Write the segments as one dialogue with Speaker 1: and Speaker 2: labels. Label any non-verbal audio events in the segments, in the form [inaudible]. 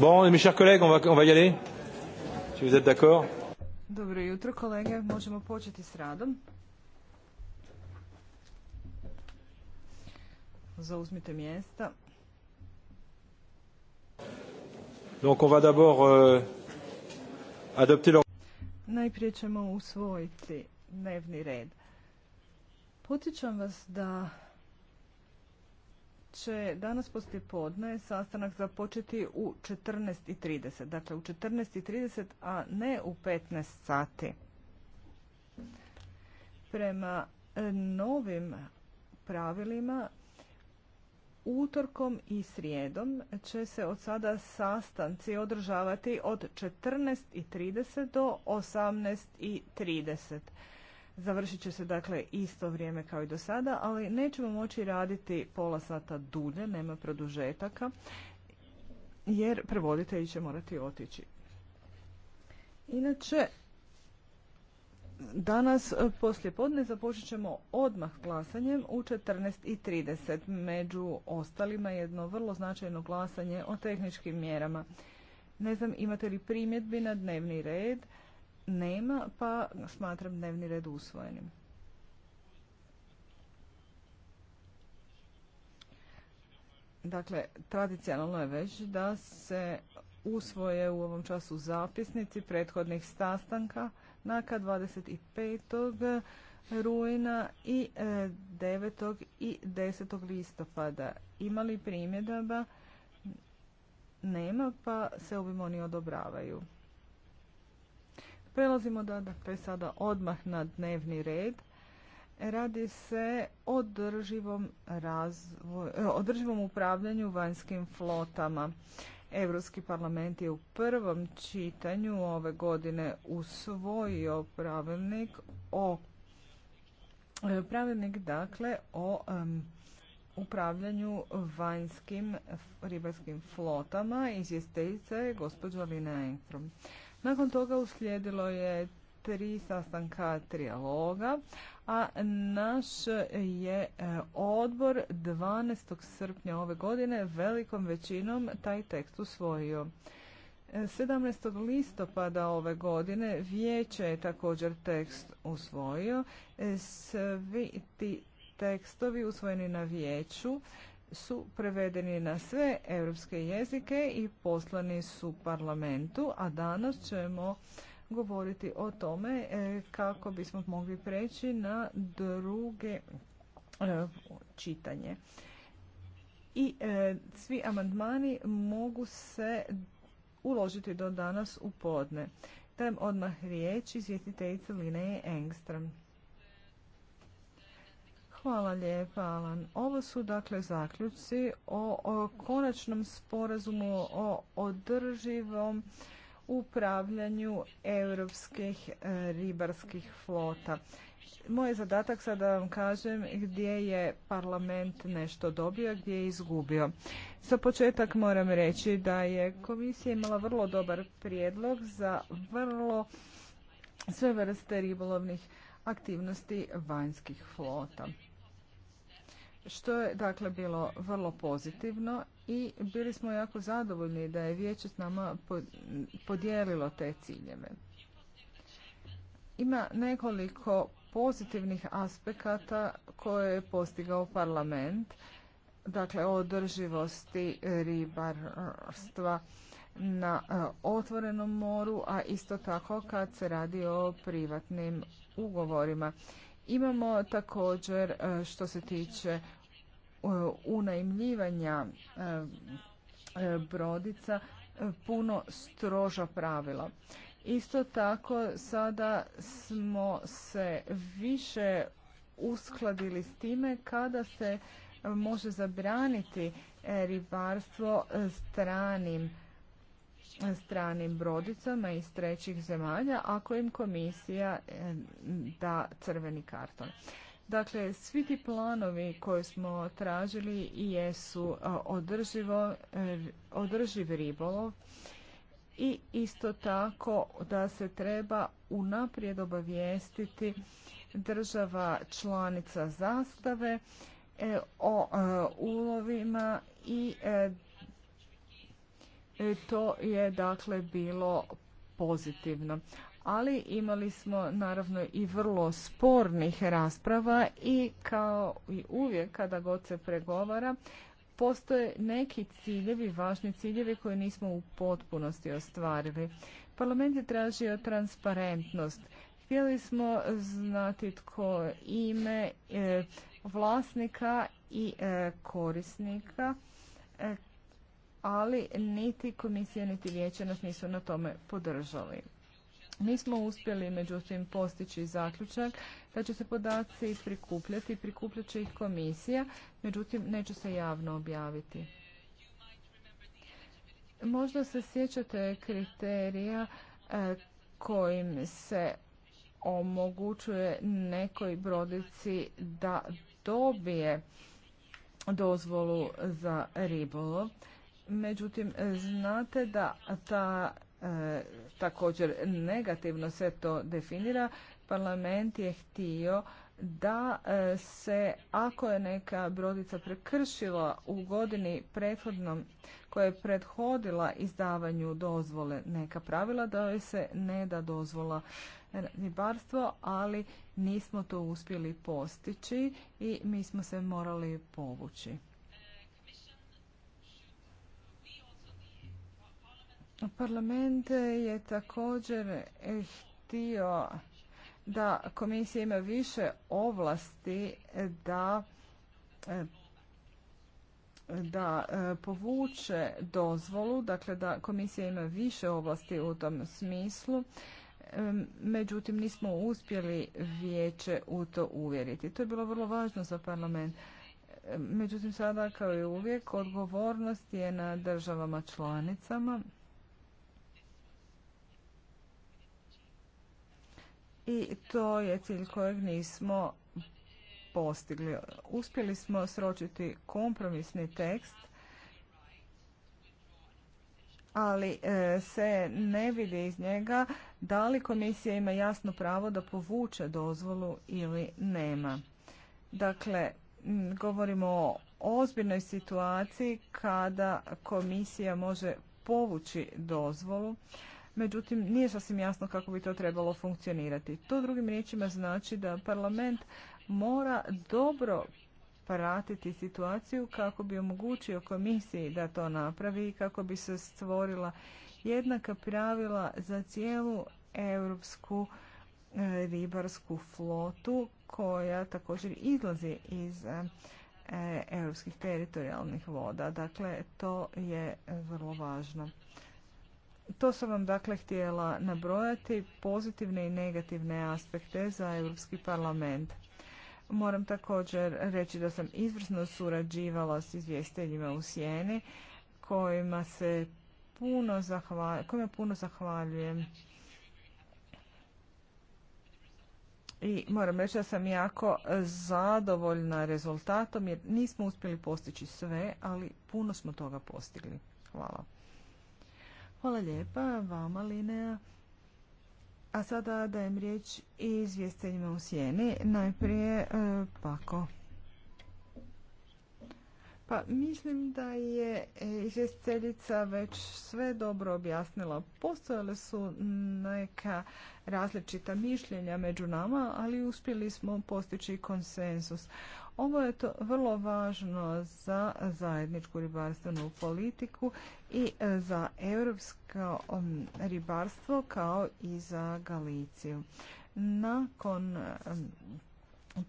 Speaker 1: Bon, mes chers collègues, on va, on va y aller. Si vous êtes d'accord.
Speaker 2: Dobro jutro, kolege. Možemo početi s radom. Zauzmite mjesta.
Speaker 1: Donc on va d'abord euh, adopter leur...
Speaker 2: Najprije ćemo usvojiti dnevni red. Potičam vas da će danas poslije podne sastanak započeti u 14.30. Dakle, u 14.30, a ne u 15 sati. Prema e, novim pravilima, utorkom i srijedom će se od sada sastanci održavati od 14.30 do 18.30 Završit će se dakle isto vrijeme kao i do sada, ali nećemo moći raditi pola sata dulje, nema produžetaka, jer prevoditelji će morati otići. Inače, danas e, poslije podne započet ćemo odmah glasanjem u 14.30. Među ostalima jedno vrlo značajno glasanje o tehničkim mjerama. Ne znam imate li primjedbi na dnevni red nema, pa smatram dnevni red usvojenim. Dakle, tradicionalno je već da se usvoje u ovom času zapisnici prethodnih sastanka naka 25. rujna i 9. E, i 10. listopada. Ima li primjedaba? Nema, pa se ovim oni odobravaju. Prelazimo da, dakle, sada odmah na dnevni red. Radi se o održivom, održivom e, upravljanju vanjskim flotama. Europski parlament je u prvom čitanju ove godine usvojio pravilnik o e, pravilnik dakle o upravljanju vanjskim ribarskim flotama iz je gospođa Lina Uh, nakon toga uslijedilo je tri sastanka trijaloga, a naš je e, odbor 12. srpnja ove godine velikom većinom taj tekst usvojio. 17. E, listopada ove godine vijeće je također tekst usvojio. E, svi ti tekstovi usvojeni na vijeću su prevedeni na sve europske jezike i poslani su parlamentu, a danas ćemo govoriti o tome e, kako bismo mogli preći na druge e, čitanje. I e, svi amandmani mogu se uložiti do danas u podne. Dajem odmah riječ izvjestiteljice Lineje Engstrom. Hvala lijepa, Alan. Ovo su dakle zaključci o, konačnom sporazumu o održivom upravljanju europskih e, ribarskih flota. Moj zadatak sad da vam kažem gdje je parlament nešto dobio, gdje je izgubio. Za početak moram reći da je komisija imala vrlo dobar prijedlog za vrlo sve vrste ribolovnih aktivnosti vanjskih flota što je dakle bilo vrlo pozitivno i bili smo jako zadovoljni da je vijeće s nama podijelilo te ciljeve. Ima nekoliko pozitivnih aspekata koje je postigao parlament, dakle o održivosti ribarstva na e, otvorenom moru, a isto tako kad se radi o privatnim ugovorima. Imamo također e, što se tiče E, unajmljivanja e, e, brodica puno stroža pravila. Isto tako sada smo se više uskladili s time kada se može zabraniti ribarstvo stranim stranim brodicama iz trećih zemalja ako im komisija da crveni karton. Dakle, svi ti planovi koje smo tražili jesu e, održivo, e, održiv ribolov i isto tako da se treba unaprijed obavijestiti država članica zastave e, o ulovima i to je dakle bilo pozitivno ali imali smo naravno i vrlo spornih rasprava i kao i uvijek kada god se pregovara postoje neki ciljevi, važni ciljevi koje nismo u potpunosti ostvarili. Parlament je tražio transparentnost. Htjeli smo znati tko ime e, vlasnika i e, korisnika, e, ali niti komisija niti vijeće nas nisu na tome podržali. Nismo uspjeli, međutim, postići zaključak da će se podaci prikupljati, prikupljat će ih komisija, međutim, neće se javno objaviti. Možda se sjećate kriterija e, kojim se omogućuje nekoj brodici da dobije dozvolu za ribolov. Međutim, znate da ta E, također negativno se to definira. Parlament je htio da e, se ako je neka brodica prekršila u godini prethodnom koja je prethodila izdavanju dozvole neka pravila da joj se ne da dozvola ribarstvo, ali nismo to uspjeli postići i mi smo se morali povući. Parlament je također eh, htio da komisija ima više ovlasti da eh, da eh, povuče dozvolu, dakle da komisija ima više ovlasti u tom smislu. Međutim, nismo uspjeli vijeće u to uvjeriti. To je bilo vrlo važno za parlament. Međutim, sada kao i uvijek, odgovornost je na državama članicama i to je cilj kojeg nismo postigli. Uspjeli smo sročiti kompromisni tekst, ali e, se ne vidi iz njega da li komisija ima jasno pravo da povuče dozvolu ili nema. Dakle, govorimo o ozbiljnoj situaciji kada komisija može povući dozvolu, međutim nije sasvim jasno kako bi to trebalo funkcionirati. To drugim riječima znači da parlament mora dobro pratiti situaciju kako bi omogućio komisiji da to napravi i kako bi se stvorila jednaka pravila za cijelu europsku e, ribarsku flotu koja također izlazi iz e, europskih teritorijalnih voda. Dakle, to je vrlo važno. To sam vam dakle htjela nabrojati pozitivne i negativne aspekte za Europski parlament. Moram također reći da sam izvrsno surađivala s izvjestiteljima u Sijeni kojima se puno zahvaljujem, kojima puno zahvaljujem. I moram reći da sam jako zadovoljna rezultatom jer nismo uspjeli postići sve, ali puno smo toga postigli. Hvala. Hvala lijepa vama, Linea. A sada dajem riječ i izvjestiteljima u sjeni. Najprije e, Pako. Pa mislim da je izvjestiteljica već sve dobro objasnila. Postojale su neka različita mišljenja među nama, ali uspjeli smo postići konsensus. Ovo je to vrlo važno za zajedničku ribarstvenu politiku i e, za europsko um, ribarstvo kao i za Galiciju. Nakon um,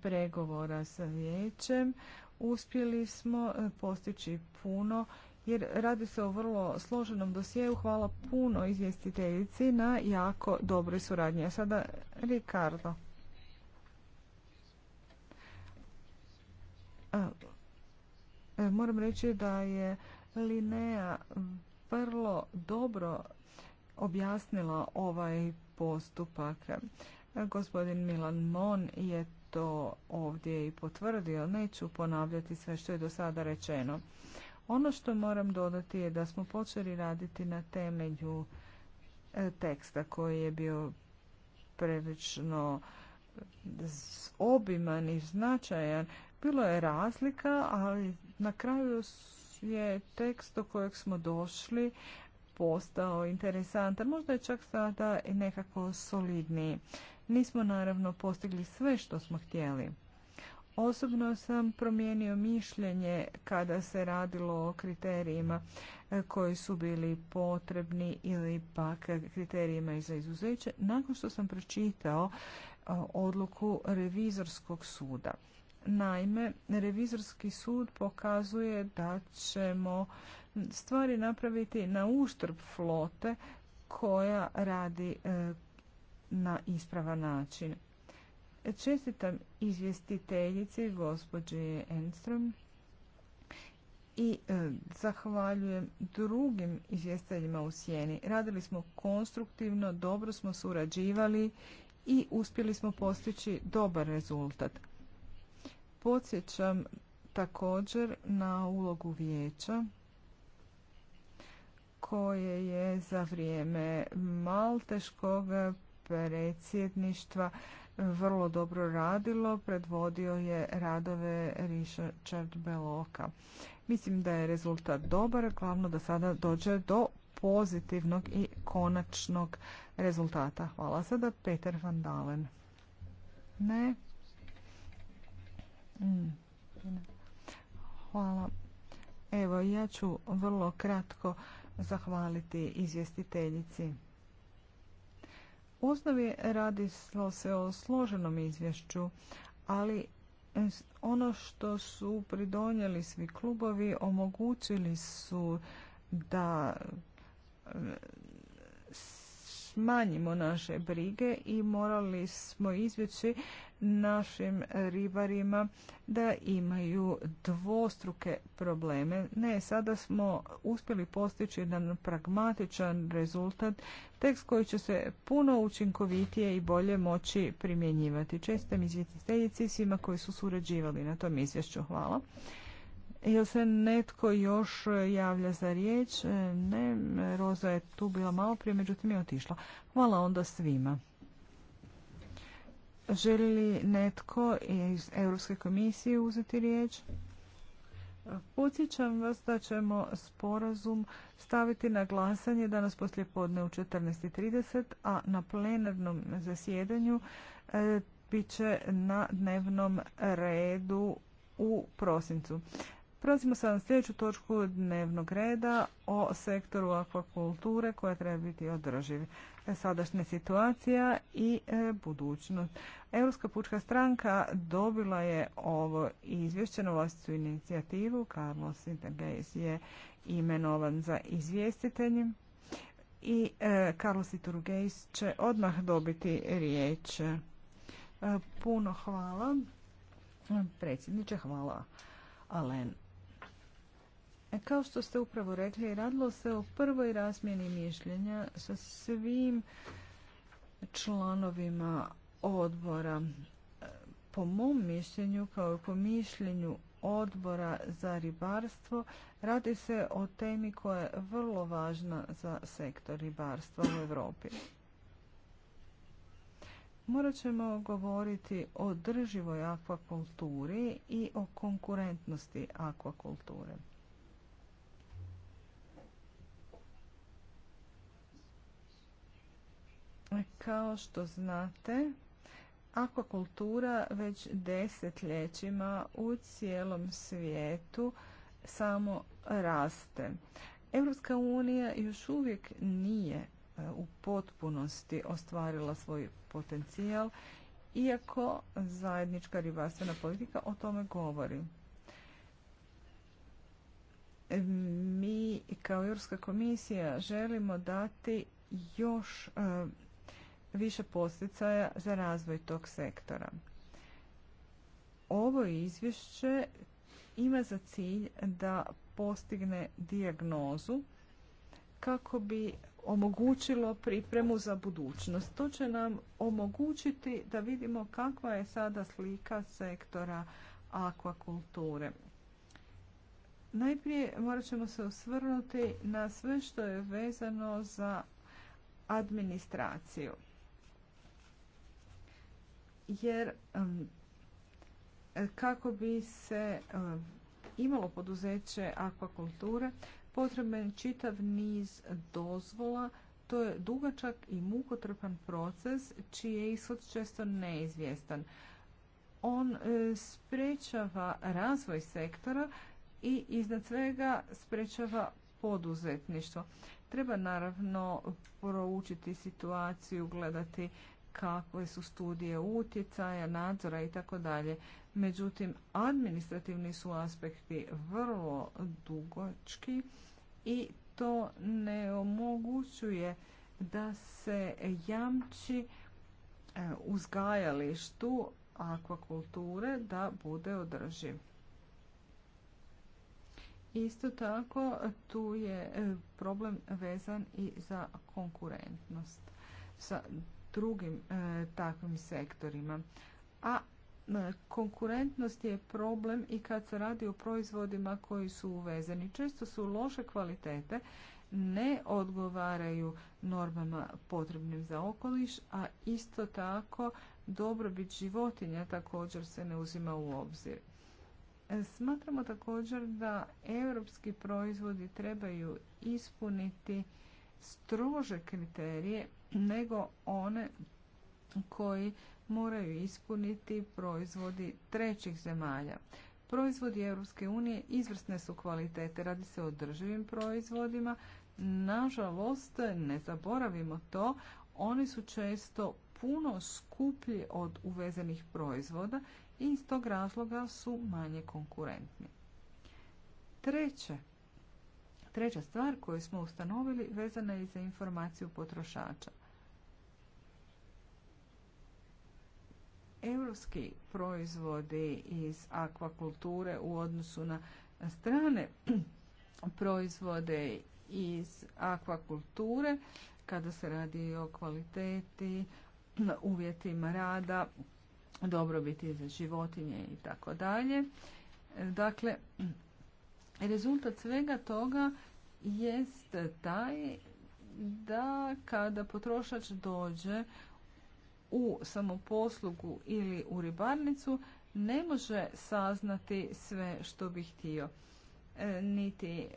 Speaker 2: pregovora sa vijećem uspjeli smo e, postići puno jer radi se o vrlo složenom dosjeu. Hvala puno izvjestiteljici na jako dobroj suradnji. A sada Ricardo. E, moram reći da je Linea vrlo dobro objasnila ovaj postupak. E, gospodin Milan Mon je to ovdje i potvrdio. Neću ponavljati sve što je do sada rečeno. Ono što moram dodati je da smo počeli raditi na temelju e, teksta koji je bio prevično obiman i značajan bilo je razlika, ali na kraju je tekst do kojeg smo došli postao interesantan, možda je čak sada i nekako solidniji. Nismo naravno postigli sve što smo htjeli. Osobno sam promijenio mišljenje kada se radilo o kriterijima e, koji su bili potrebni ili pak kriterijima za izuzeće nakon što sam pročitao e, odluku revizorskog suda. Naime, revizorski sud pokazuje da ćemo stvari napraviti na uštrb flote koja radi e, na ispravan način. Čestitam izvjestiteljici gospođe Enstrom i e, zahvaljujem drugim izvjestiteljima u sjeni. Radili smo konstruktivno, dobro smo surađivali i uspjeli smo postići dobar rezultat. Podsjećam također na ulogu vijeća koje je za vrijeme malteškog predsjedništva vrlo dobro radilo, predvodio je radove Richard Beloka. Mislim da je rezultat dobar, glavno da sada dođe do pozitivnog i konačnog rezultata. Hvala sada Peter van Dalen. Ne. Hvala. Evo, ja ću vrlo kratko zahvaliti izvjestiteljici. U osnovi radilo se o složenom izvješću, ali ono što su pridonijeli svi klubovi omogućili su da smanjimo naše brige i morali smo izvjeći našim ribarima da imaju dvostruke probleme. Ne, sada smo uspjeli postići jedan pragmatičan rezultat, tekst koji će se puno učinkovitije i bolje moći primjenjivati. Čestam izvjestiteljici svima koji su surađivali na tom izvješću. Hvala. Jel se netko još javlja za riječ? E, ne, Roza je tu bila malo prije, međutim je otišla. Hvala onda svima. Želi li netko iz Europske komisije uzeti riječ? Podsjećam vas da ćemo sporazum staviti na glasanje danas poslije podne u 14.30, a na plenarnom zasjedanju e, bit će na dnevnom redu u prosincu. Prelazimo se na sljedeću točku dnevnog reda o sektoru akvakulture koja treba biti održiv. E, sadašnja situacija i e, budućnost. Europska pučka stranka dobila je ovo izvješće na vlastitu inicijativu. Carlos Intergeis je imenovan za izvjestitelji. i e, Carlos Iturgeis će odmah dobiti riječ. puno hvala. Predsjedniče, hvala Alen. Kao što ste upravo rekli, radilo se o prvoj razmjeni mišljenja sa svim članovima odbora. Po mom mišljenju, kao i po mišljenju odbora za ribarstvo, radi se o temi koja je vrlo važna za sektor ribarstva u Europi. Morat ćemo govoriti o drživoj akvakulturi i o konkurentnosti akvakulture. Dakle, kao što znate, akvakultura već desetljećima u cijelom svijetu samo raste. Europska unija još uvijek nije e, u potpunosti ostvarila svoj potencijal, iako zajednička ribarstvena politika o tome govori. Mi kao Europska komisija želimo dati još e, više posticaja za razvoj tog sektora. Ovo izvješće ima za cilj da postigne dijagnozu kako bi omogućilo pripremu za budućnost. To će nam omogućiti da vidimo kakva je sada slika sektora akvakulture. Najprije morat ćemo se osvrnuti na sve što je vezano za administraciju jer kako bi se imalo poduzeće akvakulture potreban čitav niz dozvola. To je dugačak i mukotrpan proces čiji je ishod često neizvjestan. On e, sprečava razvoj sektora i iznad svega sprečava poduzetništvo. Treba naravno proučiti situaciju, gledati kakve su studije utjecaja, nadzora i tako dalje. Međutim, administrativni su aspekti vrlo dugočki i to ne omogućuje da se jamči e, uzgajalištu akvakulture da bude održiv. Isto tako tu je e, problem vezan i za konkurentnost. Sa drugim e, takvim sektorima. A e, konkurentnost je problem i kad se radi o proizvodima koji su uvezeni. Često su loše kvalitete, ne odgovaraju normama potrebnim za okoliš, a isto tako dobrobit životinja također se ne uzima u obzir. E, smatramo također da europski proizvodi trebaju ispuniti strože kriterije nego one koji moraju ispuniti proizvodi trećih zemalja. Proizvodi Europske unije izvrsne su kvalitete, radi se o održivim proizvodima. Nažalost, ne zaboravimo to, oni su često puno skuplji od uvezenih proizvoda i iz tog razloga su manje konkurentni. Treće, treća stvar koju smo ustanovili vezana je za informaciju potrošača. europski proizvodi iz akvakulture u odnosu na strane [clears throat] proizvode iz akvakulture kada se radi o kvaliteti, [clears throat] uvjetima rada, dobrobiti za životinje i tako dalje. Dakle, [clears throat] rezultat svega toga jest taj da kada potrošač dođe u samoposlugu ili u ribarnicu ne može saznati sve što bi htio. E, niti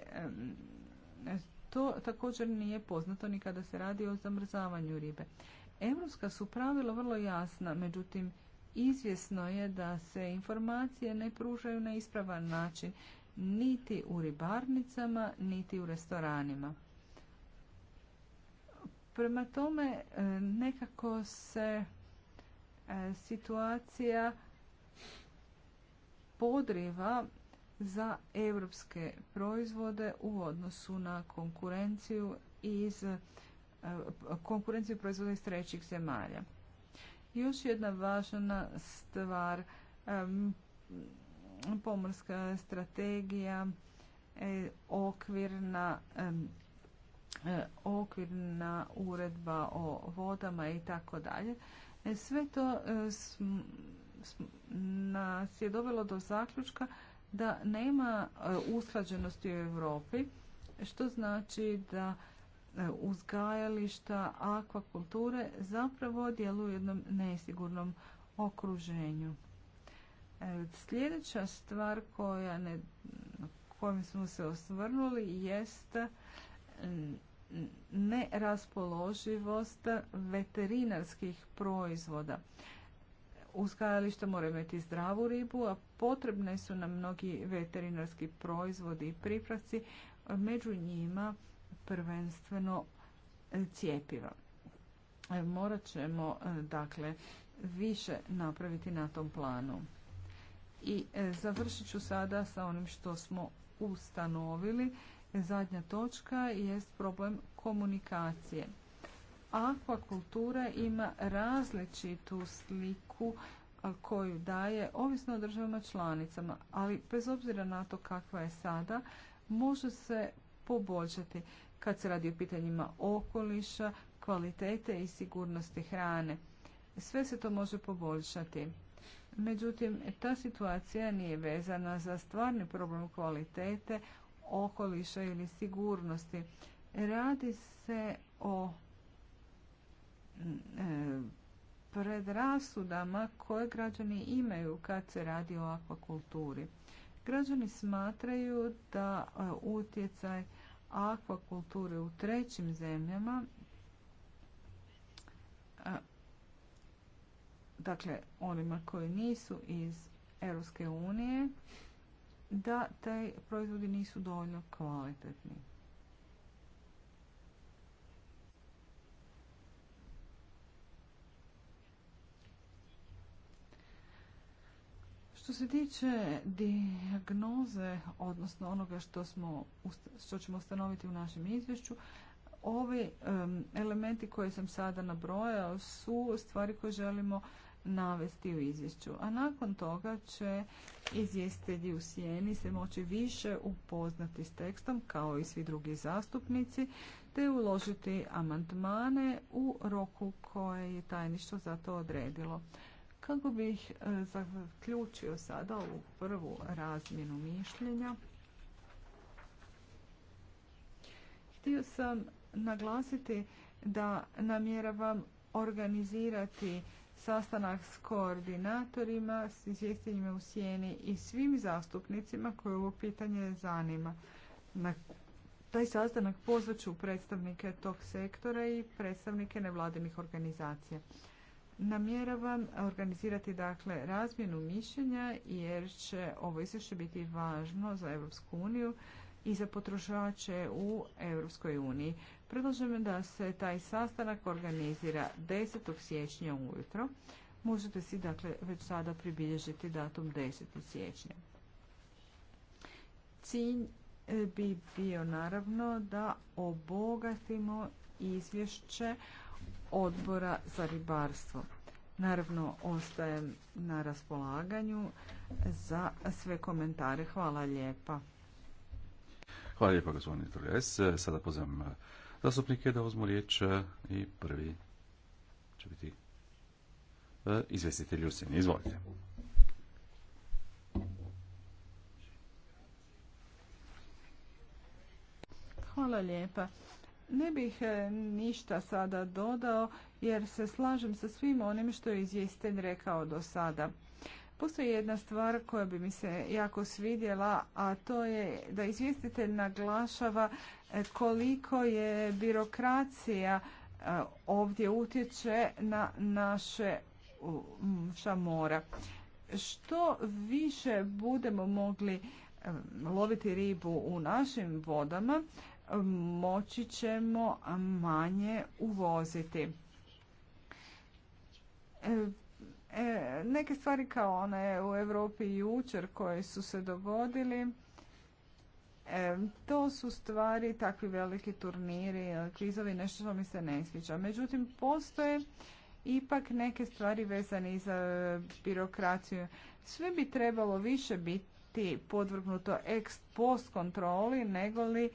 Speaker 2: to također nije poznato ni kada se radi o zamrzavanju ribe. Europska su pravila vrlo jasna, međutim izvjesno je da se informacije ne pružaju na ispravan način niti u ribarnicama, niti u restoranima. Prema tome, e, nekako se e, situacija podriva za europske proizvode u odnosu na konkurenciju iz e, konkurenciju proizvoda iz trećih zemalja. Još jedna važna stvar, pomorska strategija, okvirna E, okvirna uredba o vodama i tako dalje. E, sve to e, nas je dovelo do zaključka da nema usklađenosti u Europi, što znači da uzgajališta akvakulture zapravo djeluju u jednom nesigurnom okruženju. Sljedeća stvar koja ne, kojom smo se osvrnuli jest neraspoloživost veterinarskih proizvoda. Uzgajališta mora imati zdravu ribu, a potrebne su nam mnogi veterinarski proizvodi i pripravci, među njima prvenstveno cijepiva. Morat ćemo dakle više napraviti na tom planu. I e, završit ću sada sa onim što smo ustanovili. Zadnja točka jest problem komunikacije. Akvakultura ima različitu sliku koju daje ovisno o državama članicama, ali bez obzira na to kakva je sada, može se poboljšati kad se radi o pitanjima okoliša, kvalitete i sigurnosti hrane. Sve se to može poboljšati. Međutim, ta situacija nije vezana za stvarni problem kvalitete, okoliša ili sigurnosti. Radi se o mm, e, predrasudama koje građani imaju kad se radi o akvakulturi. Građani smatraju da e, utjecaj akvakulture u trećim zemljama e, dakle onima koji nisu iz Europske unije da taj proizvodi nisu dovoljno kvalitetni. Što se tiče diagnoze, odnosno onoga što, smo, ćemo ustanoviti u našem izvješću, ovi elementi koje sam sada nabrojao su stvari koje želimo navesti u izvješću. A nakon toga će izvjestitelji u sjeni se moći više upoznati s tekstom kao i svi drugi zastupnici te uložiti amandmane u roku koje je tajništvo za to odredilo. Kako bih e, zaključio sada ovu prvu razmjenu mišljenja, htio sam naglasiti da namjeravam organizirati sastanak s koordinatorima, s izvjestiteljima u sjeni i svim zastupnicima koje ovo pitanje zanima. Na taj sastanak pozvaću predstavnike tog sektora i predstavnike nevladinih organizacija. Namjeravam organizirati dakle razmjenu mišljenja jer će ovo izvješće biti važno za Europsku uniju i za potrošače u Europskoj uniji. Predlažem da se taj sastanak organizira 10. siječnja ujutro. Možete si dakle već sada pribilježiti datum 10. siječnja. Cilj e, bi bio naravno da obogatimo izvješće odbora za ribarstvo. Naravno, ostajem na raspolaganju za sve komentare. Hvala lijepa.
Speaker 3: Hvala lijepa gospodine Turges. Sada pozivam eh, zastupnike da uzmu riječ eh, i prvi će biti eh, izvjestitelj Usin. Izvolite.
Speaker 2: Hvala lijepa. Ne bih ništa sada dodao jer se slažem sa svim onim što je izvjestitelj rekao do sada. Postoji jedna stvar koja bi mi se jako svidjela, a to je da izvjestitelj naglašava e, koliko je birokracija e, ovdje utječe na naše šamora. Što više budemo mogli e, loviti ribu u našim vodama, moći ćemo manje uvoziti. E, neke stvari kao one u Europi jučer koje su se dogodili, e, to su stvari, takvi veliki turniri, krizovi, nešto što mi se ne sviđa. Međutim, postoje ipak neke stvari vezane i za birokraciju. Sve bi trebalo više biti podvrgnuto ex post kontroli nego li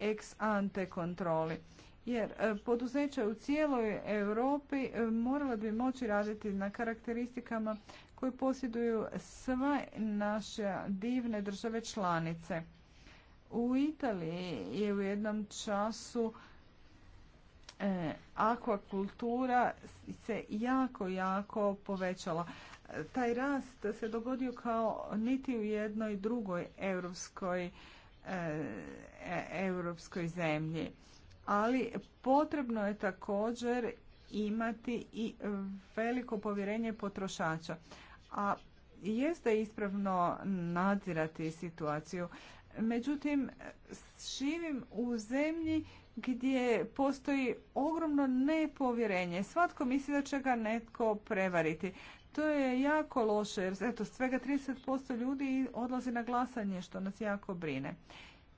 Speaker 2: ex ante kontroli jer e, poduzeća u cijeloj Europi e, morala bi moći raditi na karakteristikama koje posjeduju sve naše divne države članice. U Italiji je u jednom času e, akvakultura se jako, jako povećala. Taj rast se dogodio kao niti u jednoj drugoj europskoj, europskoj zemlji ali potrebno je također imati i veliko povjerenje potrošača. A jeste ispravno nadzirati situaciju. Međutim, živim u zemlji gdje postoji ogromno nepovjerenje. Svatko misli da će ga netko prevariti. To je jako loše jer eto, svega 30% ljudi odlazi na glasanje što nas jako brine.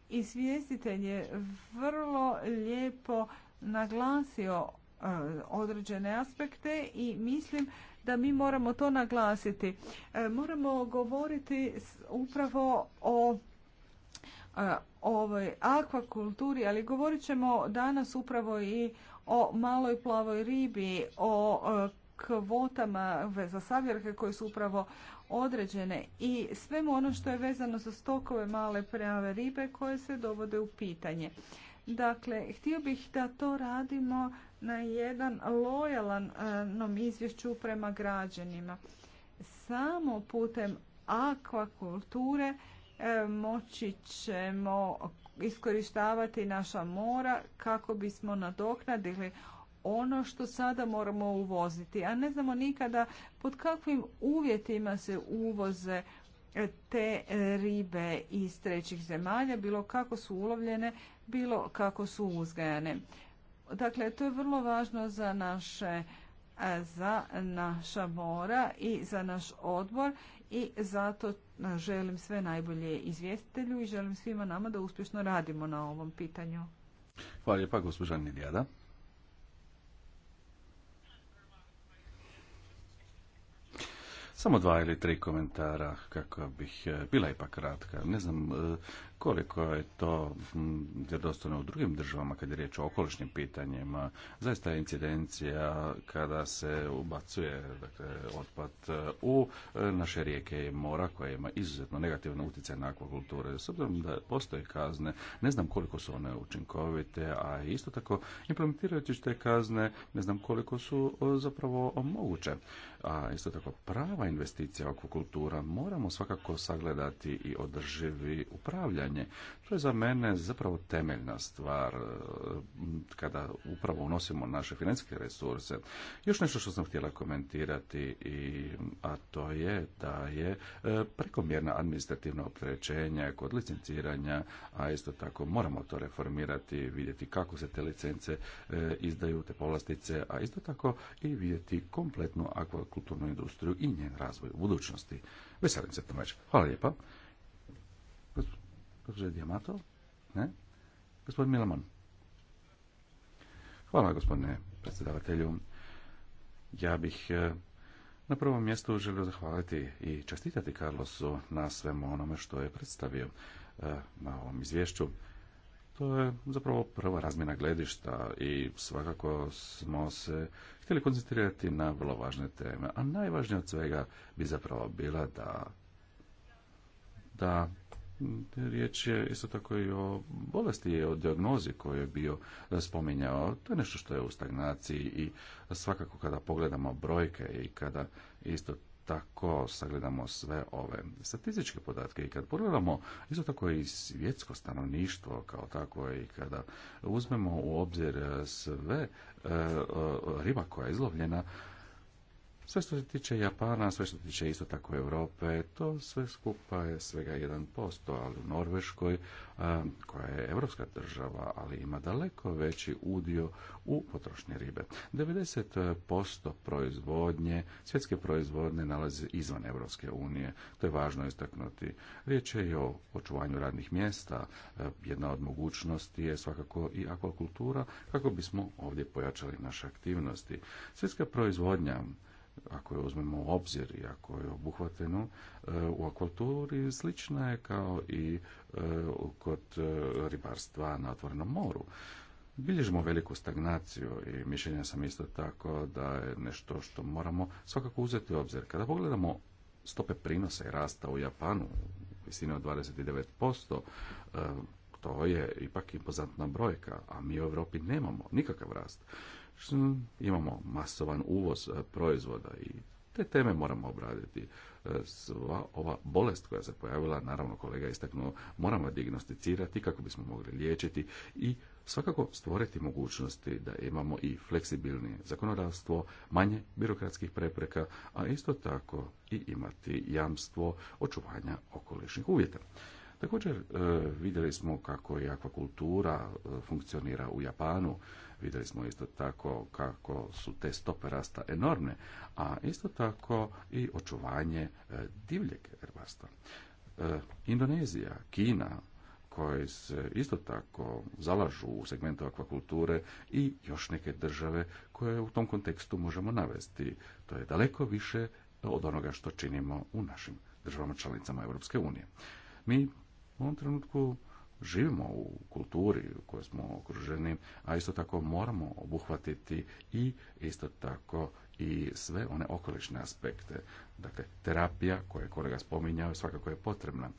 Speaker 2: Izvjestitelj je vrlo lijepo naglasio e, određene aspekte i mislim da mi moramo to naglasiti. E, moramo govoriti upravo o e, ovoj akvakulturi, ali govorit ćemo danas upravo i o maloj plavoj ribi, o kvotama za savjerke koje su upravo određene i svemu ono što je vezano za stokove male prave ribe koje se dovode u pitanje. Dakle, htio bih da to radimo na jedan lojalan e, izvješću prema građanima. Samo putem akvakulture e, moći ćemo iskorištavati naša mora kako bismo nadoknadili ono što sada moramo uvoziti, a ne znamo nikada pod kakvim uvjetima se uvoze te ribe iz trećih zemalja, bilo kako su ulovljene, bilo kako su uzgajane. Dakle, to je vrlo važno za naše za naša mora i za naš odbor i zato želim sve najbolje izvjestitelju i želim svima nama da uspješno radimo na ovom pitanju.
Speaker 3: Hvala lijepa, gospođa Samo dva ili tri komentara kako bih e, bila ipak kratka. Ne znam e, koliko je to vjerodostojno u drugim državama kad je riječ o okolišnim pitanjima. Zaista je incidencija kada se ubacuje dakle, otpad e, u e, naše rijeke i mora koja ima izuzetno negativan utjecaj na akvakulture. S obzirom da postoje kazne, ne znam koliko su one učinkovite, a isto tako implementirajući te kazne ne znam koliko su e, zapravo moguće. A isto tako prava investicija akvakultura moramo svakako sagledati i održivi upravljanje to je za mene zapravo temeljna stvar e, kada upravo unosimo naše financijske resurse. Još nešto što sam htjela komentirati, i, a to je da je e, prekomjerna administrativna opterećenja kod licenciranja, a isto tako moramo to reformirati, vidjeti kako se te licence e, izdaju, te povlastice, a isto tako i vidjeti kompletnu akvakulturnu industriju i njen razvoj u budućnosti. Veselim se tome. Hvala lijepa gospodin Ne? Gospodin Milamon. Hvala gospodine predsjedavatelju. Ja bih e, na prvom mjestu želio zahvaliti i čestitati Carlosu na svemu onome što je predstavio e, na ovom izvješću. To je zapravo prva razmjena gledišta i svakako smo se htjeli koncentrirati na vrlo važne teme, a najvažnije od svega bi zapravo bila da da riječ je isto tako i o bolesti i o dijagnozi koju je bio spominjao. To je nešto što je u stagnaciji i svakako kada pogledamo brojke i kada isto tako sagledamo sve ove statističke podatke i kad pogledamo isto tako i svjetsko stanovništvo kao tako i kada uzmemo u obzir sve e, e, riba koja je izlovljena sve što se tiče Japana, sve što se tiče isto tako Europe, to sve skupa je svega 1%, ali u Norveškoj, koja je evropska država, ali ima daleko veći udio u potrošnje ribe. 90% proizvodnje, svjetske proizvodnje nalazi izvan Evropske unije. To je važno istaknuti. Riječ je i o očuvanju radnih mjesta. E, jedna od mogućnosti je svakako i akvakultura, kako bismo ovdje pojačali naše aktivnosti. Svjetska proizvodnja ako je uzmemo u obzir i ako je obuhvateno e, u akvaturi slična je kao i e, kod e, ribarstva na otvorenom moru. Bilježimo veliku stagnaciju i mišljenja sam isto tako da je nešto što moramo svakako uzeti u obzir. Kada pogledamo stope prinosa i rasta u Japanu, visine od 29%, to je ipak impozantna brojka, a mi u Europi nemamo nikakav rast imamo masovan uvoz e, proizvoda i te teme moramo obraditi. E, sva ova bolest koja se pojavila, naravno kolega istaknuo, moramo diagnosticirati kako bismo mogli liječiti i svakako stvoriti mogućnosti da imamo i fleksibilnije zakonodavstvo, manje birokratskih prepreka, a isto tako i imati jamstvo očuvanja okolišnih uvjeta. Također e, vidjeli smo kako je akvakultura funkcionira u Japanu Vidjeli smo isto tako kako su te stope rasta enormne, a isto tako i očuvanje e, divljeg ribarstva. E, Indonezija, Kina, koje se isto tako zalažu u segmentu akvakulture i još neke države koje u tom kontekstu možemo navesti. To je daleko više od onoga što činimo u našim državama članicama Europske unije. Mi u ovom trenutku živimo u kulturi u kojoj smo okruženi, a isto tako moramo obuhvatiti i isto tako i sve one okolišne aspekte. Dakle, terapija koju je kolega spominjao svakako je potrebna.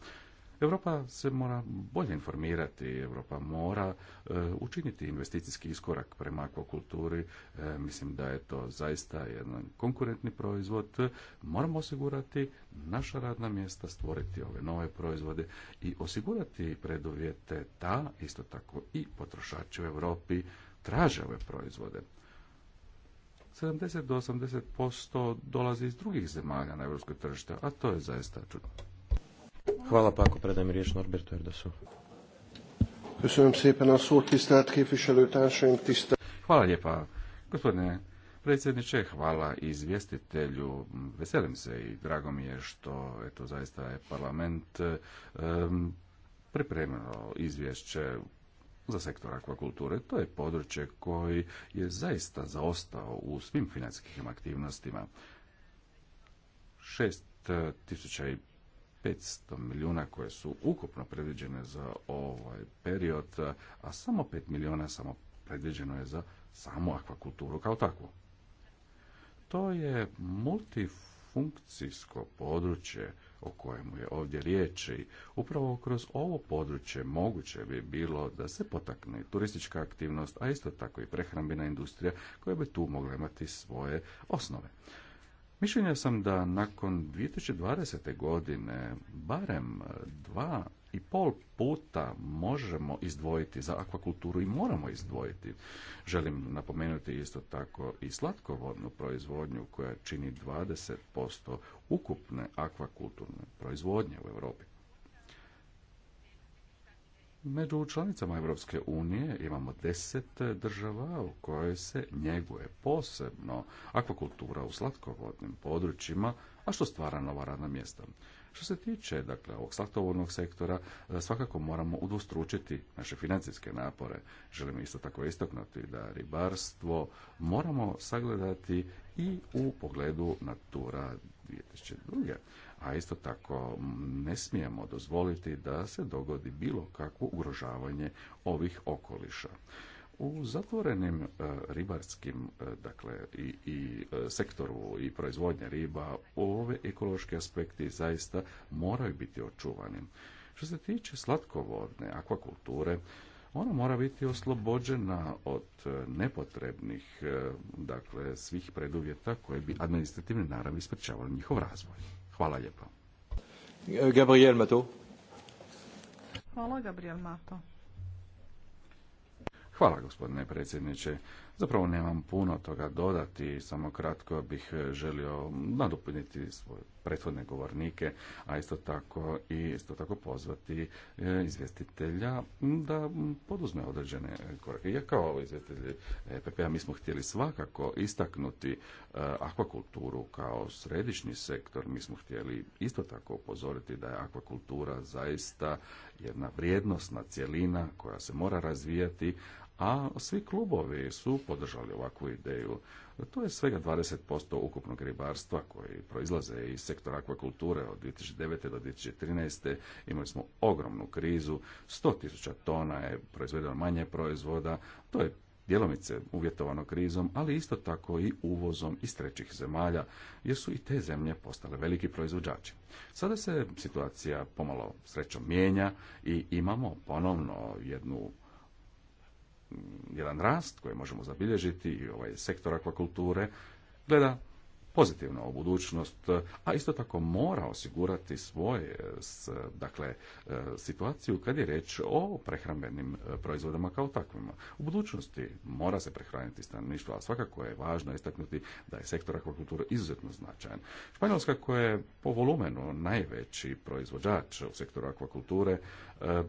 Speaker 3: Europa se mora bolje informirati, Europa mora e, učiniti investicijski iskorak prema akvakulturi. E, mislim da je to zaista jedan konkurentni proizvod. Moramo osigurati naša radna mjesta, stvoriti ove nove proizvode i osigurati preduvjete da isto tako i potrošači u Europi traže ove proizvode. 70 do 80% dolazi iz drugih zemalja na europsko tržište, a to je zaista čudno. Hvala pa ako predajem riječ Norbertu Hvala lijepa, gospodine predsjedniče, hvala izvjestitelju. Veselim se i drago mi je što eto, zaista je parlament um, pripremio izvješće za sektor akvakulture. To je područje koji je zaista zaostao u svim financijskim aktivnostima. i 500 milijuna koje su ukupno predviđene za ovaj period, a samo 5 milijuna samo predviđeno je za samu akvakulturu kao takvu. To je multifunkcijsko područje o kojemu je ovdje riječ upravo kroz ovo područje moguće bi bilo da se potakne turistička aktivnost, a isto tako i prehrambena industrija koja bi tu mogla imati svoje osnove. Mišljenja sam da nakon 2020. godine barem dva i pol puta možemo izdvojiti za akvakulturu i moramo izdvojiti. Želim napomenuti isto tako i slatkovodnu proizvodnju koja čini 20% ukupne akvakulturne proizvodnje u Europi. Među članicama Europske unije imamo deset država u kojoj se njeguje posebno akvakultura u slatkovodnim područjima, a što stvara nova radna mjesta. Što se tiče dakle, ovog slatkovodnog sektora, e, svakako moramo udostručiti naše financijske napore. Želim isto tako istaknuti da ribarstvo moramo sagledati i u pogledu Natura 2002 a isto tako ne smijemo dozvoliti da se dogodi bilo kakvo ugrožavanje ovih okoliša. U zatvorenim e, ribarskim e, dakle, i, i e, sektoru i proizvodnje riba ove ekološki aspekti zaista moraju biti očuvani. Što se tiče slatkovodne akvakulture, ona mora biti oslobođena od nepotrebnih, dakle, svih preduvjeta koje bi administrativne naravi sprečavali njihov razvoj. Hvala lijepo. Gabriel Mato.
Speaker 2: Hvala Gabriel Mato.
Speaker 3: Hvala gospodine predsjedniče. Zapravo nemam puno toga dodati, samo kratko bih želio nadopuniti svoje prethodne govornike, a isto tako i isto tako pozvati e, izvjestitelja da poduzme određene korake. Ja kao izvjestitelj EPP-a mi smo htjeli svakako istaknuti e, akvakulturu kao središnji sektor. Mi smo htjeli isto tako upozoriti da je akvakultura zaista jedna vrijednostna cjelina koja se mora razvijati, a svi klubovi su podržali ovakvu ideju. To je svega 20% ukupnog ribarstva koji proizlaze iz sektora akvakulture od 2009. do 2013. Imali smo ogromnu krizu, 100.000 tona je proizvedeno manje proizvoda, to je djelomice uvjetovano krizom, ali isto tako i uvozom iz trećih zemalja, jer su i te zemlje postale veliki proizvođači. Sada se situacija pomalo srećom mijenja i imamo ponovno jednu jedan rast koji možemo zabilježiti i ovaj sektor akvakulture gleda pozitivno u budućnost, a isto tako mora osigurati svoje dakle, e, situaciju kad je riječ o prehrambenim e, proizvodima kao takvima. U budućnosti mora se prehraniti stanovništvo, a svakako je važno istaknuti da je sektor akvakulture izuzetno značajan. Španjolska koja je po volumenu najveći proizvođač u sektoru akvakulture e,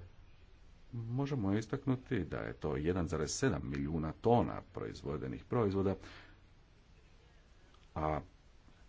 Speaker 3: možemo istaknuti da je to 1,7 milijuna tona proizvodenih proizvoda, a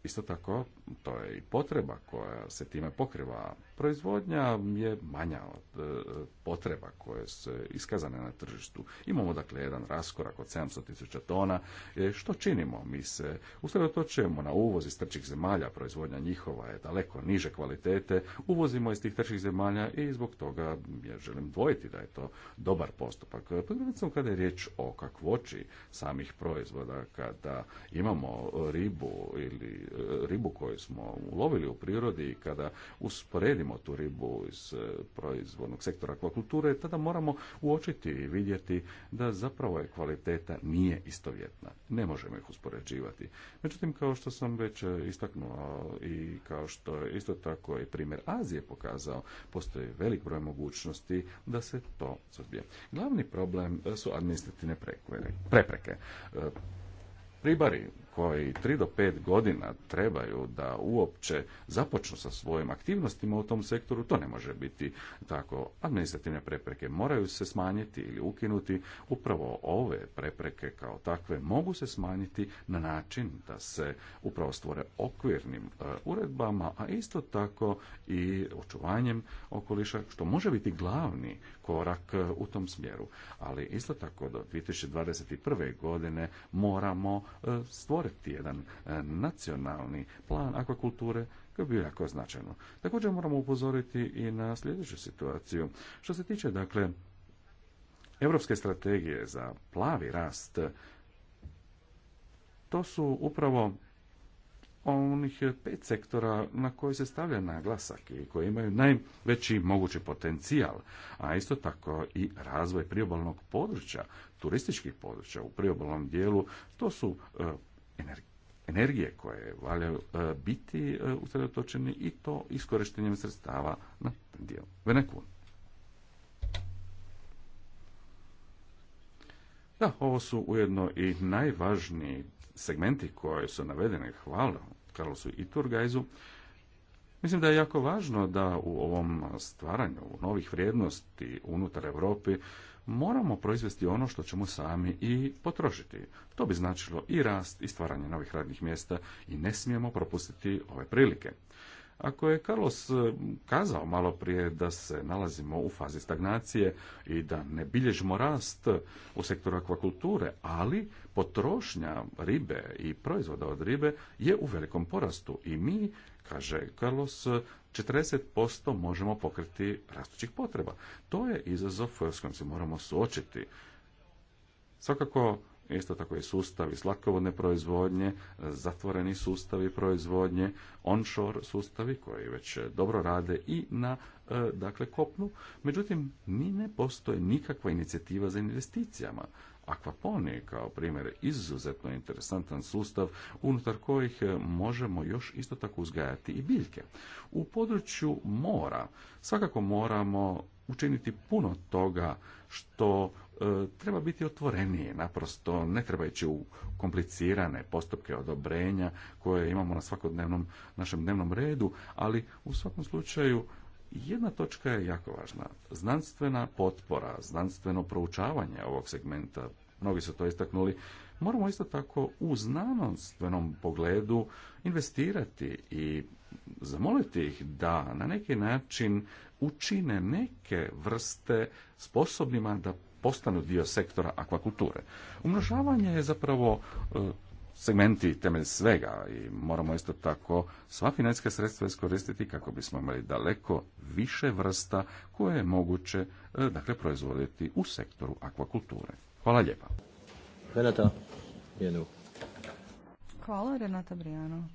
Speaker 3: isto tako to je i potreba koja se time pokriva. Proizvodnja je manja od e, potreba koje su iskazane na tržištu. Imamo dakle jedan raskorak od 700.000 tona. E, što činimo? Mi se usredotočujemo na uvoz iz trećih zemalja. Proizvodnja njihova je daleko niže kvalitete. Uvozimo iz tih trećih zemalja i zbog toga ja želim dvojiti da je to dobar postupak. Prvenstveno kada je riječ o kakvoći samih proizvoda, kada imamo ribu ili e, ribu koju smo ulovili u prirodi i kada usporedimo tu ribu iz e, proizvodnog sektora akvakulture, tada moramo uočiti i vidjeti da zapravo je kvaliteta nije istovjetna. Ne možemo ih uspoređivati. Međutim, kao što sam već e, istaknuo i kao što je isto tako i primjer Azije pokazao, postoji velik broj mogućnosti da se to suzbije. Glavni problem su administrativne prepreke. E, ribari koji 3 do 5 godina trebaju da uopće započnu sa svojim aktivnostima u tom sektoru, to ne može biti tako. Administrativne prepreke moraju se smanjiti ili ukinuti. Upravo ove prepreke kao takve mogu se smanjiti na način da se upravo stvore okvirnim e, uredbama, a isto tako i očuvanjem okoliša, što može biti glavni korak e, u tom smjeru. Ali isto tako do 2021. godine moramo e, stvoriti stvoriti jedan e, nacionalni plan akvakulture je bi jako značajno. Također moramo upozoriti i na sljedeću situaciju. Što se tiče, dakle, Europske strategije za plavi rast, to su upravo onih pet sektora na koji se stavlja naglasak i koji imaju najveći mogući potencijal, a isto tako i razvoj priobalnog područja, turističkih područja u priobalnom dijelu, to su e, energije koje valjaju e, biti e, usredotočene i to iskorištenjem sredstava na dio Venekun. Da, ovo su ujedno i najvažniji segmenti koji su navedene, Hvala Karlosu i Turgajzu. Mislim da je jako važno da u ovom stvaranju novih vrijednosti unutar Europi moramo proizvesti ono što ćemo sami i potrošiti. To bi značilo i rast i stvaranje novih radnih mjesta i ne smijemo propustiti ove prilike. Ako je Carlos e, kazao malo prije da se nalazimo u fazi stagnacije i da ne bilježimo rast u sektoru akvakulture, ali potrošnja ribe i proizvoda od ribe je u velikom porastu i mi, kaže Carlos, 40% možemo pokriti rastućih potreba. To je izazov s kojim se moramo suočiti. Svakako, isto tako i sustavi slatkovodne proizvodnje, zatvoreni sustavi proizvodnje, onshore sustavi koji već dobro rade i na e, dakle kopnu. Međutim, ni ne postoji nikakva inicijativa za investicijama Akvaponiji kao primjer izuzetno interesantan sustav unutar kojih e, možemo još isto tako uzgajati i biljke. U području mora svakako moramo učiniti puno toga što e, treba biti otvorenije naprosto ne treba ići u komplicirane postupke odobrenja koje imamo na svakodnevnom našem dnevnom redu ali u svakom slučaju jedna točka je jako važna. Znanstvena potpora, znanstveno proučavanje ovog segmenta, mnogi su to istaknuli, moramo isto tako u znanostvenom pogledu investirati i zamoliti ih da na neki način učine neke vrste sposobnima da postanu dio sektora akvakulture. Umnožavanje je zapravo e, segmenti temelj svega i moramo isto tako sva financijska sredstva iskoristiti kako bismo imali daleko više vrsta koje je moguće e, dakle, proizvoditi u sektoru akvakulture. Hvala lijepa.
Speaker 1: Renata jednu.
Speaker 2: Hvala Renata Brijano.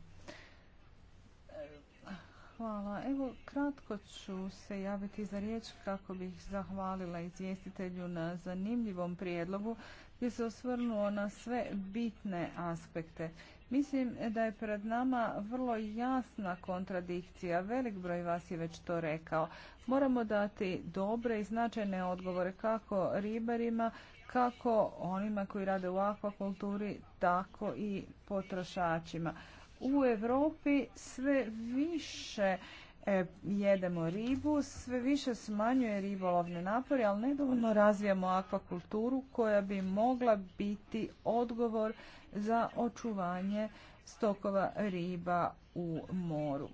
Speaker 2: Hvala. Evo, kratko ću se javiti za riječ kako bih zahvalila izvjestitelju na zanimljivom prijedlogu je se osvrnuo na sve bitne aspekte. Mislim da je pred nama vrlo jasna kontradikcija. Velik broj vas je već to rekao. Moramo dati dobre i značajne odgovore kako ribarima, kako onima koji rade u akvakulturi, tako i potrošačima. U Europi sve više E, jedemo ribu, sve više smanjuje ribolovne napore, ali nedovoljno razvijamo akvakulturu koja bi mogla biti odgovor za očuvanje stokova riba u moru.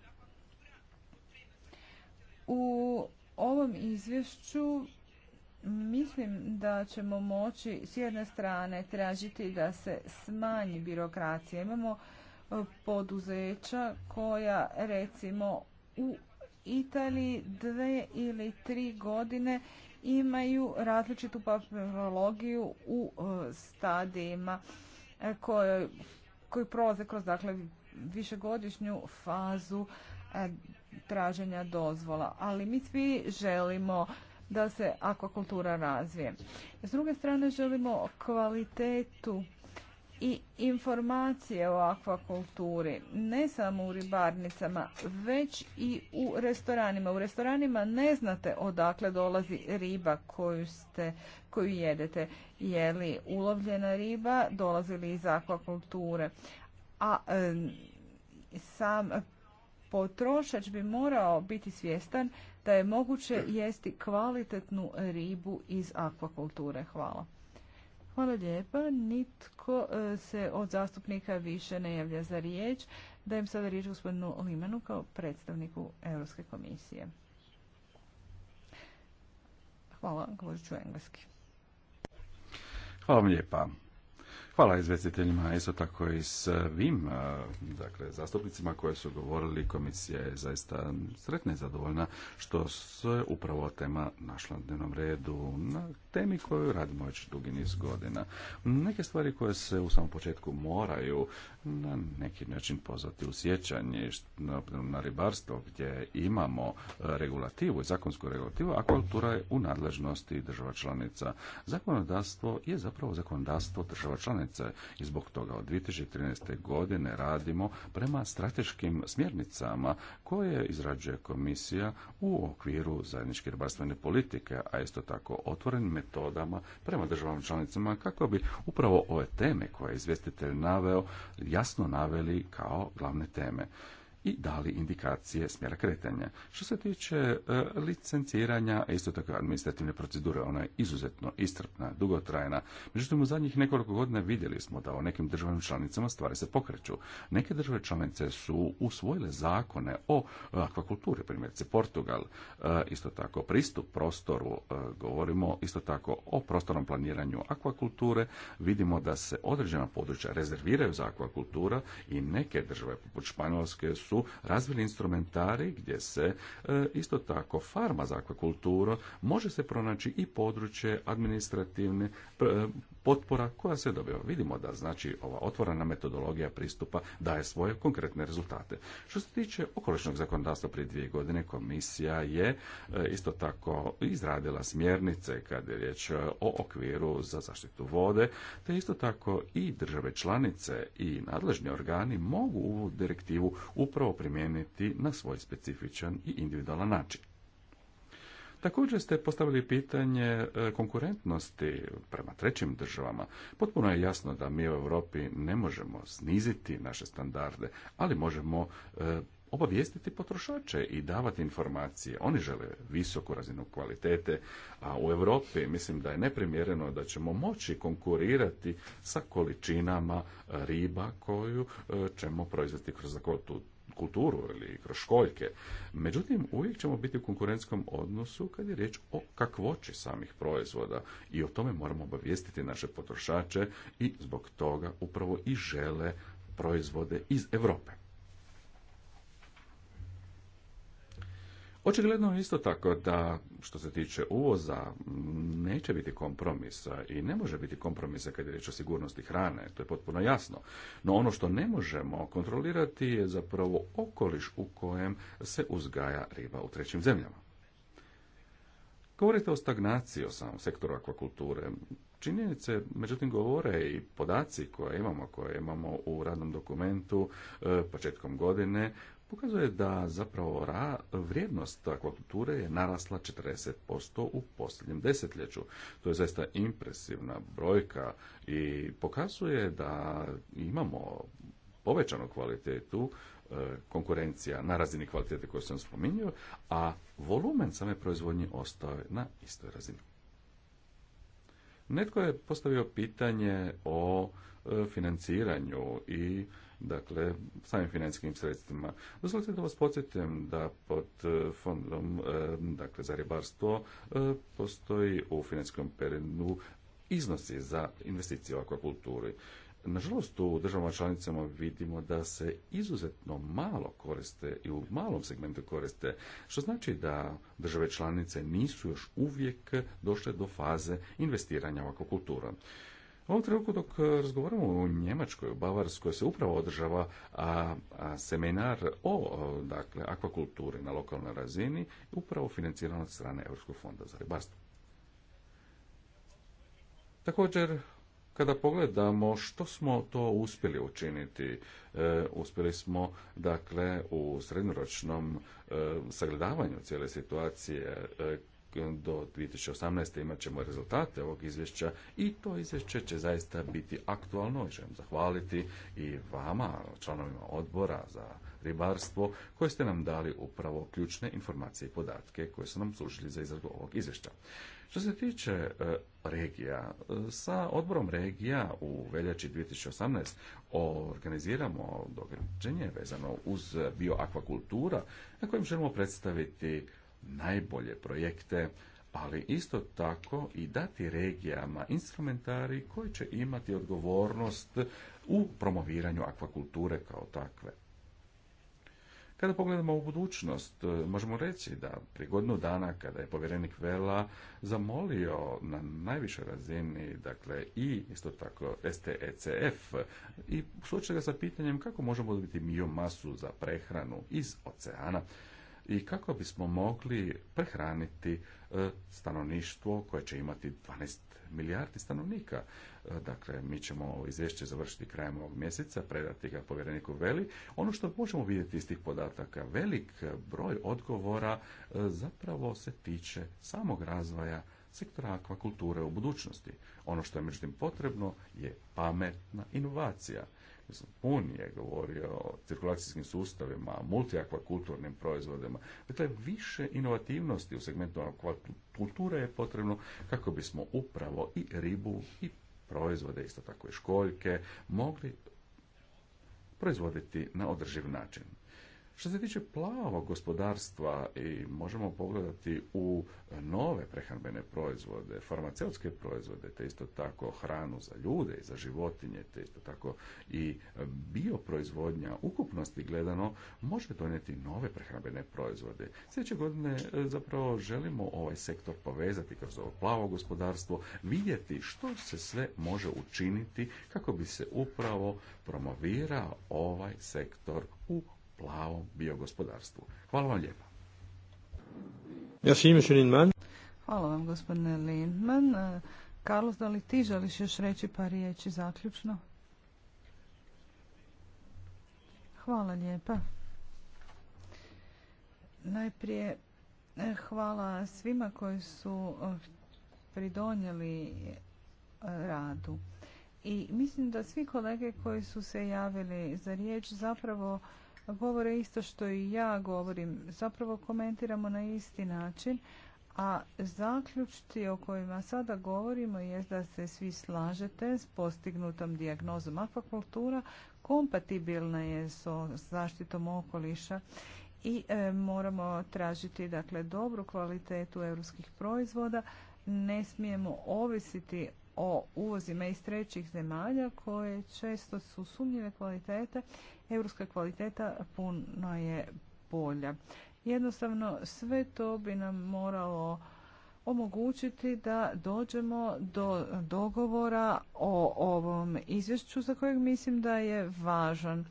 Speaker 2: U ovom izvješću mislim da ćemo moći s jedne strane tražiti da se smanji birokracija. Imamo poduzeća koja recimo u Italiji dve ili tri godine imaju različitu papirologiju u e, stadijima e, koji prolaze kroz dakle, višegodišnju fazu e, traženja dozvola. Ali mi svi želimo da se akvakultura razvije. S druge strane želimo kvalitetu i informacije o akvakulturi, ne samo u ribarnicama, već i u restoranima. U restoranima ne znate odakle dolazi riba koju, ste, koju jedete. Je li ulovljena riba, dolazi li iz akvakulture. A sam potrošač bi morao biti svjestan da je moguće jesti kvalitetnu ribu iz akvakulture. Hvala. Hvala lijepa. Nitko e, se od zastupnika više ne javlja za riječ. Dajem sada riječ gospodinu Limanu kao predstavniku Europske komisije. Hvala, govorit ću engleski.
Speaker 3: Hvala lijepa. Hvala izvjestiteljima, isto tako i svim dakle, zastupnicima koje su govorili. Komisija je zaista sretna i zadovoljna što se upravo tema našla na dnevnom redu, na temi koju radimo već dugi niz godina. Neke stvari koje se u samom početku moraju na neki način pozvati u sjećanje na ribarstvo gdje imamo e, regulativu i zakonsku regulativu, a kultura je u nadležnosti država članica. Zakonodavstvo je zapravo zakonodavstvo država članica zajednice i zbog toga od 2013. godine radimo prema strateškim smjernicama koje izrađuje komisija u okviru zajedničke ribarstvene politike, a isto tako otvorenim metodama prema državama članicama kako bi upravo ove teme koje je izvjestitelj naveo jasno naveli kao glavne teme i dali indikacije smjera kretanja. Što se tiče e, licenciranja, isto tako administrativne procedure, ona je izuzetno istrpna, dugotrajna. Međutim, u zadnjih nekoliko godina vidjeli smo da o nekim državnim članicama stvari se pokreću. Neke države članice su usvojile zakone o e, akvakulturi, primjerice Portugal, e, isto tako pristup prostoru, govorimo isto tako o prostornom planiranju akvakulture, vidimo da se određena područja rezerviraju za akvakultura i neke države poput Španjolske su su razvili instrumentari gdje se e, isto tako farma za akvakulturu može se pronaći i područje administrativne potpora koja se dobiva. Vidimo da znači ova otvorena metodologija pristupa daje svoje konkretne rezultate. Što se tiče okolišnog zakonodavstva prije dvije godine, komisija je e, isto tako izradila smjernice kad je riječ e, o okviru za zaštitu vode, te isto tako i države članice i nadležni organi mogu ovu direktivu upravo primijeniti na svoj specifičan i individualan način. Također ste postavili pitanje e, konkurentnosti prema trećim državama. Potpuno je jasno da mi u Europi ne možemo sniziti naše standarde, ali možemo e, obavijestiti potrošače i davati informacije. Oni žele visoku razinu kvalitete, a u Europi mislim da je neprimjereno da ćemo moći konkurirati sa količinama riba koju e, ćemo proizvesti kroz zakotu kulturu ili kroz školjke. Međutim, uvijek ćemo biti u konkurentskom odnosu kad je riječ o kakvoći samih proizvoda i o tome moramo obavijestiti naše potrošače i zbog toga upravo i žele proizvode iz Europe. Očigledno isto tako da što se tiče uvoza neće biti kompromisa i ne može biti kompromisa kad je riječ o sigurnosti hrane, to je potpuno jasno. No ono što ne možemo kontrolirati je zapravo okoliš u kojem se uzgaja riba u trećim zemljama. Govorite o stagnaciji o samom sektoru akvakulture. Činjenice, međutim, govore i podaci koje imamo, koje imamo u radnom dokumentu eh, početkom godine, pokazuje da zapravo ra, vrijednost kulture je narasla 40% u posljednjem desetljeću. To je zaista impresivna brojka i pokazuje da imamo povećanu kvalitetu e, konkurencija na razini kvalitete koju sam spominjao, a volumen same proizvodnje ostao je na istoj razini. Netko je postavio pitanje o e, financiranju i dakle, samim financijskim sredstvima. Dozvolite da vas podsjetim da pod e, fondom e, dakle, za ribarstvo e, postoji u financijskom perenu iznosi za investicije u akvakulturi. Nažalost, u državama članicama vidimo da se izuzetno malo koriste i u malom segmentu koriste, što znači da države članice nisu još uvijek došle do faze investiranja u akvakulturu. U ovom trenutku dok e, razgovaramo u Njemačkoj, u Bavarskoj se upravo održava a, seminar o dakle, akvakulturi na lokalnoj razini, upravo financiran od strane Europskog fonda za ribarstvo. Također, kada pogledamo što smo to uspjeli učiniti, e, uspjeli smo dakle u srednjoročnom e, sagledavanju cijele situacije e, do 2018. imat ćemo rezultate ovog izvješća i to izvješće će zaista biti aktualno i želim zahvaliti i vama, članovima odbora za ribarstvo, koji ste nam dali upravo ključne informacije i podatke koje su nam služili za izradu ovog izvješća. Što se tiče e, regija, e, sa odborom regija u veljači 2018 organiziramo događenje vezano uz bioakvakultura na kojem želimo predstaviti najbolje projekte, ali isto tako i dati regijama instrumentari koji će imati odgovornost u promoviranju akvakulture kao takve. Kada pogledamo u budućnost, možemo reći da prije godinu dana kada je povjerenik Vela zamolio na najvišoj razini, dakle i isto tako STECF, i slučaj ga sa pitanjem kako možemo dobiti biomasu za prehranu iz oceana, i kako bismo mogli prehraniti e, stanovništvo koje će imati 12 milijardi stanovnika. E, dakle, mi ćemo ovo izvješće završiti krajem ovog mjeseca, predati ga povjereniku Veli. Ono što možemo vidjeti iz tih podataka, velik broj odgovora e, zapravo se tiče samog razvoja sektora akvakulture u budućnosti. Ono što je međutim potrebno je pametna inovacija pun je govorio o cirkulacijskim sustavima, multiakvakulturnim proizvodima. Dakle, više inovativnosti u segmentu akvakulture je potrebno kako bismo upravo i ribu i proizvode, isto tako i školjke, mogli proizvoditi na održiv način. Što se tiče plavog gospodarstva i možemo pogledati u nove prehrambene proizvode, farmaceutske proizvode, te isto tako hranu za ljude i za životinje, te isto tako i bioproizvodnja ukupnosti gledano može donijeti nove prehrambene proizvode. Sljedeće godine e, zapravo želimo ovaj sektor povezati kroz ovo plavo gospodarstvo, vidjeti što se sve može učiniti kako bi se upravo promovira ovaj sektor u plavom biogospodarstvu. Hvala vam lijepa.
Speaker 2: Hvala vam gospodine Lindman. E, Carlos, da li ti želiš još reći par riječi zaključno? Hvala lijepa. Najprije e, hvala svima koji su e, pridonijeli radu. I mislim da svi kolege koji su se javili za riječ zapravo govore isto što i ja govorim. Zapravo komentiramo na isti način, a zaključci o kojima sada govorimo je da se svi slažete s postignutom dijagnozom akvakultura, kompatibilna je s zaštitom okoliša i e, moramo tražiti dakle dobru kvalitetu europskih proizvoda ne smijemo ovisiti o uvozima iz trećih zemalja koje često su sumnjive kvalitete, europska kvaliteta puno je bolja. Jednostavno sve to bi nam moralo omogućiti da dođemo do dogovora o ovom izvješću za kojeg mislim da je važan.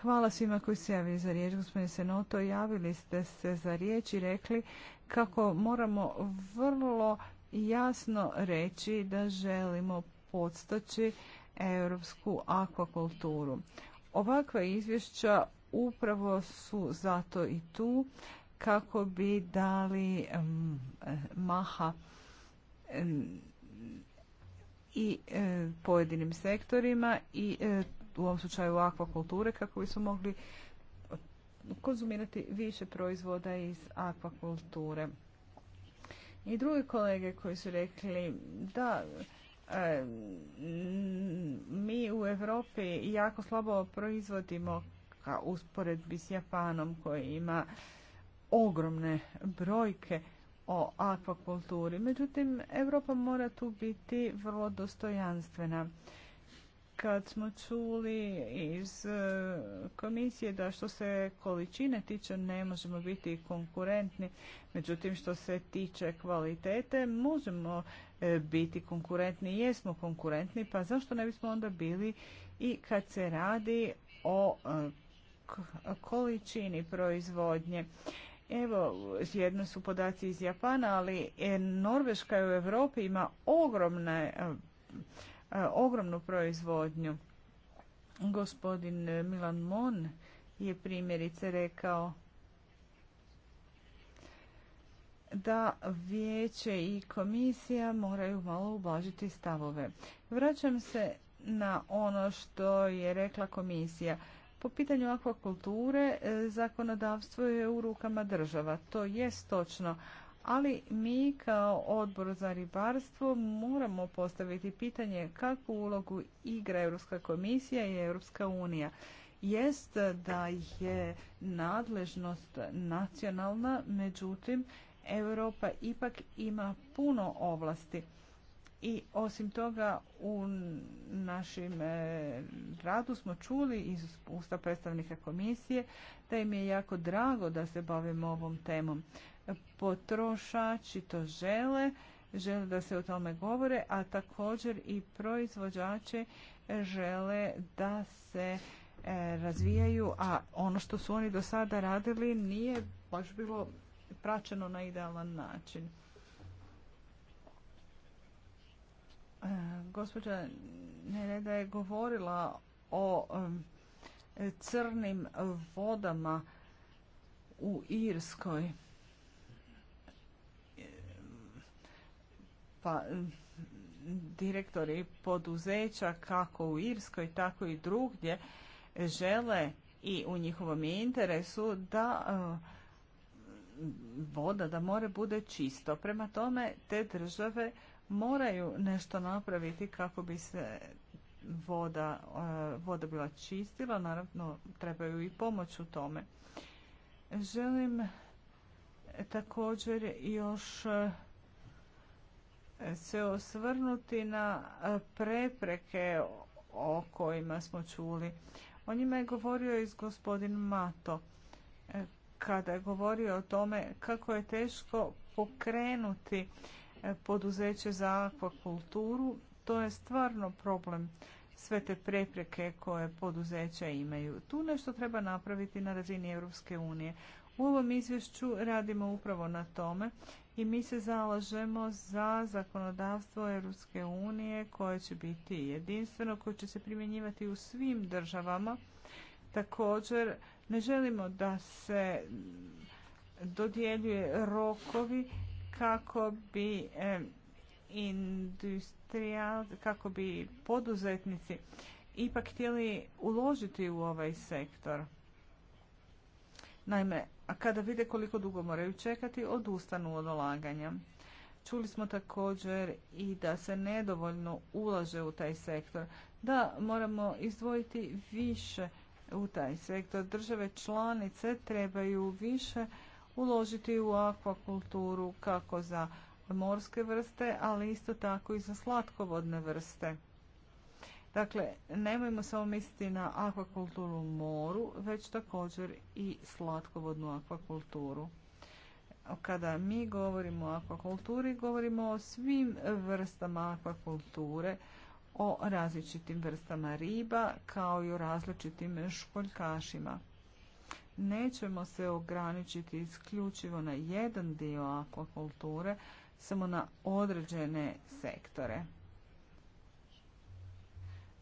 Speaker 2: Hvala svima koji se javili za riječ. Gospodine Senoto, javili ste se za riječ i rekli kako moramo vrlo jasno reći da želimo podstaći europsku akvakulturu. Ovakva izvješća upravo su zato i tu kako bi dali maha i e, pojedinim sektorima i e, u ovom slučaju akvakulture kako bi su mogli konzumirati više proizvoda iz akvakulture i drugi kolege koji su rekli da mi u Europi jako slabo proizvodimo ka usporedbi s Japanom koji ima ogromne brojke o akvakulturi. Međutim, Europa mora tu biti vrlo dostojanstvena kad smo čuli iz e, komisije da što se količine tiče ne možemo biti konkurentni, međutim što se tiče kvalitete možemo e, biti konkurentni, jesmo konkurentni, pa zašto ne bismo onda bili i kad se radi o e, količini proizvodnje. Evo, jedno su podaci iz Japana, ali Norveška u Europi ima ogromne E, ogromnu proizvodnju. Gospodin e, Milan Mon je primjerice rekao da vijeće i komisija moraju malo ublažiti stavove. Vraćam se na ono što je rekla komisija. Po pitanju akvakulture e, zakonodavstvo je u rukama država. To je točno, ali mi kao odbor za ribarstvo moramo postaviti pitanje kakvu ulogu igra Europska komisija i Europska unija. Jest da je nadležnost nacionalna, međutim Europa ipak ima puno ovlasti. I osim toga u našim e, radu smo čuli iz usta predstavnika komisije da im je jako drago da se bavimo ovom temom. Potrošači to žele, žele da se o tome govore, a također i proizvođači žele da se e, razvijaju, a ono što su oni do sada radili nije baš bilo praćeno na idealan način. E, gospođa Nereda je govorila o crnim vodama u Irskoj. Pa direktori poduzeća kako u Irskoj tako i drugdje žele i u njihovom interesu da e, voda, da more bude čisto. Prema tome te države moraju nešto napraviti kako bi se voda, e, voda bila čistila. Naravno trebaju i pomoć u tome. Želim također još e, se osvrnuti na e, prepreke o kojima smo čuli. O njima je govorio i gospodin Mato e, kada je govorio o tome kako je teško pokrenuti e, poduzeće za akvakulturu. To je stvarno problem sve te prepreke koje poduzeća imaju. Tu nešto treba napraviti na razini Europske unije. U ovom izvješću radimo upravo na tome i mi se zalažemo za zakonodavstvo Europske unije koje će biti jedinstveno, koje će se primjenjivati u svim državama. Također ne želimo da se dodjeljuje rokovi kako bi industrija, kako bi poduzetnici ipak htjeli uložiti u ovaj sektor. Naime, a kada vide koliko dugo moraju čekati, odustanu od ulaganja. Čuli smo također i da se nedovoljno ulaže u taj sektor. Da, moramo izdvojiti više u taj sektor. Države članice trebaju više uložiti u akvakulturu kako za morske vrste, ali isto tako i za slatkovodne vrste. Dakle, nemojmo samo misliti na akvakulturu u moru, već također i slatkovodnu akvakulturu. Kada mi govorimo o akvakulturi, govorimo o svim vrstama akvakulture, o različitim vrstama riba kao i o različitim školjkašima. Nećemo se ograničiti isključivo na jedan dio akvakulture, samo na određene sektore.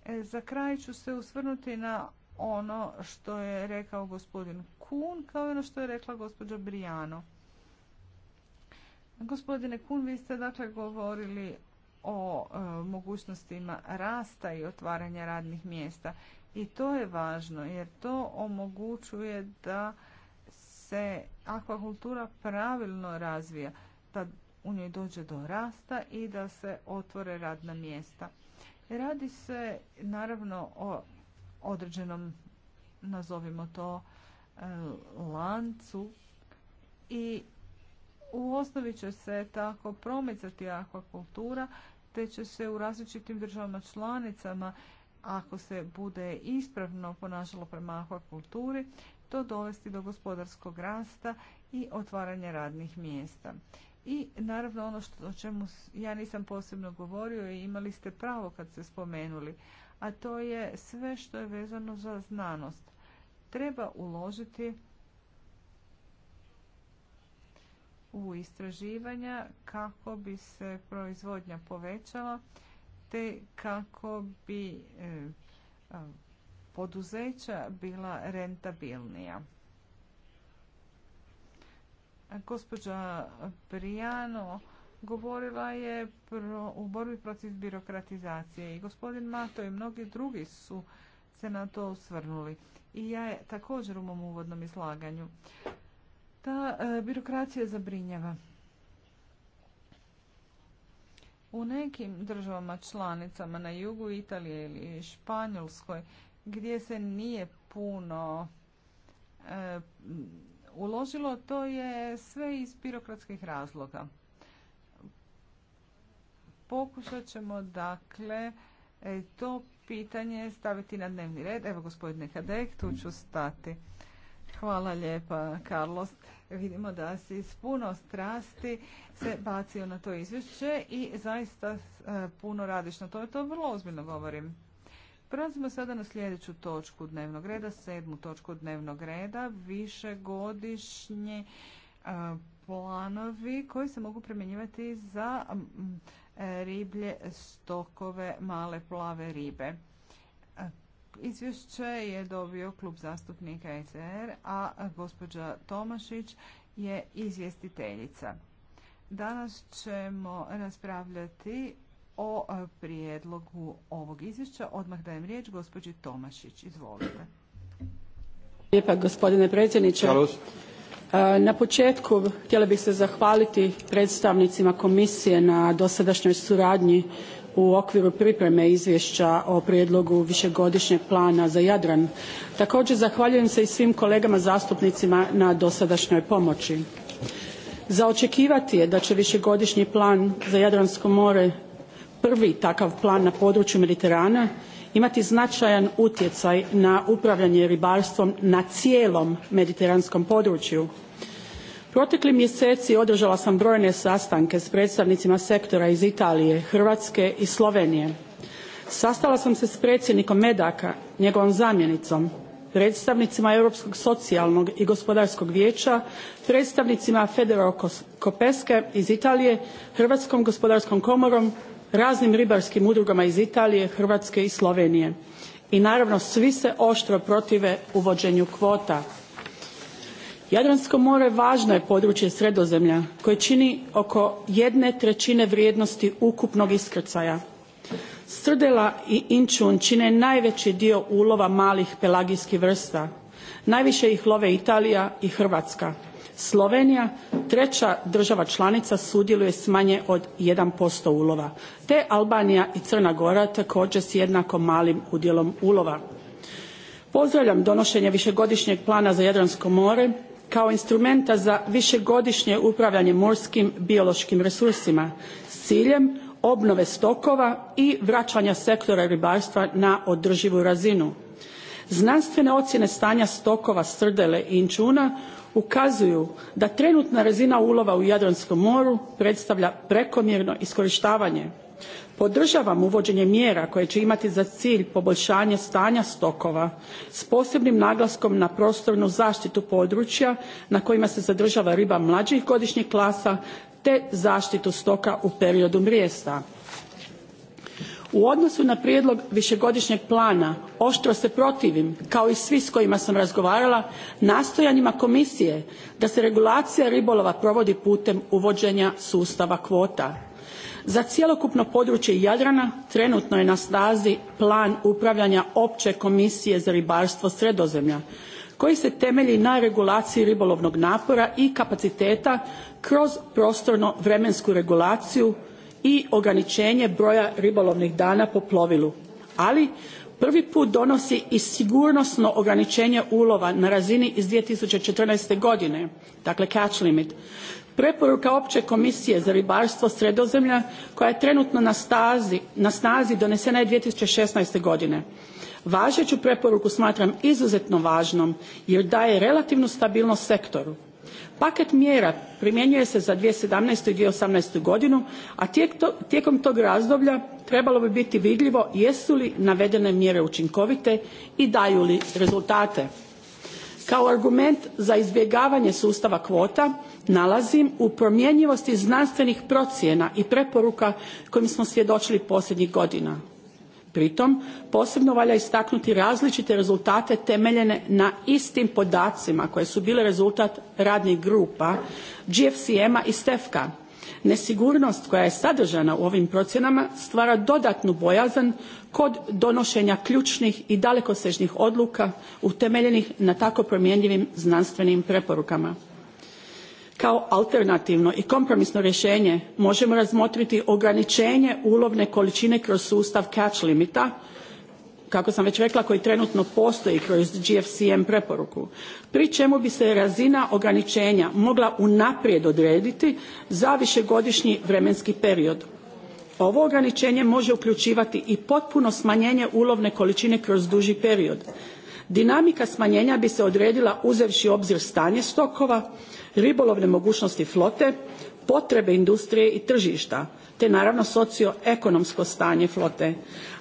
Speaker 2: E, za kraj ću se usvrnuti na ono što je rekao gospodin Kun, kao i ono što je rekla gospođa Brijano. Gospodine Kun, vi ste dakle govorili o e, mogućnostima rasta i otvaranja radnih mjesta. I to je važno jer to omogućuje da se akvakultura pravilno razvija, da u njoj dođe do rasta i da se otvore radna mjesta. Radi se naravno o određenom, nazovimo to, e, lancu i u osnovi će se tako promicati akvakultura te će se u različitim državama članicama ako se bude ispravno ponašalo prema akvakulturi to dovesti do gospodarskog rasta i otvaranja radnih mjesta. I naravno ono što, o čemu ja nisam posebno govorio i imali ste pravo kad ste spomenuli, a to je sve što je vezano za znanost. Treba uložiti u istraživanja kako bi se proizvodnja povećala te kako bi eh, poduzeća bila rentabilnija. Gospođa Prijano govorila je pro, u borbi protiv birokratizacije i gospodin Mato i mnogi drugi su se na to osvrnuli. I ja je također u mom uvodnom izlaganju. Ta e, birokracija zabrinjava. U nekim državama članicama na jugu Italije ili Španjolskoj gdje se nije puno e, uložilo, to je sve iz birokratskih razloga. Pokušat ćemo dakle e, to pitanje staviti na dnevni red. Evo gospodine Kadek, tu ću stati. Hvala lijepa, Carlos. Vidimo da si s puno strasti se bacio na to izvješće i zaista e, puno radiš na to. To vrlo ozbiljno govorim. Prelazimo sada na sljedeću točku dnevnog reda, sedmu točku dnevnog reda, višegodišnje planovi koji se mogu primjenjivati za e, riblje stokove male plave ribe. E, izvješće je dobio klub zastupnika ECR, a gospođa Tomašić je izvjestiteljica. Danas ćemo raspravljati o e, prijedlogu ovog izvješća. Odmah dajem riječ gospođi Tomašić. Izvolite.
Speaker 4: Lijepa gospodine predsjedniče. E, na početku htjela bih se zahvaliti predstavnicima komisije na dosadašnjoj suradnji u okviru pripreme izvješća o prijedlogu višegodišnjeg plana za Jadran. Također zahvaljujem se i svim kolegama zastupnicima na dosadašnjoj pomoći. Za očekivati je da će višegodišnji plan za Jadransko more prvi takav plan na području mediterana imati značajan utjecaj na upravljanje ribarstvom na cijelom mediteranskom području. proteklih mjeseci održala sam brojne sastanke s predstavnicima sektora iz italije hrvatske i slovenije. sastala sam se s predsjednikom medaka njegovom zamjenicom predstavnicima europskog socijalnog i gospodarskog vijeća predstavnicima federal Kopeske iz italije hrvatskom gospodarskom komorom raznim ribarskim udrugama iz Italije, Hrvatske i Slovenije. I naravno svi se oštro protive uvođenju kvota. Jadransko more važno je područje Sredozemlja koje čini oko jedne trećine vrijednosti ukupnog iskrcaja. Srdela i inčun čine najveći dio ulova malih pelagijskih vrsta. Najviše ih love Italija i Hrvatska. Slovenija treća država članica sudjeluje s manje od 1% ulova, te Albanija i Crna Gora također s jednako malim udjelom ulova. Pozdravljam donošenje višegodišnjeg plana za Jadransko more kao instrumenta za višegodišnje upravljanje morskim biološkim resursima s ciljem obnove stokova i vraćanja sektora ribarstva na održivu razinu. Znanstvene ocjene stanja stokova srdele i inuna ukazuju da trenutna razina ulova u jadranskom moru predstavlja prekomjerno iskorištavanje. podržavam uvođenje mjera koje će imati za cilj poboljšanje stanja stokova s posebnim naglaskom na prostornu zaštitu područja na kojima se zadržava riba mlađih godišnjih klasa te zaštitu stoka u periodu mrijesta. U odnosu na prijedlog višegodišnjeg plana oštro se protivim kao i svi s kojima sam razgovarala nastojanjima komisije da se regulacija ribolova provodi putem uvođenja sustava kvota. Za cjelokupno područje Jadrana trenutno je na snazi plan upravljanja opće komisije za ribarstvo Sredozemlja koji se temelji na regulaciji ribolovnog napora i kapaciteta kroz prostorno vremensku regulaciju i ograničenje broja ribolovnih dana po plovilu ali prvi put donosi i sigurnosno ograničenje ulova na razini iz. two thousand and fourteen godine dakle catch limit preporuka opće komisije za ribarstvo sredozemlja koja je trenutno na, na snazi donesena je. two thousand and sixteen godine važeću preporuku smatram izuzetno važnom jer daje relativnu stabilnost sektoru paket mjera primjenjuje se za. two thousand i. 2018. godinu a tijekom tog razdoblja trebalo bi biti vidljivo jesu li navedene mjere učinkovite i daju li rezultate. kao argument za izbjegavanje sustava kvota nalazim u promjenjivosti znanstvenih procjena i preporuka kojim smo svjedočili posljednjih godina pritom posebno valja istaknuti različite rezultate temeljene na istim podacima koje su bile rezultat radnih grupa GFCM-a i stefka nesigurnost koja je sadržana u ovim procjenama stvara dodatnu bojazan kod donošenja ključnih i dalekosežnih odluka utemeljenih na tako promjenjivim znanstvenim preporukama kao alternativno i kompromisno rješenje možemo razmotriti ograničenje ulovne količine kroz sustav catch limita kako sam već rekla koji trenutno postoji kroz GFCM preporuku pri čemu bi se razina ograničenja mogla unaprijed odrediti za višegodišnji vremenski period. Ovo ograničenje može uključivati i potpuno smanjenje ulovne količine kroz duži period dinamika smanjenja bi se odredila uzevši u obzir stanje stokova ribolovne mogućnosti flote potrebe industrije i tržišta te naravno socioekonomsko stanje flote.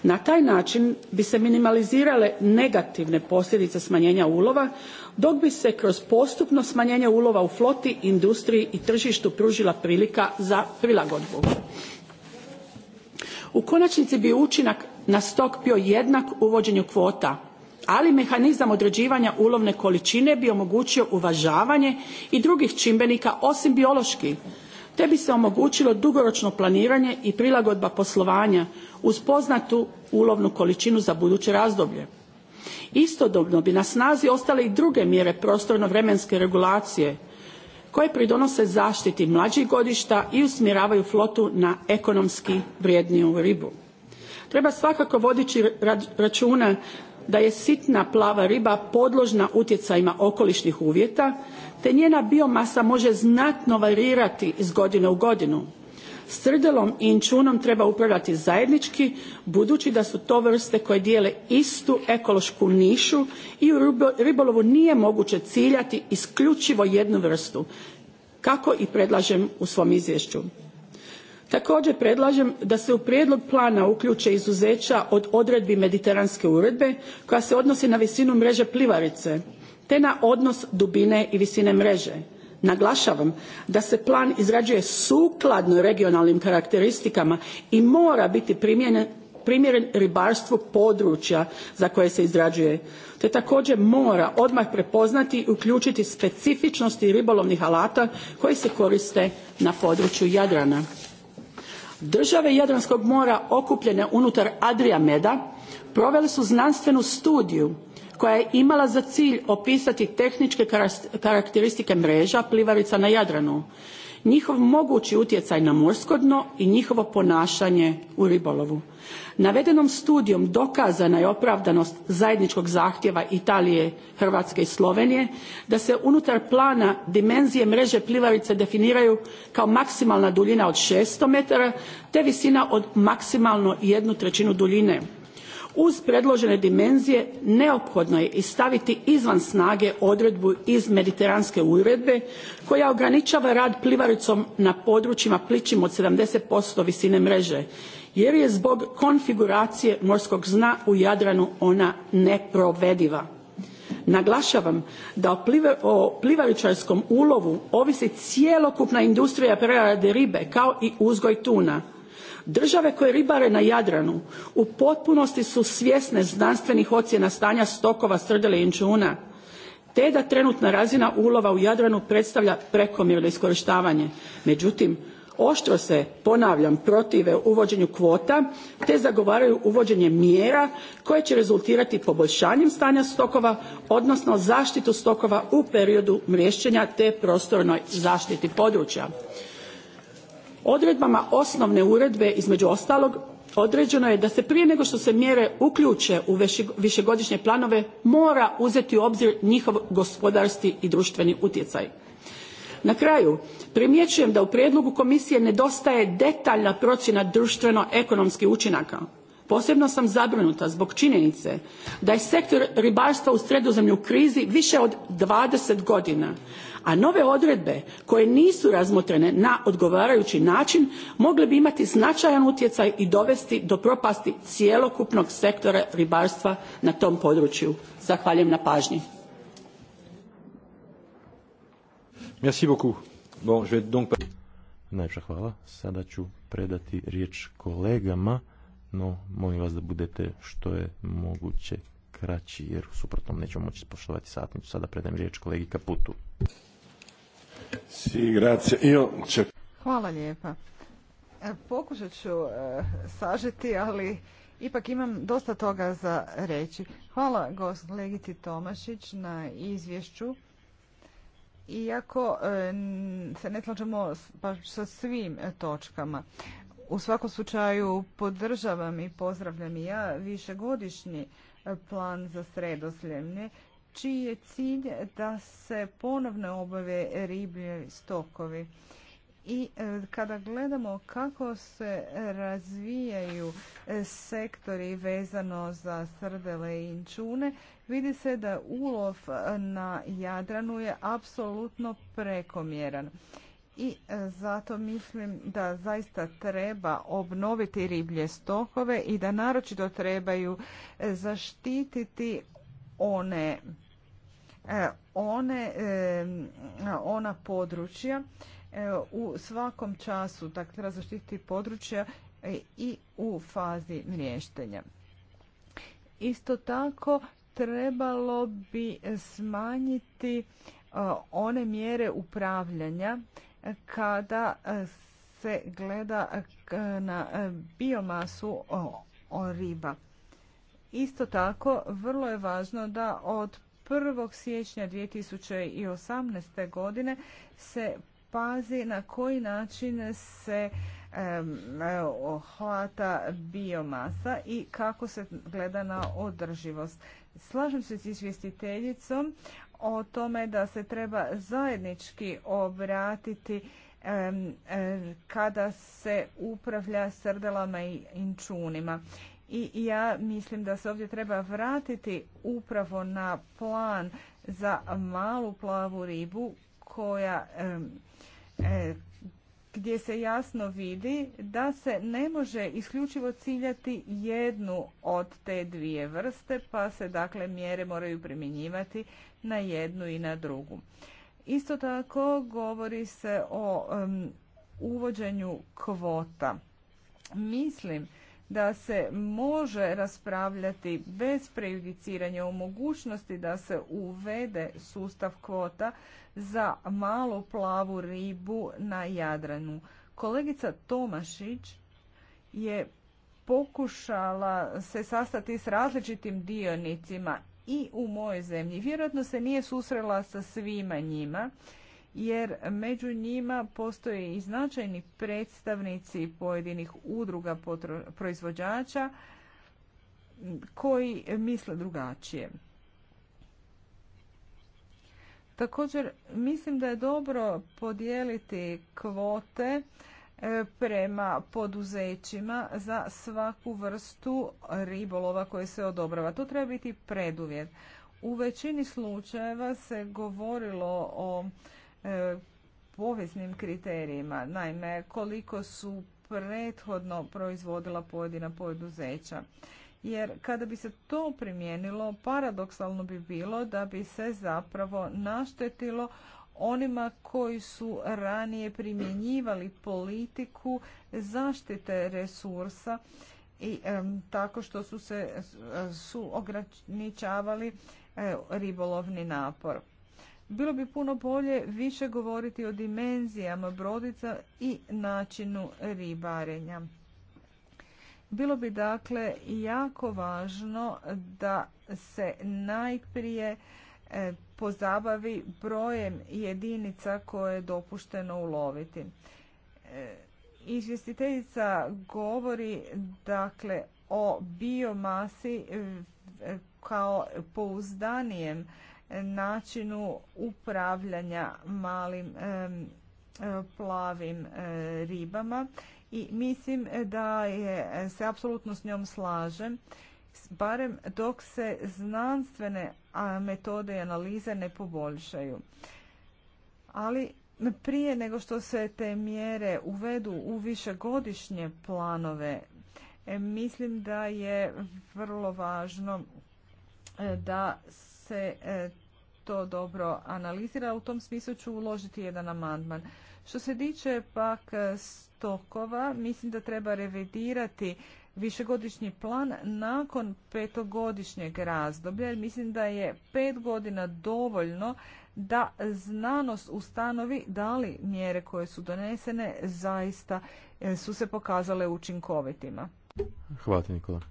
Speaker 4: Na taj način bi se minimalizirale negativne posljedice smanjenja ulova dok bi se kroz postupno smanjenje ulova u floti, industriji i tržištu pružila prilika za prilagodbu. U konačnici bi učinak na stok bio jednak uvođenju kvota ali mehanizam određivanja ulovne količine bi omogućio uvažavanje i drugih čimbenika osim bioloških te bi se omogućilo dugoročno planiranje i prilagodba poslovanja uz poznatu ulovnu količinu za buduće razdoblje. Istodobno bi na snazi ostale i druge mjere prostorno vremenske regulacije koje pridonose zaštiti mlađih godišta i usmjeravaju flotu na ekonomski vrijedniju ribu. Treba svakako voditi računa da je sitna plava riba podložna utjecajima okolišnih uvjeta te njena biomasa može znatno varirati iz godine u godinu. Srdelom i inćunom treba upravljati zajednički budući da su to vrste koje dijele istu ekološku nišu i u ribolovu nije moguće ciljati isključivo jednu vrstu kako i predlažem u svom izvješću također predlažem da se u prijedlog plana uključe izuzeća od odredbi mediteranske uredbe koja se odnosi na visinu mreže plivarice te na odnos dubine i visine mreže naglašavam da se plan izrađuje sukladno regionalnim karakteristikama i mora biti primjeren ribarstvu područja za koje se izrađuje te također mora odmah prepoznati i uključiti specifičnosti ribolovnih alata koji se koriste na području jadrana. Države Jadranskog mora okupljene unutar Adriameda provele su znanstvenu studiju koja je imala za cilj opisati tehničke karakteristike mreža plivarica na Jadranu njihov mogući utjecaj na morsko dno i njihovo ponašanje u ribolovu. navedenom studijom dokazana je opravdanost zajedničkog zahtjeva italije hrvatske i slovenije da se unutar plana dimenzije mreže plivarice definiraju kao maksimalna duljina od six metara te visina od maksimalno jednu treinu duljine uz predložene dimenzije neophodno je i staviti izvan snage odredbu iz mediteranske uredbe koja ograničava rad plivaricom na područjima plićim od 70% visine mreže jer je zbog konfiguracije morskog dna u Jadranu ona neprovediva. Naglašavam da o plivaričarskom ulovu ovisi cjelokupna industrija prerade ribe kao i uzgoj tuna. Države koje ribare na Jadranu u potpunosti su svjesne znanstvenih ocjena stanja stokova srdele i inćuna, te da trenutna razina ulova u Jadranu predstavlja prekomjerno iskorištavanje. Međutim, oštro se, ponavljam, protive uvođenju kvota te zagovaraju uvođenje mjera koje će rezultirati poboljšanjem stanja stokova, odnosno zaštitu stokova u periodu mriješćenja te prostornoj zaštiti područja odredbama osnovne uredbe između ostalog određeno je da se prije nego što se mjere uključe u višegodišnje planove mora uzeti u obzir njihov gospodarski i društveni utjecaj. Na kraju primjećujem da u prijedlogu komisije nedostaje detaljna procjena društveno-ekonomskih učinaka. Posebno sam zabrinuta zbog činjenice da je sektor ribarstva u Sredozemlju u krizi više od 20 godina, a nove odredbe koje nisu razmotrene na odgovarajući način mogle bi imati značajan utjecaj i dovesti do propasti cjelokupnog sektora ribarstva na tom području. Zahvaljujem na pažnji.
Speaker 1: Merci bon, je pa- hvala. Sada ću predati riječ kolegama, no molim vas da budete što je moguće kraći, jer u suprotnom nećemo moći spoštovati satnicu. Sada predajem riječ kolegi Kaputu.
Speaker 2: Hvala lijepa. E, pokušat ću e, sažeti, ali ipak imam dosta toga za reći. Hvala Legiti Tomašić na izvješću. Iako e, se ne slažemo pa sa svim točkama. U svakom slučaju podržavam i pozdravljam i ja višegodišnji plan za sredozemlje čiji je cilj da se ponovno obave riblje stokovi. I e, kada gledamo kako se razvijaju e, sektori vezano za srdele i inčune, vidi se da ulov e, na Jadranu je apsolutno prekomjeran. I zato mislim da zaista treba obnoviti riblje stokove i da naročito trebaju zaštititi one E, one, e, ona područja e, u svakom času, dakle treba zaštiti područja i u fazi mriještenja. Isto tako trebalo bi smanjiti one mjere upravljanja kada se gleda na biomasu riba. Isto tako, vrlo je važno da od 1. siječnja 2018. godine se pazi na koji način se hvata biomasa i kako se gleda na održivost. Slažem se s izvjestiteljicom o tome da se treba zajednički obratiti kada se upravlja srdelama i inčunima i ja mislim da se ovdje treba vratiti upravo na plan za malu plavu ribu koja e, gdje se jasno vidi da se ne može isključivo ciljati jednu od te dvije vrste, pa se dakle mjere moraju primjenjivati na jednu i na drugu. Isto tako govori se o uvođenju kvota. Mislim da se može raspravljati bez prejudiciranja o mogućnosti da se uvede sustav kvota za malu plavu ribu na Jadranu. Kolegica Tomašić je pokušala se sastati s različitim dionicima i u mojoj zemlji. Vjerojatno se nije susrela sa svima njima jer među njima postoje i značajni predstavnici pojedinih udruga proizvođača koji misle drugačije. Također mislim da je dobro podijeliti kvote e, prema poduzećima za svaku vrstu ribolova koje se odobrava. To treba biti preduvjet. U većini slučajeva se govorilo o E, povijesnim kriterijima. Naime, koliko su prethodno proizvodila pojedina poduzeća. Jer kada bi se to primijenilo, paradoksalno bi bilo da bi se zapravo naštetilo onima koji su ranije primjenjivali politiku zaštite resursa i tako što su se su ograničavali e, ribolovni napor. Bilo bi puno bolje više govoriti o dimenzijama brodica i načinu ribarenja. Bilo bi dakle jako važno da se najprije e, pozabavi brojem jedinica koje je dopušteno uloviti. E, izvjestiteljica govori dakle o biomasi e, kao pouzdanijem načinu upravljanja malim plavim ribama i mislim da se apsolutno s njom slažem, barem dok se znanstvene metode i analize ne poboljšaju. Ali prije nego što se te mjere uvedu u višegodišnje planove, mislim da je vrlo važno da se e, to dobro analizira. U tom smislu ću uložiti jedan amandman. Što se tiče pak e, stokova, mislim da treba revidirati višegodišnji plan nakon petogodišnjeg razdoblja. Jer mislim da je pet godina dovoljno da znanost ustanovi da li mjere koje su donesene zaista e, su se pokazale učinkovitima.
Speaker 1: Hvala ti, Nikola.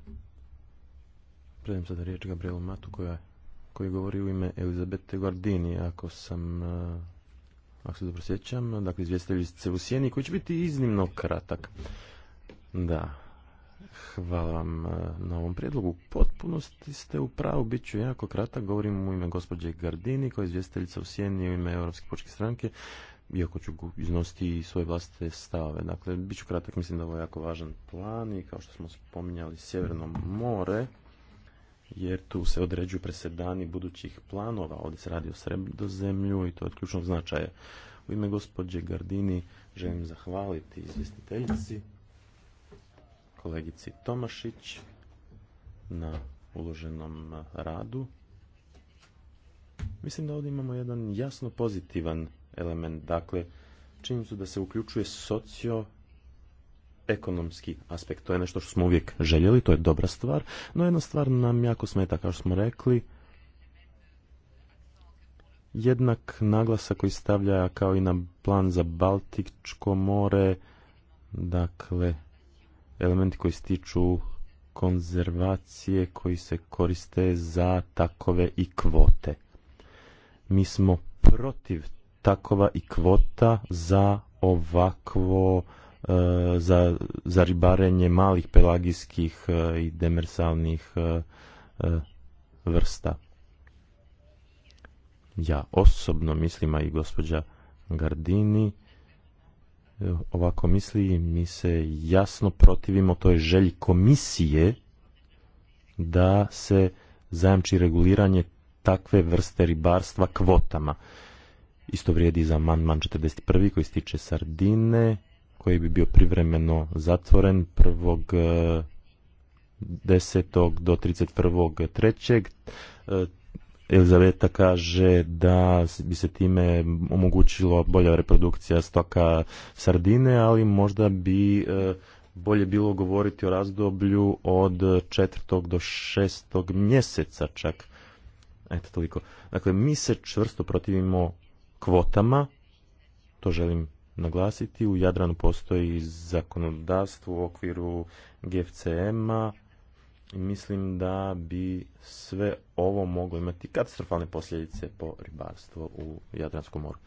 Speaker 1: sada riječ Gabrielu Matu koja koji govori u ime Elizabete Guardini, ako sam e, ako se dobro sjećam, dakle se u Sjeni koji će biti iznimno kratak. Da, hvala vam e, na ovom prijedlogu. Potpunosti ste u pravu, bit ću jako kratak, govorim u ime gospođe Gardini koja je izvjestiteljica u Sjeni u ime Europske počke stranke iako ću iznositi i svoje vlastite stave. Dakle, bit ću kratak, mislim da ovo jako važan plan i kao što smo spominjali Sjeverno more, jer tu se određuju presedani budućih planova. Ovdje se radi o sredozemlju i to je od ključnog značaja. U ime gospođe Gardini želim zahvaliti izvjestiteljici, kolegici Tomašić na uloženom radu. Mislim da ovdje imamo jedan jasno pozitivan element, dakle činjenicu da se uključuje socio ekonomski aspekt. To je nešto što smo uvijek željeli, to je dobra stvar, no jedna stvar nam jako smeta, kao što smo rekli, jednak naglasak koji stavlja kao i na plan za Baltičko more, dakle, elementi koji stiču konzervacije koji se koriste za takove i kvote. Mi smo protiv takova i kvota za ovakvo E, za, za ribarenje malih pelagijskih e, i demersalnih e, vrsta. Ja osobno mislim, a i gospođa Gardini ovako misli, mi se jasno protivimo toj želji komisije da se zajamči reguliranje takve vrste ribarstva kvotama. Isto vrijedi za amandman 41. koji se tiče sardine koji bi bio privremeno zatvoren prvog 10. E, do 31. trećeg. E, Elizaveta kaže da bi se time omogućilo bolja reprodukcija stoka sardine, ali možda bi e, bolje bilo govoriti o razdoblju od 4. do 6. mjeseca čak. Eto, toliko. Dakle, mi se čvrsto protivimo kvotama, to želim naglasiti. U Jadranu postoji zakonodavstvo u okviru GFCM-a i mislim da bi sve ovo moglo imati katastrofalne posljedice po ribarstvo u Jadranskom moru.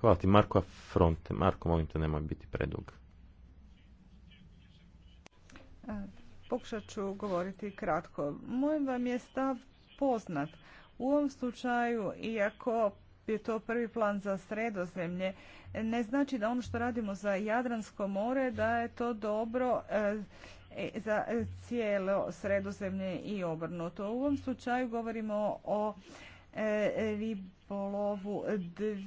Speaker 1: Hvala ti Marko, fronte. Marko, molim te, nemoj biti predug.
Speaker 2: E, pokušat ću govoriti kratko. Moj vam je stav poznat. U ovom slučaju, iako je to prvi plan za sredozemlje, ne znači da ono što radimo za Jadransko more da je to dobro e, e, za cijelo sredozemlje i obrnuto. U ovom slučaju govorimo o e, ribolovu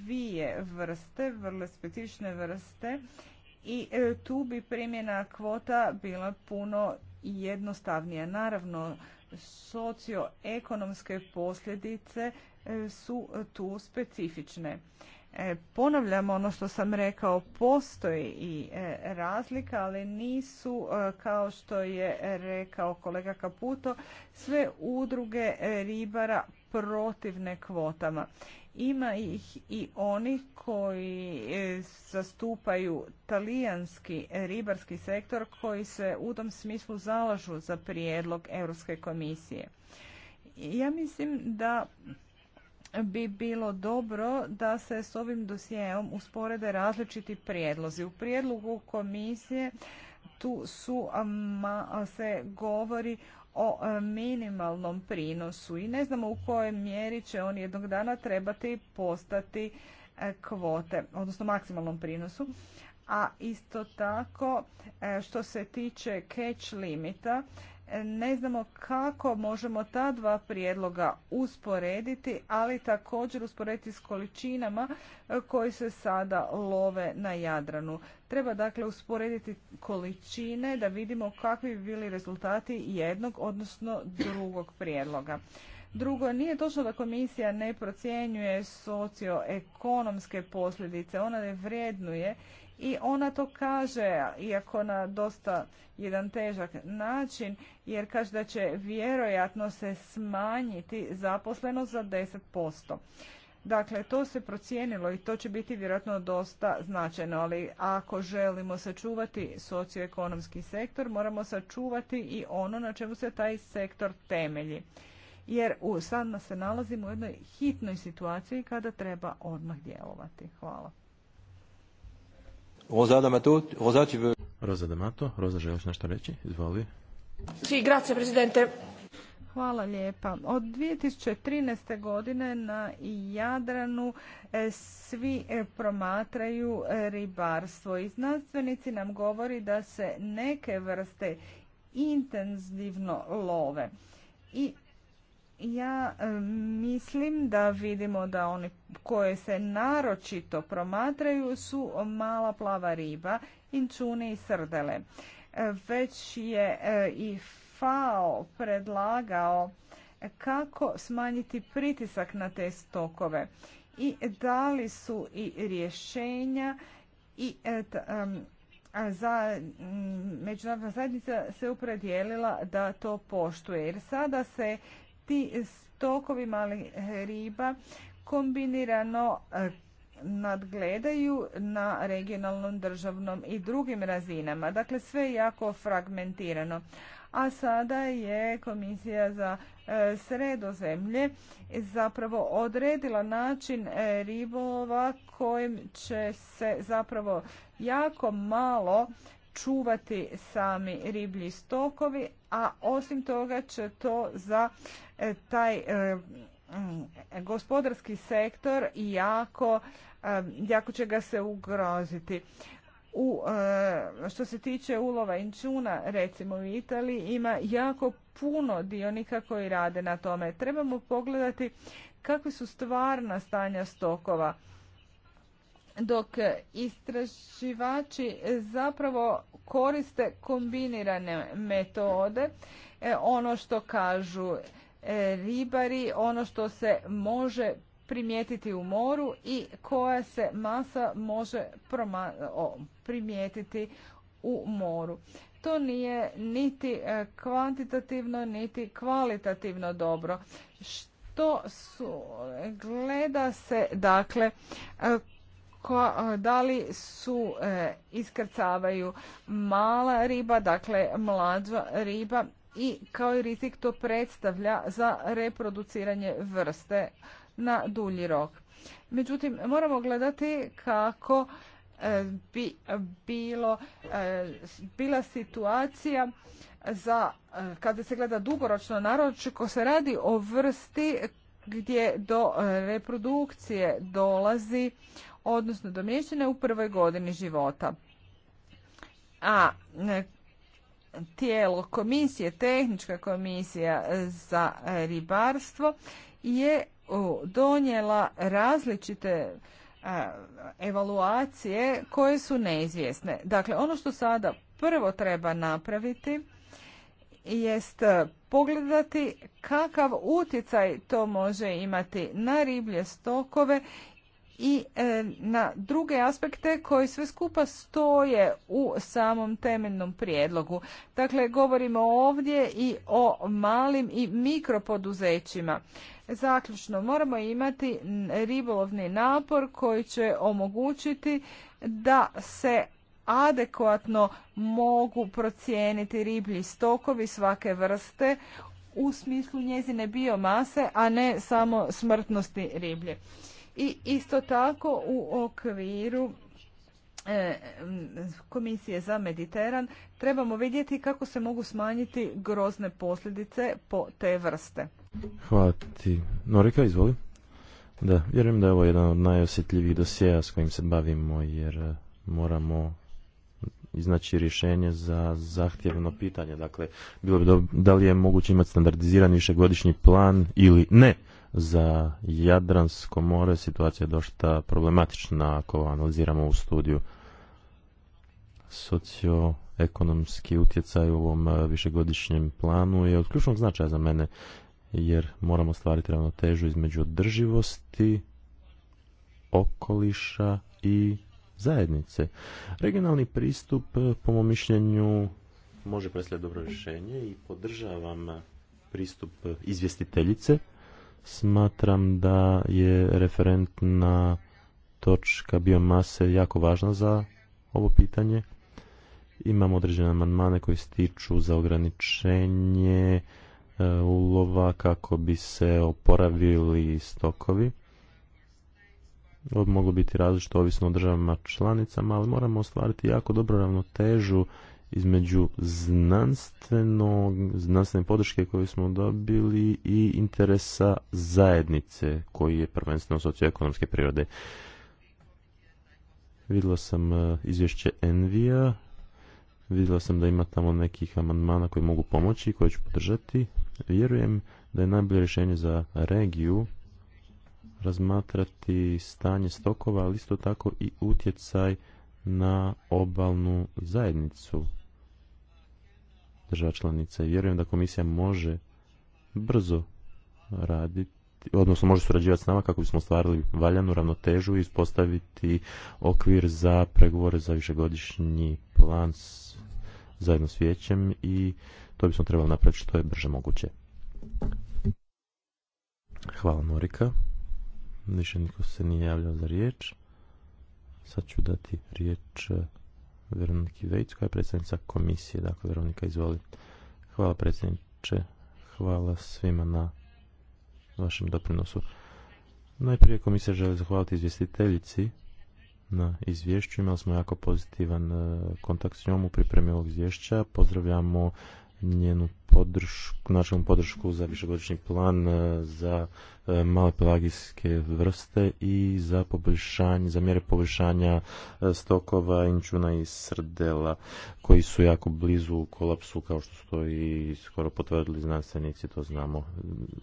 Speaker 2: dvije vrste, vrlo specifične vrste i tu bi primjena kvota bila puno jednostavnija. Naravno, socioekonomske posljedice E, su tu specifične. E, ponavljam ono što sam rekao, postoji i e, razlika, ali nisu, kao što je rekao kolega Kaputo, sve udruge ribara protivne kvotama. Ima ih i oni koji zastupaju talijanski ribarski sektor koji se u tom smislu zalažu za prijedlog Europske komisije. Ja mislim da bi bilo dobro da se s ovim dosijeom usporede različiti prijedlozi. U prijedlogu komisije tu su se govori o e, minimalnom prinosu i ne znamo u kojoj mjeri će on jednog dana trebati postati e, kvote, odnosno maksimalnom prinosu. A isto tako e, što se tiče catch limita, ne znamo kako možemo ta dva prijedloga usporediti, ali također usporediti s količinama e, koji se sada love na Jadranu. Treba dakle usporediti količine da vidimo kakvi bi bili rezultati jednog, odnosno drugog prijedloga. Drugo, nije točno da komisija ne procjenjuje socioekonomske posljedice, ona ne vrednuje i ona to kaže, iako na dosta jedan težak način, jer kaže da će vjerojatno se smanjiti zaposlenost za 10%. Dakle, to se procijenilo i to će biti vjerojatno dosta značajno, ali ako želimo sačuvati socioekonomski sektor, moramo sačuvati i ono na čemu se taj sektor temelji. Jer u, sad se nalazimo u jednoj hitnoj situaciji kada treba odmah djelovati. Hvala.
Speaker 1: Rosa D'Amato, Rosa, tu veux... Rosa D'Amato, Rosa, želiš nešto reći? Izvoli.
Speaker 2: Si, grazie, presidente. Hvala lijepa. Od 2013. godine na Jadranu e, svi e, promatraju e, ribarstvo i znanstvenici nam govori da se neke vrste intenzivno love. I ja e, mislim da vidimo da oni koje se naročito promatraju su mala plava riba, inčune i srdele. E, već je e, i FAO predlagao kako smanjiti pritisak na te stokove i dali su i rješenja i za međunarodna zajednica se upredijelila da to poštuje. Jer sada se ti stokovi malih riba kombinirano e, nadgledaju na regionalnom, državnom i drugim razinama. Dakle, sve je jako fragmentirano. A sada je Komisija za e, sredozemlje zapravo odredila način e, ribova kojim će se zapravo jako malo čuvati sami riblji stokovi, a osim toga će to za e, taj e, gospodarski sektor jako, e, jako će ga se ugroziti. U, što se tiče ulova inčuna, recimo u Italiji ima jako puno dionika koji rade na tome. Trebamo pogledati kakve su stvarna stanja stokova dok istraživači zapravo koriste kombinirane metode, e, ono što kažu e, ribari, ono što se može primijetiti u moru i koja se masa može primijetiti u moru. To nije niti e, kvantitativno, niti kvalitativno dobro. Što su, gleda se dakle ko, e, da li su e, iskrcavaju mala riba, dakle mlađa riba i kao i rizik to predstavlja za reproduciranje vrste na dulji rok. Međutim, moramo gledati kako e, bi bilo, bila situacija za, kada se gleda dugoročno, naročito ko se radi o vrsti gdje do reprodukcije dolazi odnosno domješćene u prvoj godini života. A e, tijelo komisije, tehnička komisija za ribarstvo je donijela različite e, evaluacije koje su neizvjesne. Dakle, ono što sada prvo treba napraviti jest pogledati kakav utjecaj to može imati na riblje stokove i e, na druge aspekte koji sve skupa stoje u samom temeljnom prijedlogu. Dakle, govorimo ovdje i o malim i mikropoduzećima. Zaključno, moramo imati ribolovni napor koji će omogućiti da se adekvatno mogu procijeniti riblji stokovi svake vrste u smislu njezine biomase, a ne samo smrtnosti riblje i isto tako u okviru e, Komisije za Mediteran trebamo vidjeti kako se mogu smanjiti grozne posljedice po te vrste.
Speaker 1: Hvala ti. Norika, izvoli. Da, vjerujem da je ovo jedan od najosjetljivijih dosjeja s kojim se bavimo jer e, moramo iznaći rješenje za zahtjevno pitanje. Dakle, bilo bi da li je moguće imati standardizirani višegodišnji plan ili ne za Jadransko more situacija je dosta problematična ako analiziramo u studiju socioekonomski utjecaj u ovom e, višegodišnjem planu je od ključnog značaja za mene jer moramo stvariti ravnotežu između održivosti, okoliša i zajednice. Regionalni pristup, e, po mom mišljenju, može predstavljati dobro rješenje i podržavam e, pristup izvjestiteljice Smatram da je referentna točka biomase jako važna za ovo pitanje. Imamo određene amandmane koji stiču za ograničenje e, ulova kako bi se oporavili stokovi. Ovo moglo biti različito ovisno o državama članicama, ali moramo ostvariti jako dobru ravnotežu između znanstvenog, znanstvene podrške koju smo dobili i interesa zajednice koji je prvenstveno socioekonomske prirode. Vidjela sam e, izvješće Envija, vidjela sam da ima tamo nekih amandmana koji mogu pomoći i koje ću podržati. Vjerujem da je najbolje rješenje za regiju razmatrati stanje stokova, ali isto tako i utjecaj na obalnu zajednicu država članica. vjerujem da komisija može brzo raditi odnosno može surađivati s nama kako bismo ostvarili valjanu ravnotežu i ispostaviti okvir za pregovore za višegodišnji plan zajedno s vijećem i to bismo trebali napraviti što je brže moguće. Hvala Morika. Više niko se nije javljao za riječ. Sad ću dati riječ Veroniki Vejc, koja je predsjednica komisije. Dakle, Veronika, izvoli. Hvala predsjedniče, hvala svima na vašem doprinosu. Najprije komisija želi zahvaliti izvjestiteljici na izvješću. Imali smo jako pozitivan eh, kontakt s njom u pripremi ovog izvješća. Pozdravljamo njenu podršku, našu podršku za višegodišnji plan e, za e, male pelagijske vrste i za poboljšanje, za mjere poboljšanja e, stokova, inčuna i srdela koji su jako blizu kolapsu kao što su to i skoro potvrdili znanstvenici, to znamo.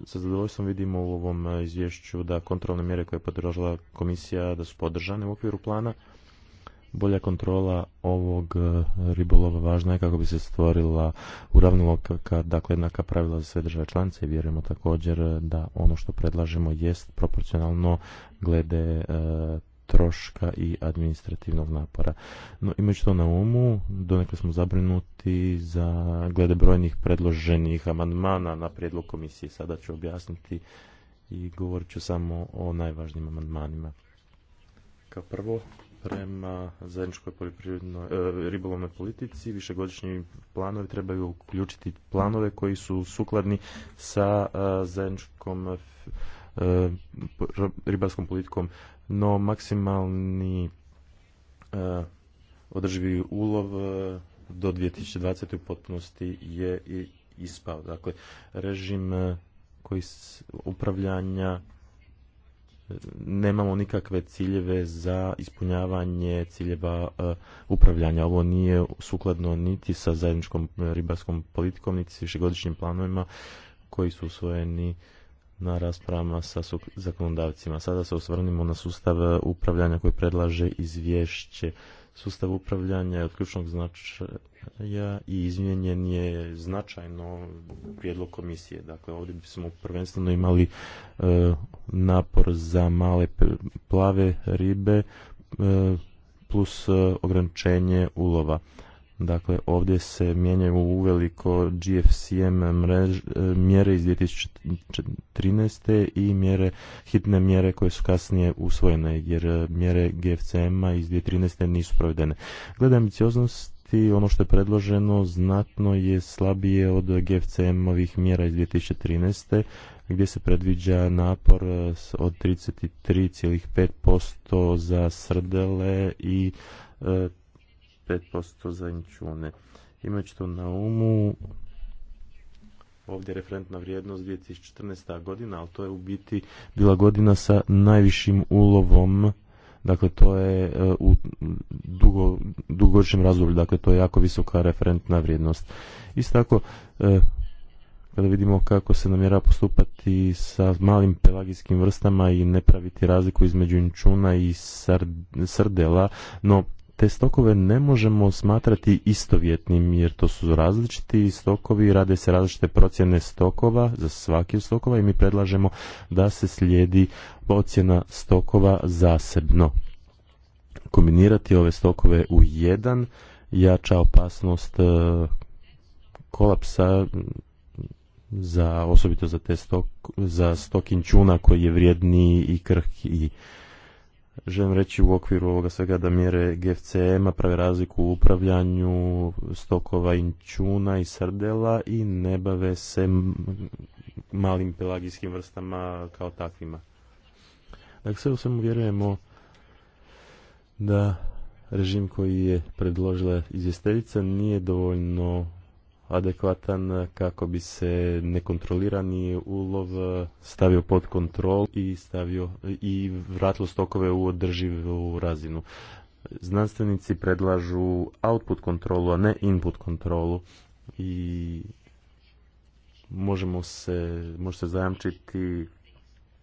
Speaker 1: Sa zadovoljstvom vidimo u ovom izvješću da kontrolne mjere koje je podržala komisija da su podržane u okviru plana bolja kontrola ovog e, ribolova važna je kako bi se stvorila uravnilovka, dakle jednaka pravila za sve države članice i vjerujemo također e, da ono što predlažemo jest proporcionalno glede e, troška i administrativnog napora. No, imajući to na umu, donekle smo zabrinuti za glede brojnih predloženih amandmana na prijedlog komisije. Sada ću objasniti i govorit ću samo o najvažnijim amandmanima. Kao prvo, prema zajedničkoj poljoprivrednoj e, ribolovnoj politici. Višegodišnji planovi trebaju uključiti planove koji su sukladni sa e, zajedničkom e, ribarskom politikom, no maksimalni održivi ulov do 2020. u potpunosti je ispao. Dakle, režim koji upravljanja nemamo nikakve ciljeve za ispunjavanje ciljeva eh, upravljanja. Ovo nije sukladno niti sa zajedničkom eh, ribarskom politikom, niti sa višegodišnjim planovima koji su usvojeni na raspravama sa zakonodavcima. Sada se osvrnimo na sustav eh, upravljanja koji predlaže izvješće sustav upravljanja je od ključnog značaja i izmijenjen je značajno prijedlog komisije. Dakle, ovdje bismo prvenstveno imali e, napor za male plave ribe e, plus e, ograničenje ulova. Dakle, ovdje se mijenjaju uveliko GFCM mrež, e, mjere iz 2013. i mjere, hitne mjere koje su kasnije usvojene, jer e, mjere GFCM-a iz 2013. nisu provedene. Glede ambicioznosti, ono što je predloženo znatno je slabije od GFCM-ovih mjera iz 2013 gdje se predviđa napor e, od 33,5% za srdele i 5% za inčune. Imajući to na umu, ovdje je referentna vrijednost 2014. godina, ali to je u biti bila godina sa najvišim ulovom Dakle, to je e, u dugo, dugogodišnjem razdoblju, dakle, to je jako visoka referentna vrijednost. Isto tako, e, kada vidimo kako se namjera postupati sa malim pelagijskim vrstama i ne praviti razliku između inčuna i srdela, no te stokove ne možemo smatrati istovjetnim jer to su različiti stokovi, rade se različite procjene stokova za svaki stokova i mi predlažemo da se slijedi ocjena stokova zasebno. Kombinirati ove stokove u jedan jača opasnost e, kolapsa za osobito za te stok, za stokinčuna koji je vrijedniji i krhki i Želim reći u okviru ovoga svega da mjere GFCM-a prave razliku u upravljanju stokova inčuna i srdela i ne bave se malim pelagijskim vrstama kao takvima. Dakle, sve u svemu vjerujemo da režim koji je predložila izvjestiteljica nije dovoljno adekvatan eh, kako bi se nekontrolirani ulov eh, stavio pod kontrol i stavio i vratilo stokove u održivu razinu. Znanstvenici predlažu output kontrolu, a ne input kontrolu i možemo se, može se zajamčiti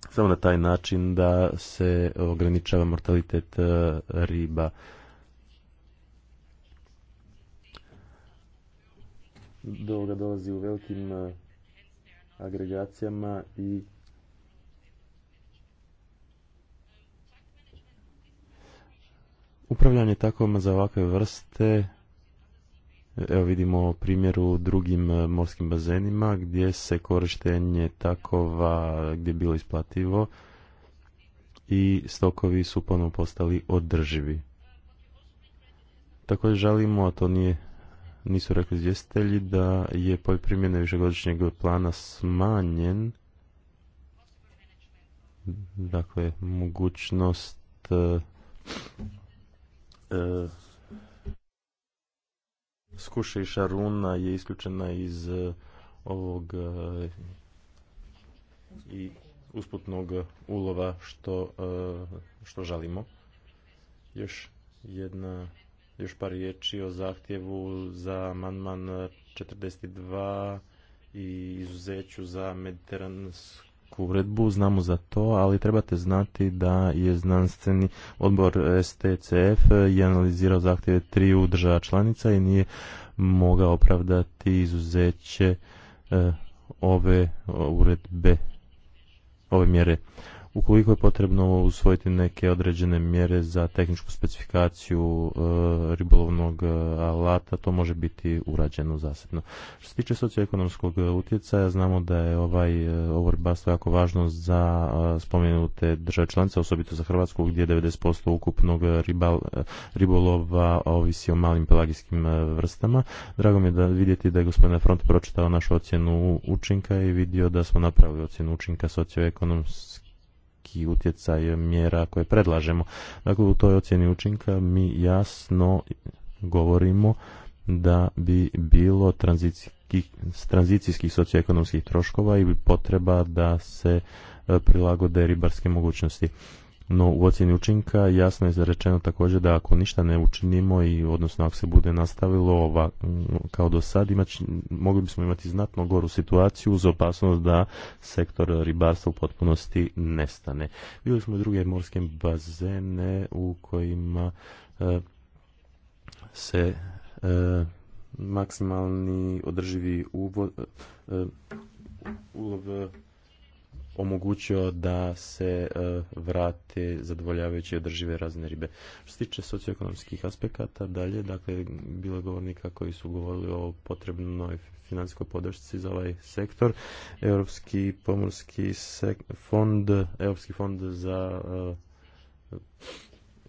Speaker 1: samo na taj način da se ograničava mortalitet eh, riba. do dolazi u velikim e, agregacijama i upravljanje takovima za ovakve vrste evo vidimo primjer u drugim e, morskim bazenima gdje se korištenje takova gdje je bilo isplativo i stokovi su ponovno postali održivi. Također želimo a to nije nisu rekli izvjestitelji da je pod primjene višegodišnjeg plana smanjen dakle mogućnost e, e i šaruna je isključena iz e, ovog e, i usputnog ulova što, što žalimo još jedna još par riječi o zahtjevu za amandman 42 i izuzeću za mediteransku uredbu, znamo za to, ali trebate znati da je znanstveni odbor STCF je analizirao zahtjeve triju država članica i nije mogao opravdati izuzeće e, ove uredbe, ove mjere ukoliko je potrebno usvojiti neke određene mjere za tehničku specifikaciju e, ribolovnog e, alata, to može biti urađeno zasebno. Što se tiče socioekonomskog utjecaja, znamo da je ovaj, e, ovo ribarstvo jako važno za spomenute države članice, osobito za Hrvatsku gdje 90% ukupnog ribolova ovisi o malim pelagijskim vrstama. Drago mi je da vidjeti da je gospodin Front pročitao našu ocjenu učinka i vidio da smo napravili ocjenu učinka socioekonomskog i utjecaj mjera koje predlažemo. Dakle, u toj ocjeni učinka mi jasno govorimo da bi bilo tranzicijskih, tranzicijskih socioekonomskih troškova bi potreba da se e, prilagode ribarske mogućnosti. No u ocjeni učinka jasno je zarečeno također da ako ništa ne učinimo i odnosno ako se bude nastavilo mm, kao do sad, imać, mogli bismo imati znatno goru situaciju uz opasnost da sektor ribarstva u potpunosti nestane. Vidjeli smo druge morske bazene u kojima e, se e, maksimalni održivi uvo, e, omogućio da se e, vrate zadovoljavajuće održive razne ribe. Što se tiče socioekonomskih aspekata, dalje, dakle, bilo je govornika koji su govorili o potrebnoj financijskoj podršci za ovaj sektor. Europski pomorski fond, Europski fond za e,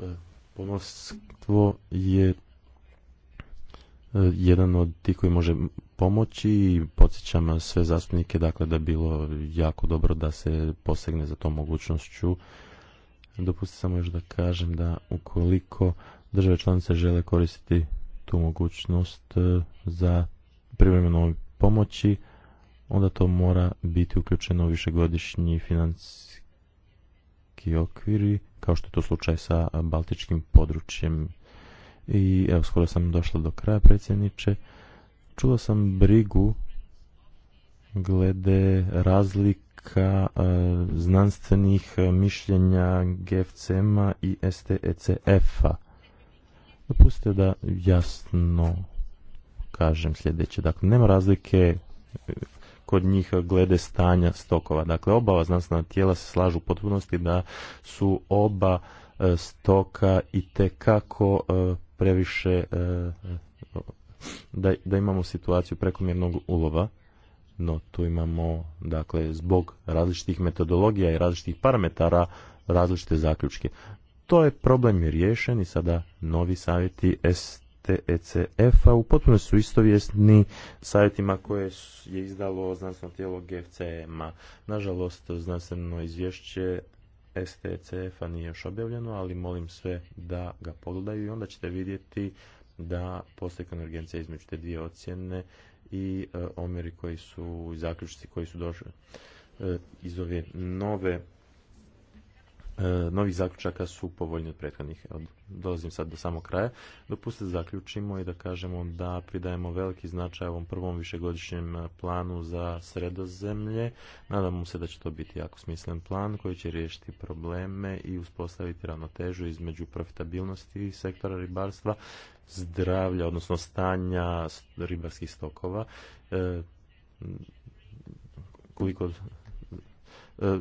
Speaker 1: e, pomorstvo je Eh, jedan od tih koji može pomoći i podsjećam sve zastupnike dakle da je bilo jako dobro da se posegne za tom mogućnošću. Dopustite samo još da kažem da ukoliko države članice žele koristiti tu mogućnost eh, za privremeno pomoći, onda to mora biti uključeno u višegodišnji financijski okviri, kao što je to slučaj sa baltičkim područjem i evo skoro sam došla do kraja predsjedniče. Čuo sam brigu glede razlika e, znanstvenih e, mišljenja GFCM-a i STECF-a. Dopustite da jasno kažem sljedeće. Dakle, nema razlike e, kod njih glede stanja stokova. Dakle, oba znanstvena tijela se slažu u potpunosti da su oba stoka i kako previše, e, e, da, da imamo situaciju prekomjernog ulova, no tu imamo, dakle, zbog različitih metodologija i različitih parametara različite zaključke. To je problem je riješen i sada novi savjeti STECF-a u potpuno su istovjesni savjetima koje je izdalo znanstveno tijelo GFCM-a. E Nažalost, znanstveno izvješće STCF-a nije još objavljeno, ali molim sve da ga pogledaju i onda ćete vidjeti da postoji konvergencija između te dvije ocjene i e, omjeri koji su, zaključci koji su došli e, iz ove nove E, novih zaključaka su povoljni od prethodnih. Dolazim sad do samog kraja. Dopustite zaključimo i da kažemo da pridajemo veliki značaj ovom prvom višegodišnjem e, planu za sredozemlje. Nadamo se da će to biti jako smislen plan koji će riješiti probleme i uspostaviti ravnotežu između profitabilnosti sektora ribarstva, zdravlja, odnosno stanja ribarskih stokova. E, koliko E,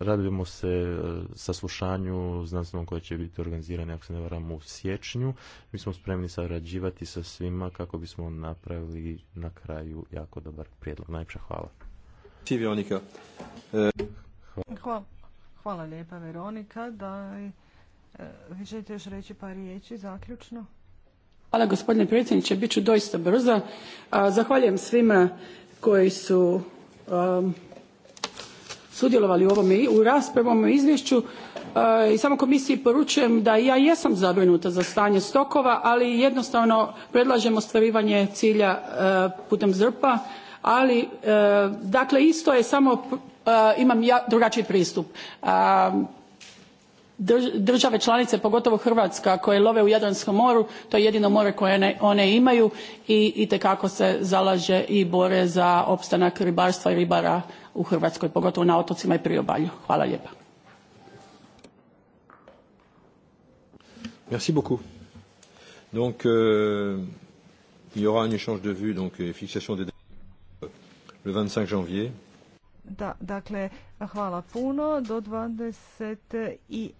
Speaker 1: radimo se sa e, saslušanju znanstvenom koje će biti organizirane, ako se ne varam, u siječnju. Mi smo spremni sarađivati sa svima kako bismo napravili na kraju jako dobar prijedlog. Najpša hvala. E,
Speaker 2: hvala. Hvala lijepa Veronika. vi želite još reći par riječi zaključno?
Speaker 4: Hvala gospodine predsjedniče, bit ću doista brza. Zahvaljujem svima koji su sudjelovali u ovome u ovom izvješću e, i samo komisiji poručujem da ja jesam zabrinuta za stanje stokova ali jednostavno predlažem ostvarivanje cilja e, putem zrp a ali e, dakle isto je samo imam ja drugačiji pristup države članice pogotovo hrvatska koje love u jadranskom moru to je jedino more koje one, imaju i itekako se zalaže i bore za opstanak ribarstva i ribara u hrvatskoj pogotovo na otocima i priobalju. hvala lijepa.
Speaker 1: Merci beaucoup.
Speaker 3: janvier
Speaker 2: da, dakle, hvala puno. Do 20 i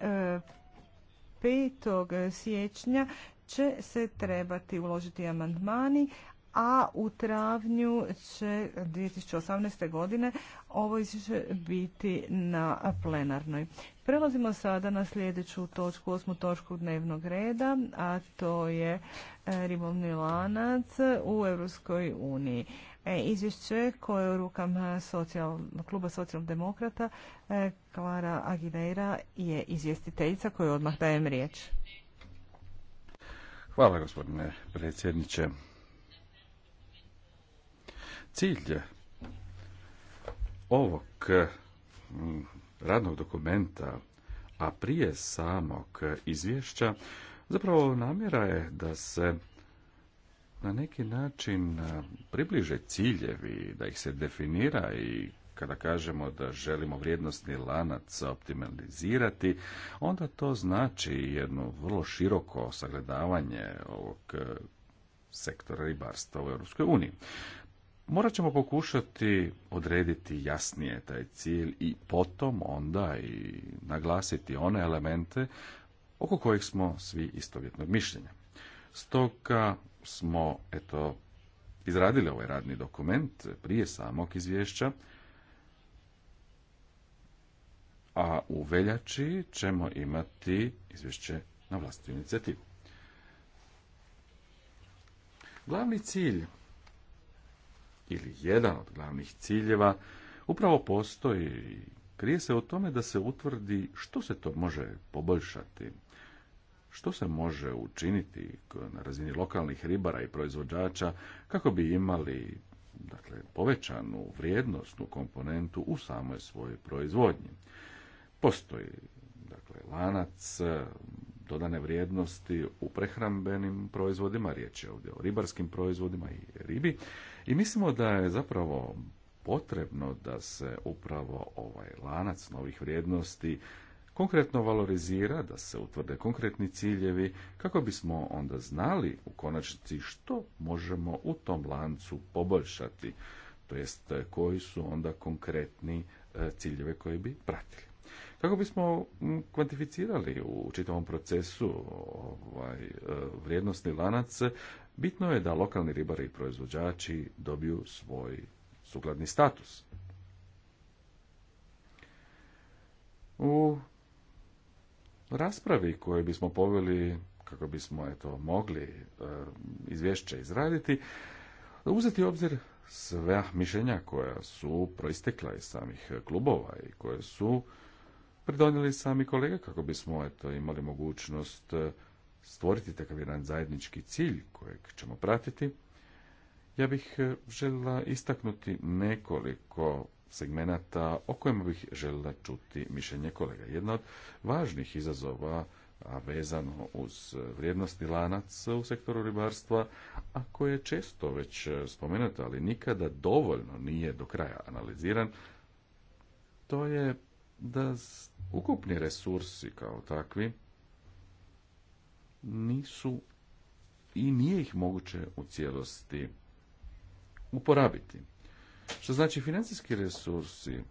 Speaker 2: 5. E, siječnja će se trebati uložiti amandmani, a u travnju će 2018. godine ovo će biti na plenarnoj. Prelazimo sada na sljedeću točku, osmu točku dnevnog reda, a to je e, ribovni lanac u Europskoj uniji. E, izvješće koje je u rukama socijal, kluba socijaldemokrata e, Klara Agineira je izvjestiteljica koju odmah dajem riječ.
Speaker 3: Hvala gospodine predsjedniče. Cilj ovog mm, radnog dokumenta, a prije samog izvješća, zapravo namjera je da se na neki način e, približe ciljevi, da ih se definira i kada kažemo da želimo vrijednostni lanac optimalizirati, onda to znači jedno vrlo široko sagledavanje ovog e, sektora ribarstva u Europskoj uniji. Morat ćemo pokušati odrediti jasnije taj cilj i potom onda i naglasiti one elemente oko kojih smo svi istovjetnog mišljenja. Stoga smo eto izradili ovaj radni dokument prije samog izvješća, a u veljači ćemo imati izvješće na vlastitu inicijativu. Glavni cilj ili jedan od glavnih ciljeva upravo postoji krije se o tome da se utvrdi što se to može poboljšati, što se može učiniti na razini lokalnih ribara i proizvođača kako bi imali dakle, povećanu vrijednostnu komponentu u samoj svojoj proizvodnji. Postoji dakle, lanac dodane vrijednosti u prehrambenim proizvodima, riječ je ovdje o ribarskim proizvodima i ribi, i mislimo da je zapravo potrebno da se upravo ovaj lanac novih vrijednosti konkretno valorizira, da se utvrde konkretni ciljevi, kako bismo onda znali u konačnici što možemo u tom lancu poboljšati, to jest e, koji su onda konkretni e, ciljeve koje bi pratili. Kako bismo kvantificirali u čitavom procesu ovaj, e, vrijednostni lanac, bitno je da lokalni ribari i proizvođači dobiju svoj sukladni status. U raspravi koje bismo poveli kako bismo eto mogli e, izvješće izraditi, uzeti u obzir sve mišljenja koja su proistekla iz samih klubova i koje su pridonijeli sami kolege kako bismo eto imali mogućnost e, stvoriti takav jedan zajednički cilj kojeg ćemo pratiti. Ja bih e, željela istaknuti nekoliko segmenata o kojima bih željela čuti mišljenje kolega. Jedna od važnih izazova a vezano uz vrijednosti lanac u sektoru ribarstva, a koje je često već spomenuto, ali nikada dovoljno nije do kraja analiziran, to je da ukupni resursi kao takvi nisu i nije ih moguće u cijelosti uporabiti. Što znači financijski resursi e,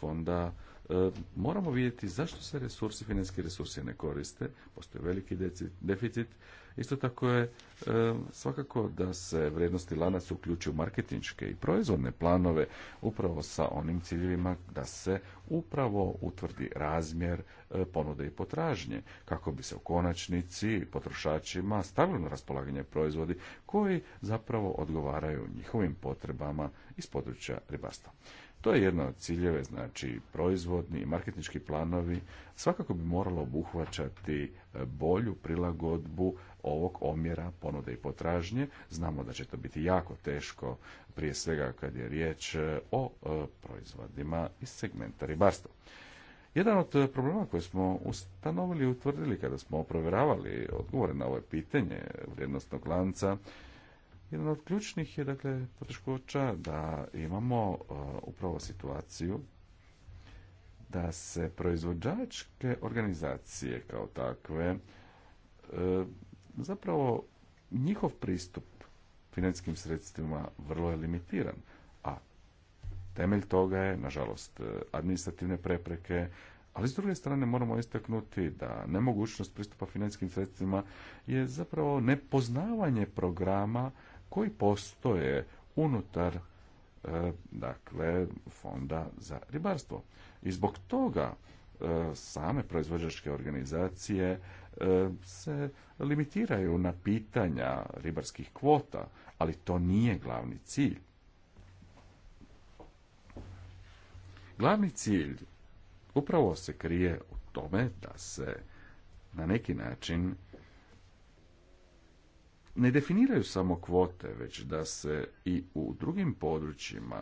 Speaker 3: fonda E, moramo vidjeti zašto se resursi, financijski resursi ne koriste, postoji veliki deficit. Isto tako je e, svakako da se vrijednosti lanac uključuju marketinške i proizvodne planove upravo sa onim ciljevima da se upravo utvrdi razmjer e, ponude i potražnje kako bi se u konačnici potrošačima stavili na raspolaganje proizvodi koji zapravo odgovaraju njihovim potrebama iz područja ribarstva. To je jedna od ciljeve, znači proizvodni i marketinški planovi svakako bi moralo obuhvaćati e, bolju prilagodbu ovog omjera ponude i potražnje. Znamo da će to biti jako teško, prije svega kad je riječ e, o e, proizvodima iz segmenta ribarstva. Jedan od problema koje smo ustanovili i utvrdili kada smo provjeravali odgovore na ovo pitanje vrijednostnog lanca jedan od ključnih je dakle poteškoća da imamo upravo situaciju da se proizvođačke organizacije kao takve e, zapravo njihov pristup financijskim sredstvima vrlo je limitiran, a temelj toga je, nažalost, e, administrativne prepreke, ali s druge strane moramo istaknuti da nemogućnost pristupa financijskim sredstvima je zapravo nepoznavanje programa koji postoje unutar e, dakle fonda za ribarstvo. I zbog toga e, same proizvođačke organizacije e, se limitiraju na pitanja ribarskih kvota, ali to nije glavni cilj. Glavni cilj upravo se krije u tome da se na neki način ne definiraju samo kvote, već da se i u drugim područjima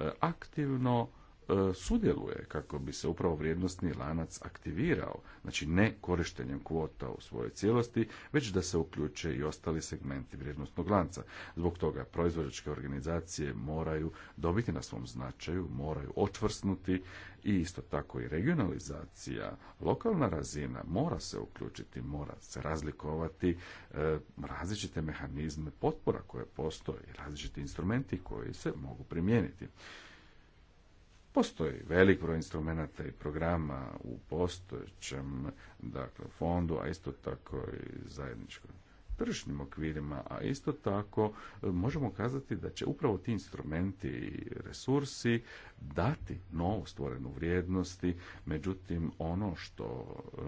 Speaker 3: e, aktivno E, sudjeluje kako bi se upravo vrijednostni lanac aktivirao, znači ne korištenjem kvota u svojoj cijelosti, već da se uključe i ostali segmenti vrijednostnog lanca. Zbog toga proizvođačke organizacije moraju dobiti na svom značaju, moraju očvrsnuti i isto tako i regionalizacija, lokalna razina mora se uključiti, mora se razlikovati e, različite mehanizme potpora koje postoje, različiti instrumenti koji se mogu primijeniti. Postoji velik broj instrumenta i programa u postojećem dakle, fondu, a isto tako i zajedničkom tržišnim okvirima, a isto tako e, možemo kazati da će upravo ti instrumenti i resursi dati novu stvorenu vrijednosti, međutim ono što e,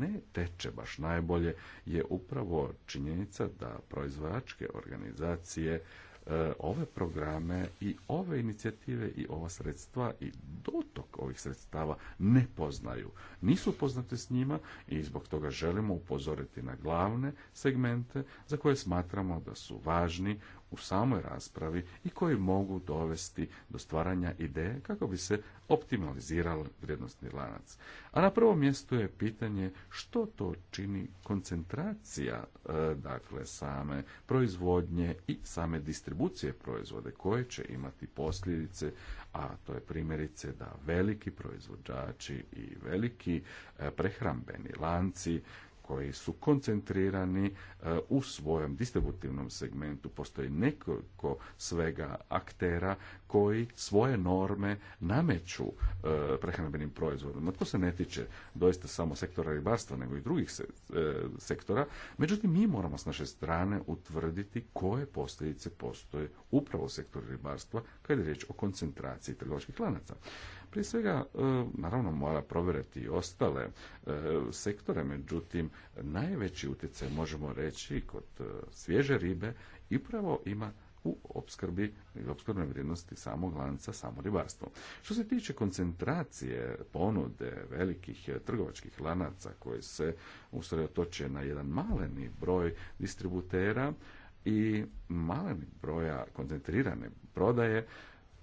Speaker 3: ne teče baš najbolje je upravo činjenica da proizvođačke organizacije E, ove programe i ove inicijative i ova sredstva i dotok ovih sredstava ne poznaju. Nisu poznate s njima i zbog toga želimo upozoriti na glavne segmente za koje smatramo da su važni u samoj raspravi i koji mogu dovesti do stvaranja ideje kako bi se optimalizirao vrijednostni lanac. A na prvom mjestu je pitanje što to čini koncentracija e, dakle same proizvodnje i same distribucije proizvode koje će imati posljedice, a to je primjerice da veliki proizvođači i veliki e, prehrambeni lanci koji su koncentrirani e, u svojem distributivnom segmentu. Postoji nekoliko svega aktera koji svoje norme nameću e, prehrambenim proizvodima. To se ne tiče doista samo sektora ribarstva, nego i drugih e, sektora. Međutim, mi moramo s naše strane utvrditi koje posljedice postoje upravo u sektoru ribarstva kada je riječ o koncentraciji trgovačkih lanaca. Prije svega, e, naravno, mora provjeriti i ostale e, sektore, međutim, najveći utjecaj možemo reći kod e, svježe ribe i upravo ima u opskrbi ili opskrbne vrijednosti samog lanca, samo ribarstvo. Što se tiče koncentracije ponude velikih trgovačkih lanaca koji se usredotoče na jedan maleni broj distributera i maleni broja koncentrirane prodaje,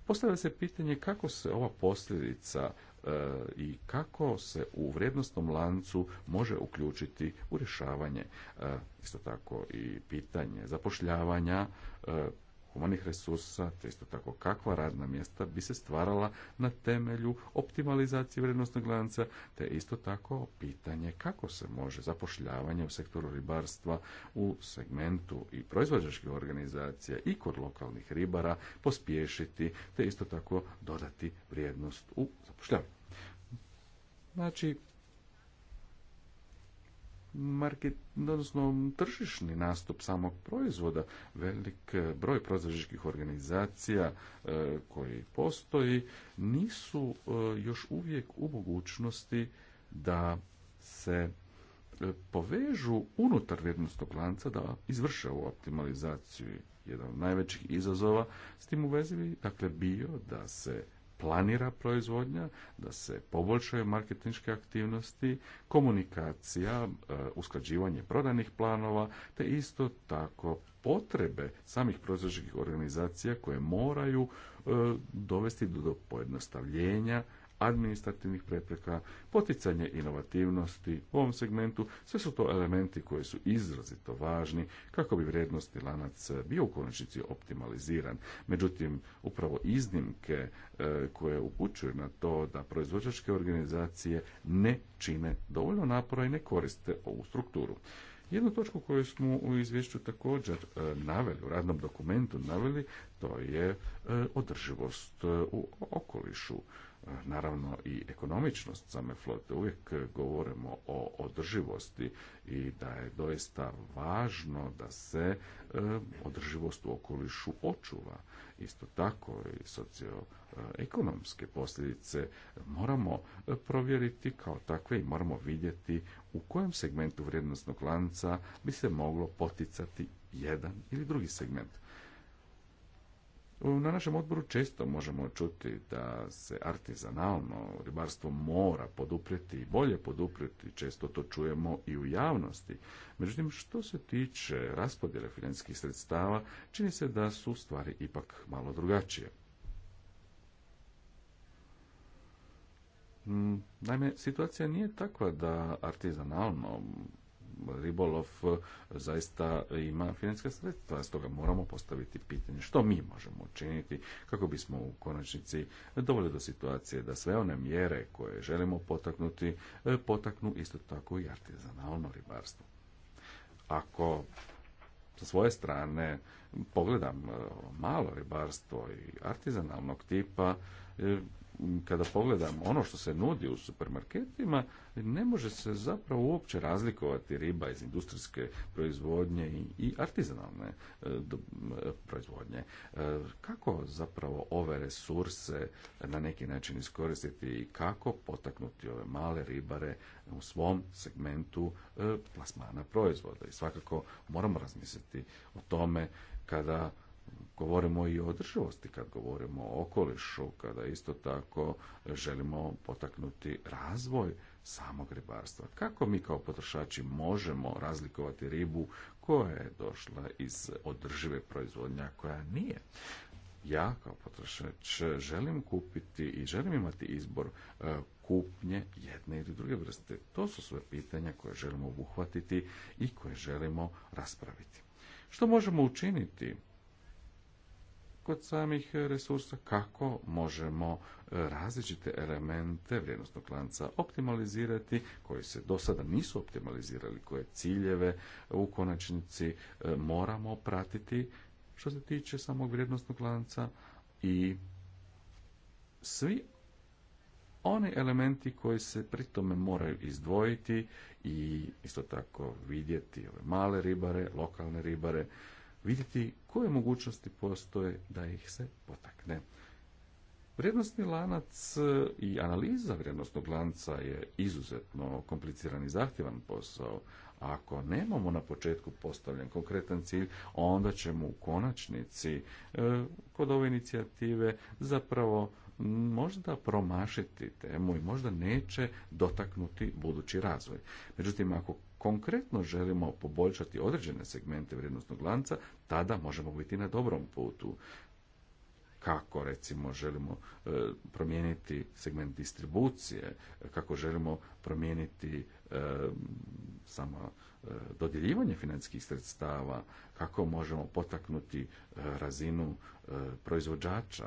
Speaker 3: Postavlja se pitanje kako se ova posljedica e, i kako se u vrijednostnom lancu može uključiti u rješavanje e, isto tako i pitanje zapošljavanja e, humanih resursa, te isto tako kakva radna mjesta bi se stvarala na temelju optimalizacije vrijednosnog lanca, te isto tako pitanje kako se može zapošljavanje u sektoru ribarstva u segmentu i proizvođačkih organizacija i kod lokalnih ribara pospješiti, te isto tako dodati vrijednost u zapošljavanju. Znači, market, odnosno tržišni nastup samog proizvoda. Velik eh, broj proizvođačkih organizacija eh, koji postoji nisu eh, još uvijek u mogućnosti da se povežu unutar vrijednostnog lanca da izvrše ovu optimalizaciju. Jedan od najvećih izazova s tim u vezi dakle bio da se planira proizvodnja, da se poboljšaju marketinške aktivnosti, komunikacija, e, usklađivanje prodajnih planova, te isto tako potrebe samih proizvođačkih organizacija koje moraju e, dovesti do pojednostavljenja administrativnih prepreka, poticanje inovativnosti u ovom segmentu, sve su to elementi koji su izrazito važni kako bi vrijednosti lanac bio u konačnici optimaliziran. Međutim, upravo iznimke e, koje upućuju na to da proizvođačke organizacije ne čine dovoljno napora i ne koriste ovu strukturu. Jednu točku koju smo u izvješću također e, naveli, u radnom dokumentu naveli, to je e, održivost e, u okolišu naravno i ekonomičnost same flote. Uvijek govorimo o održivosti i da je doista važno da se održivost u okolišu očuva. Isto tako i socio ekonomske posljedice moramo provjeriti kao takve i moramo vidjeti u kojem segmentu vrijednostnog lanca bi se moglo poticati jedan ili drugi segment. Na našem odboru često možemo čuti da se artizanalno ribarstvo mora poduprijeti i bolje poduprijeti, često to čujemo i u javnosti. Međutim, što se tiče raspodjele financijskih sredstava, čini se da su stvari ipak malo drugačije. Mm, naime, situacija nije takva da artizanalno ribolov zaista ima financijska sredstva, stoga moramo postaviti pitanje što mi možemo učiniti kako bismo u konačnici dovoljili do situacije da sve one mjere koje želimo potaknuti e, potaknu isto tako i artizanalno ribarstvo. Ako sa svoje strane pogledam e, malo ribarstvo i artizanalnog tipa, e, kada pogledamo ono što se nudi u supermarketima, ne može se zapravo uopće razlikovati riba iz industrijske proizvodnje i artizanalne e, e, proizvodnje. E, kako zapravo ove resurse na neki način iskoristiti i kako potaknuti ove male ribare u svom segmentu plasmana proizvoda. I svakako moramo razmisliti o tome kada govorimo i o održivosti, kad govorimo o okolišu, kada isto tako želimo potaknuti razvoj samog ribarstva. Kako mi kao potrošači možemo razlikovati ribu koja je došla iz održive proizvodnja koja nije? Ja kao potrošač želim kupiti i želim imati izbor e, kupnje jedne ili druge vrste. To su sve pitanja koje želimo obuhvatiti i koje želimo raspraviti. Što možemo učiniti kod samih resursa kako možemo e, različite elemente vrijednostnog lanca optimalizirati koji se do sada nisu optimalizirali, koje ciljeve u konačnici e, moramo pratiti što se tiče samog vrijednostnog lanca i svi oni elementi koji se pri tome moraju izdvojiti i isto tako vidjeti ove male ribare, lokalne ribare, vidjeti koje mogućnosti postoje da ih se potakne. Vrijednostni lanac eh, i analiza vrijednostnog lanca je izuzetno kompliciran i zahtjevan posao. Ako nemamo na početku postavljen konkretan cilj, onda ćemo u konačnici eh, kod ove inicijative zapravo možda promašiti temu i možda neće dotaknuti budući razvoj. Međutim, ako konkretno želimo poboljšati određene segmente vrijednostnog lanca, tada možemo biti na dobrom putu kako recimo želimo e, promijeniti segment distribucije, kako želimo promijeniti e, samo e, dodjeljivanje financijskih sredstava, kako možemo potaknuti razinu proizvođača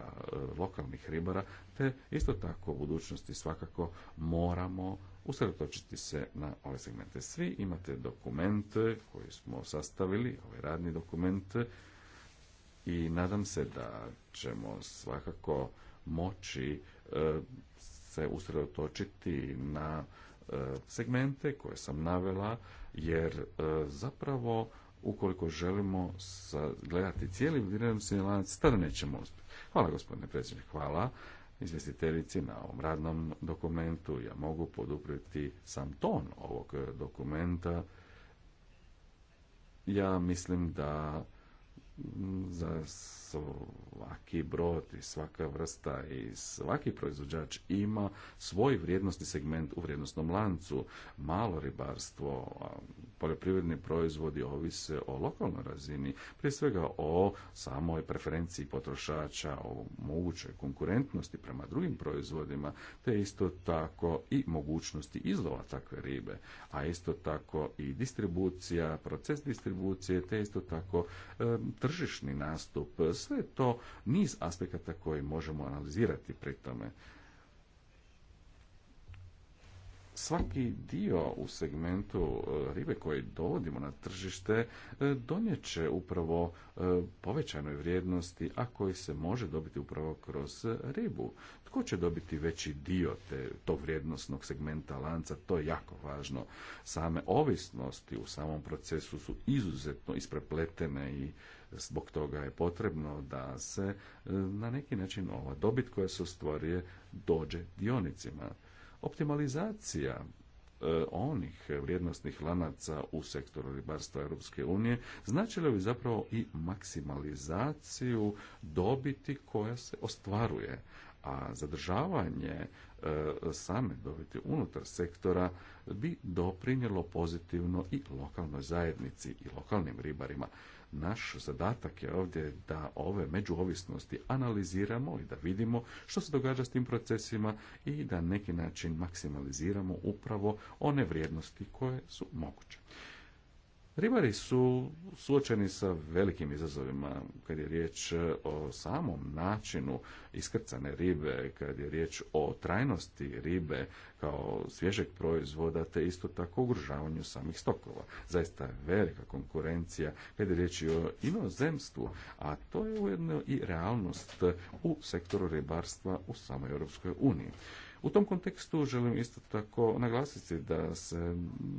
Speaker 3: lokalnih ribara, te isto tako u budućnosti svakako moramo usredotočiti se na ove segmente. Svi imate dokument koji smo sastavili, ovaj radni dokument i nadam se da ćemo svakako moći e, se usredotočiti na e, segmente koje sam navela, jer e, zapravo ukoliko želimo gledati cijeli vidiran tada nećemo uspjeti. Hvala gospodine predsjedniče, hvala izvjestiteljici na ovom radnom dokumentu. Ja mogu poduprijeti sam ton ovog dokumenta. Ja mislim da za svaki brod i svaka vrsta i svaki proizvođač ima svoj vrijednostni segment u vrijednostnom lancu. Malo ribarstvo, poljoprivredni proizvodi ovise o lokalnoj razini, prije svega o samoj preferenciji potrošača, o mogućoj konkurentnosti prema drugim proizvodima, te isto tako i mogućnosti izlova takve ribe, a isto tako i distribucija, proces distribucije, te isto tako e, tržišni nastup, sve to niz aspekata koje možemo analizirati pri tome. Svaki dio u segmentu e, ribe koje dovodimo na tržište e, donjeće upravo e, povećanoj vrijednosti, a koji se može dobiti upravo kroz ribu. Tko će dobiti veći dio te, tog vrijednosnog segmenta lanca, to je jako važno. Same ovisnosti u samom procesu su izuzetno isprepletene i Zbog toga je potrebno da se e, na neki način ova dobit koja se ostvaruje dođe dionicima. Optimalizacija e, onih vrijednostnih lanaca u sektoru ribarstva Europske unije značilo bi zapravo i maksimalizaciju dobiti koja se ostvaruje, a zadržavanje e, same dobiti unutar sektora bi doprinjelo pozitivno i lokalnoj zajednici i lokalnim ribarima. Naš zadatak je ovdje da ove međuovisnosti analiziramo i da vidimo što se događa s tim procesima i da neki način maksimaliziramo upravo one vrijednosti koje su moguće. Ribari su suočeni sa velikim izazovima kad je riječ e, o samom načinu iskrcane ribe, kad je riječ o trajnosti ribe kao svježeg proizvoda, te isto tako ugrožavanju samih stokova. Zaista je velika konkurencija kad je riječ o inozemstvu, a to je ujedno i realnost u sektoru ribarstva u samoj Europskoj uniji. U tom kontekstu želim isto tako naglasiti da se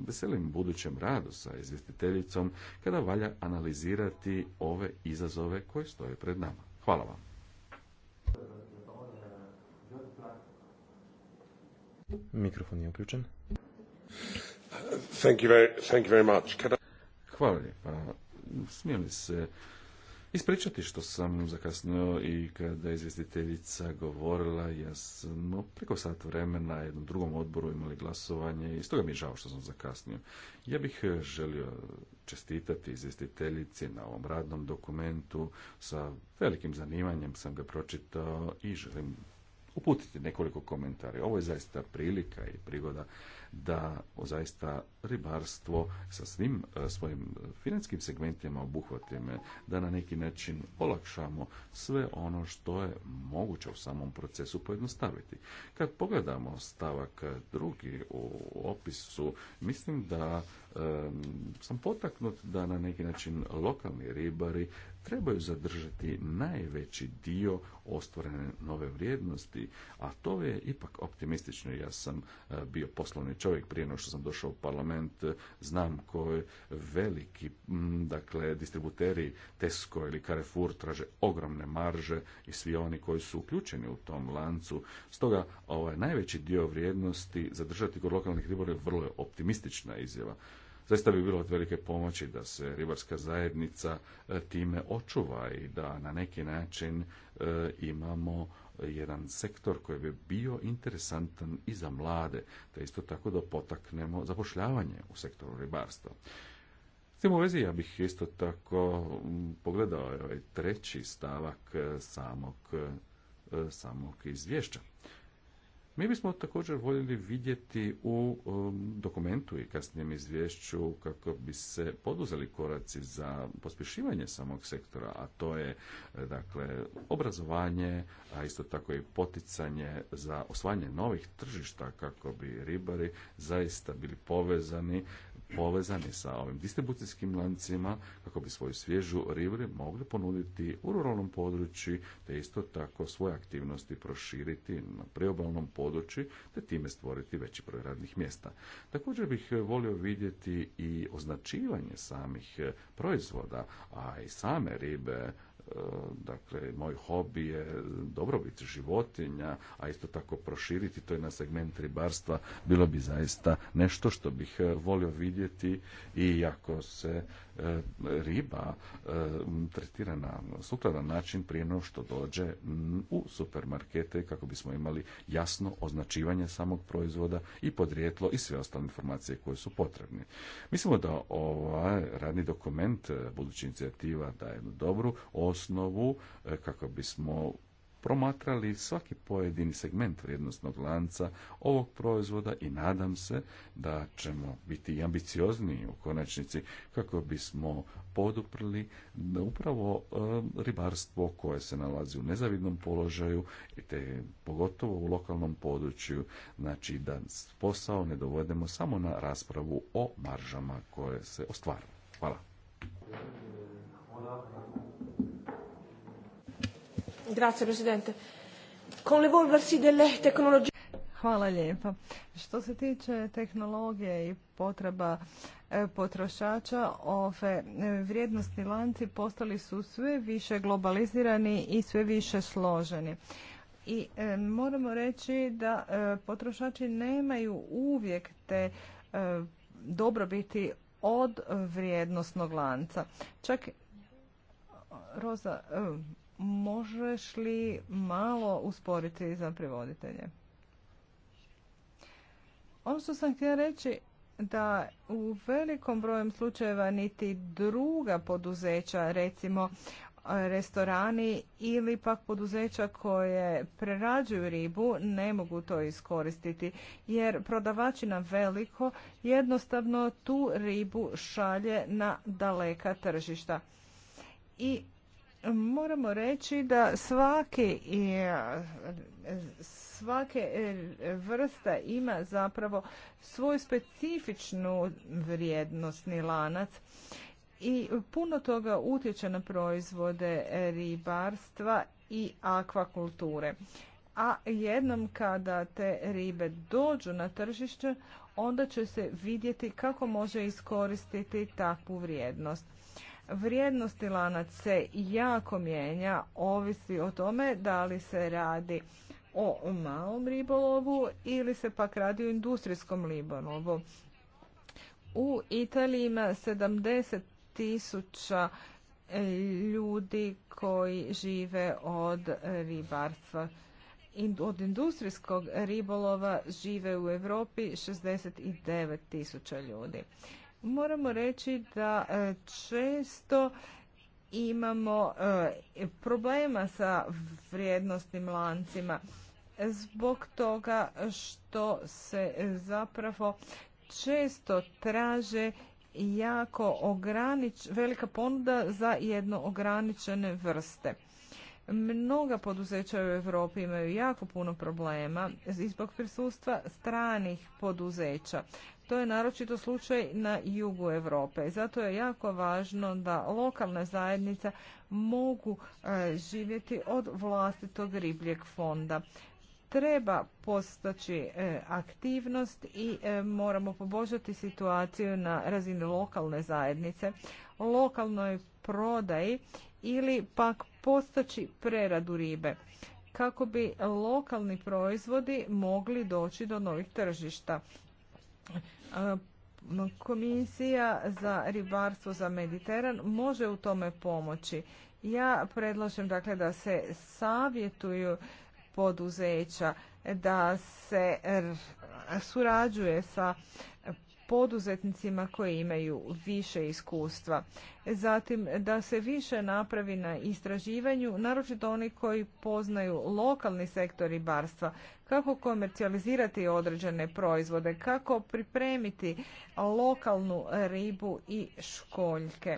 Speaker 3: veselim budućem radu sa izvjestiteljicom kada valja analizirati ove izazove koje stoje pred nama. Hvala vam. Mikrofon je uključen. Thank you very, much. Hvala lijepa. Smijem li se ispričati što sam zakasnio i kada je izvjestiteljica govorila, ja sam preko sat vremena na jednom drugom odboru imali glasovanje i stoga mi je žao što sam zakasnio. Ja bih e, želio čestitati izvjestiteljici na ovom radnom dokumentu. Sa velikim zanimanjem sam ga pročitao i želim uputiti nekoliko komentara. Ovo je zaista prilika i prigoda da zaista ribarstvo sa svim e, svojim financijskim segmentima obuhvatime da na neki način olakšamo sve ono što je moguće u samom procesu pojednostaviti. Kad pogledamo stavak drugi u opisu, mislim da e, sam potaknut da na neki način lokalni ribari trebaju zadržati najveći dio ostvorene nove vrijednosti, a to je ipak optimistično. Ja sam e, bio poslovni čovjek prije nego što sam došao u parlament, e, znam koji veliki, dakle, distributeri Tesco ili Carrefour traže ogromne marže i svi oni koji su uključeni u tom lancu. Stoga, ovaj, najveći dio vrijednosti zadržati kod lokalnih je vrlo optimistična izjava. Zaista bi bilo od velike pomoći da se ribarska zajednica e, time očuva i da na neki način e, imamo jedan sektor koji bi bio interesantan i za mlade, te isto tako da potaknemo zapošljavanje u sektoru ribarstva. S tim u vezi ja bih isto tako mm, pogledao ovaj treći stavak eh, samog, eh, samog izvješća. Mi bismo također voljeli vidjeti u um, dokumentu i kasnijem izvješću kako bi se poduzeli koraci za pospješivanje samog sektora, a to je e, dakle obrazovanje, a isto tako i poticanje za osvajanje novih tržišta kako bi ribari zaista bili povezani povezani sa ovim distribucijskim lancima kako bi svoju svježu ribu mogli ponuditi u ruralnom području te isto tako svoje aktivnosti proširiti na preobalnom području te time stvoriti veći broj radnih mjesta. Također bih volio vidjeti i označivanje samih proizvoda, a i same ribe dakle moj hobi je dobrobit životinja, a isto tako proširiti to je na segment ribarstva bilo bi zaista nešto što bih eh, volio vidjeti i ako se E, riba e, tretira na sukladan način prije no što dođe u supermarkete kako bismo imali jasno označivanje samog proizvoda i podrijetlo i sve ostale informacije koje su potrebne. Mislimo da ovaj radni dokument e, budući inicijativa daje jednu dobru osnovu kako bismo promatrali svaki pojedini segment vrijednostnog lanca ovog proizvoda i nadam se da ćemo biti ambiciozniji u konačnici kako bismo poduprli upravo e, ribarstvo koje se nalazi u nezavidnom položaju i te pogotovo u lokalnom području znači da posao ne dovodimo samo na raspravu o maržama koje se ostvaruju. Hvala.
Speaker 2: Hvala lijepa. Što se tiče tehnologije i potreba e, potrošača, ove e, vrijednostni lanci postali su sve više globalizirani i sve više složeni. I e, moramo reći da potrošači nemaju uvijek te dobrobiti od vrijednostnog lanca. Čak Roza možeš li malo usporiti za privoditelje? Ono što sam htjela reći da u velikom brojem slučajeva niti druga poduzeća, recimo restorani ili pak poduzeća koje prerađuju ribu ne mogu to iskoristiti jer prodavači na veliko jednostavno tu ribu šalje na daleka tržišta. I Moramo reći da svaki, svake vrsta ima zapravo svoju specifičnu vrijednostni lanac i puno toga utječe na proizvode ribarstva i akvakulture. A jednom kada te ribe dođu na tržište, onda će se vidjeti kako može iskoristiti takvu vrijednost. Vrijednosti lanac se jako mijenja, ovisi o tome da li se radi o malom ribolovu ili se pak radi o industrijskom ribolovu. U Italiji ima 70 tisuća e, ljudi koji žive od ribarstva. Od industrijskog ribolova žive u Europi 69 tisuća ljudi. Moramo reći da e, često imamo e, problema sa vrijednostnim lancima zbog toga što se zapravo često traže jako ogranič, velika ponuda za jedno ograničene vrste. Mnoga poduzeća u Europi imaju jako puno problema i zbog prisustva stranih poduzeća. To je naročito slučaj na jugu Europe. Zato je jako važno da lokalne zajednica mogu e, živjeti od vlastitog ribljeg fonda. Treba postaći e, aktivnost i e, moramo poboljšati situaciju na razini lokalne zajednice, lokalnoj prodaji ili pak postaći preradu ribe kako bi lokalni proizvodi mogli doći do novih tržišta. E, komisija za ribarstvo za Mediteran može u tome pomoći. Ja predlažem dakle da se savjetuju poduzeća, da se surađuje sa poduzetnicima koji imaju više iskustva. Zatim da se više napravi na istraživanju, naročito oni koji poznaju lokalni sektor ribarstva, kako komercijalizirati određene proizvode, kako pripremiti lokalnu ribu i školjke.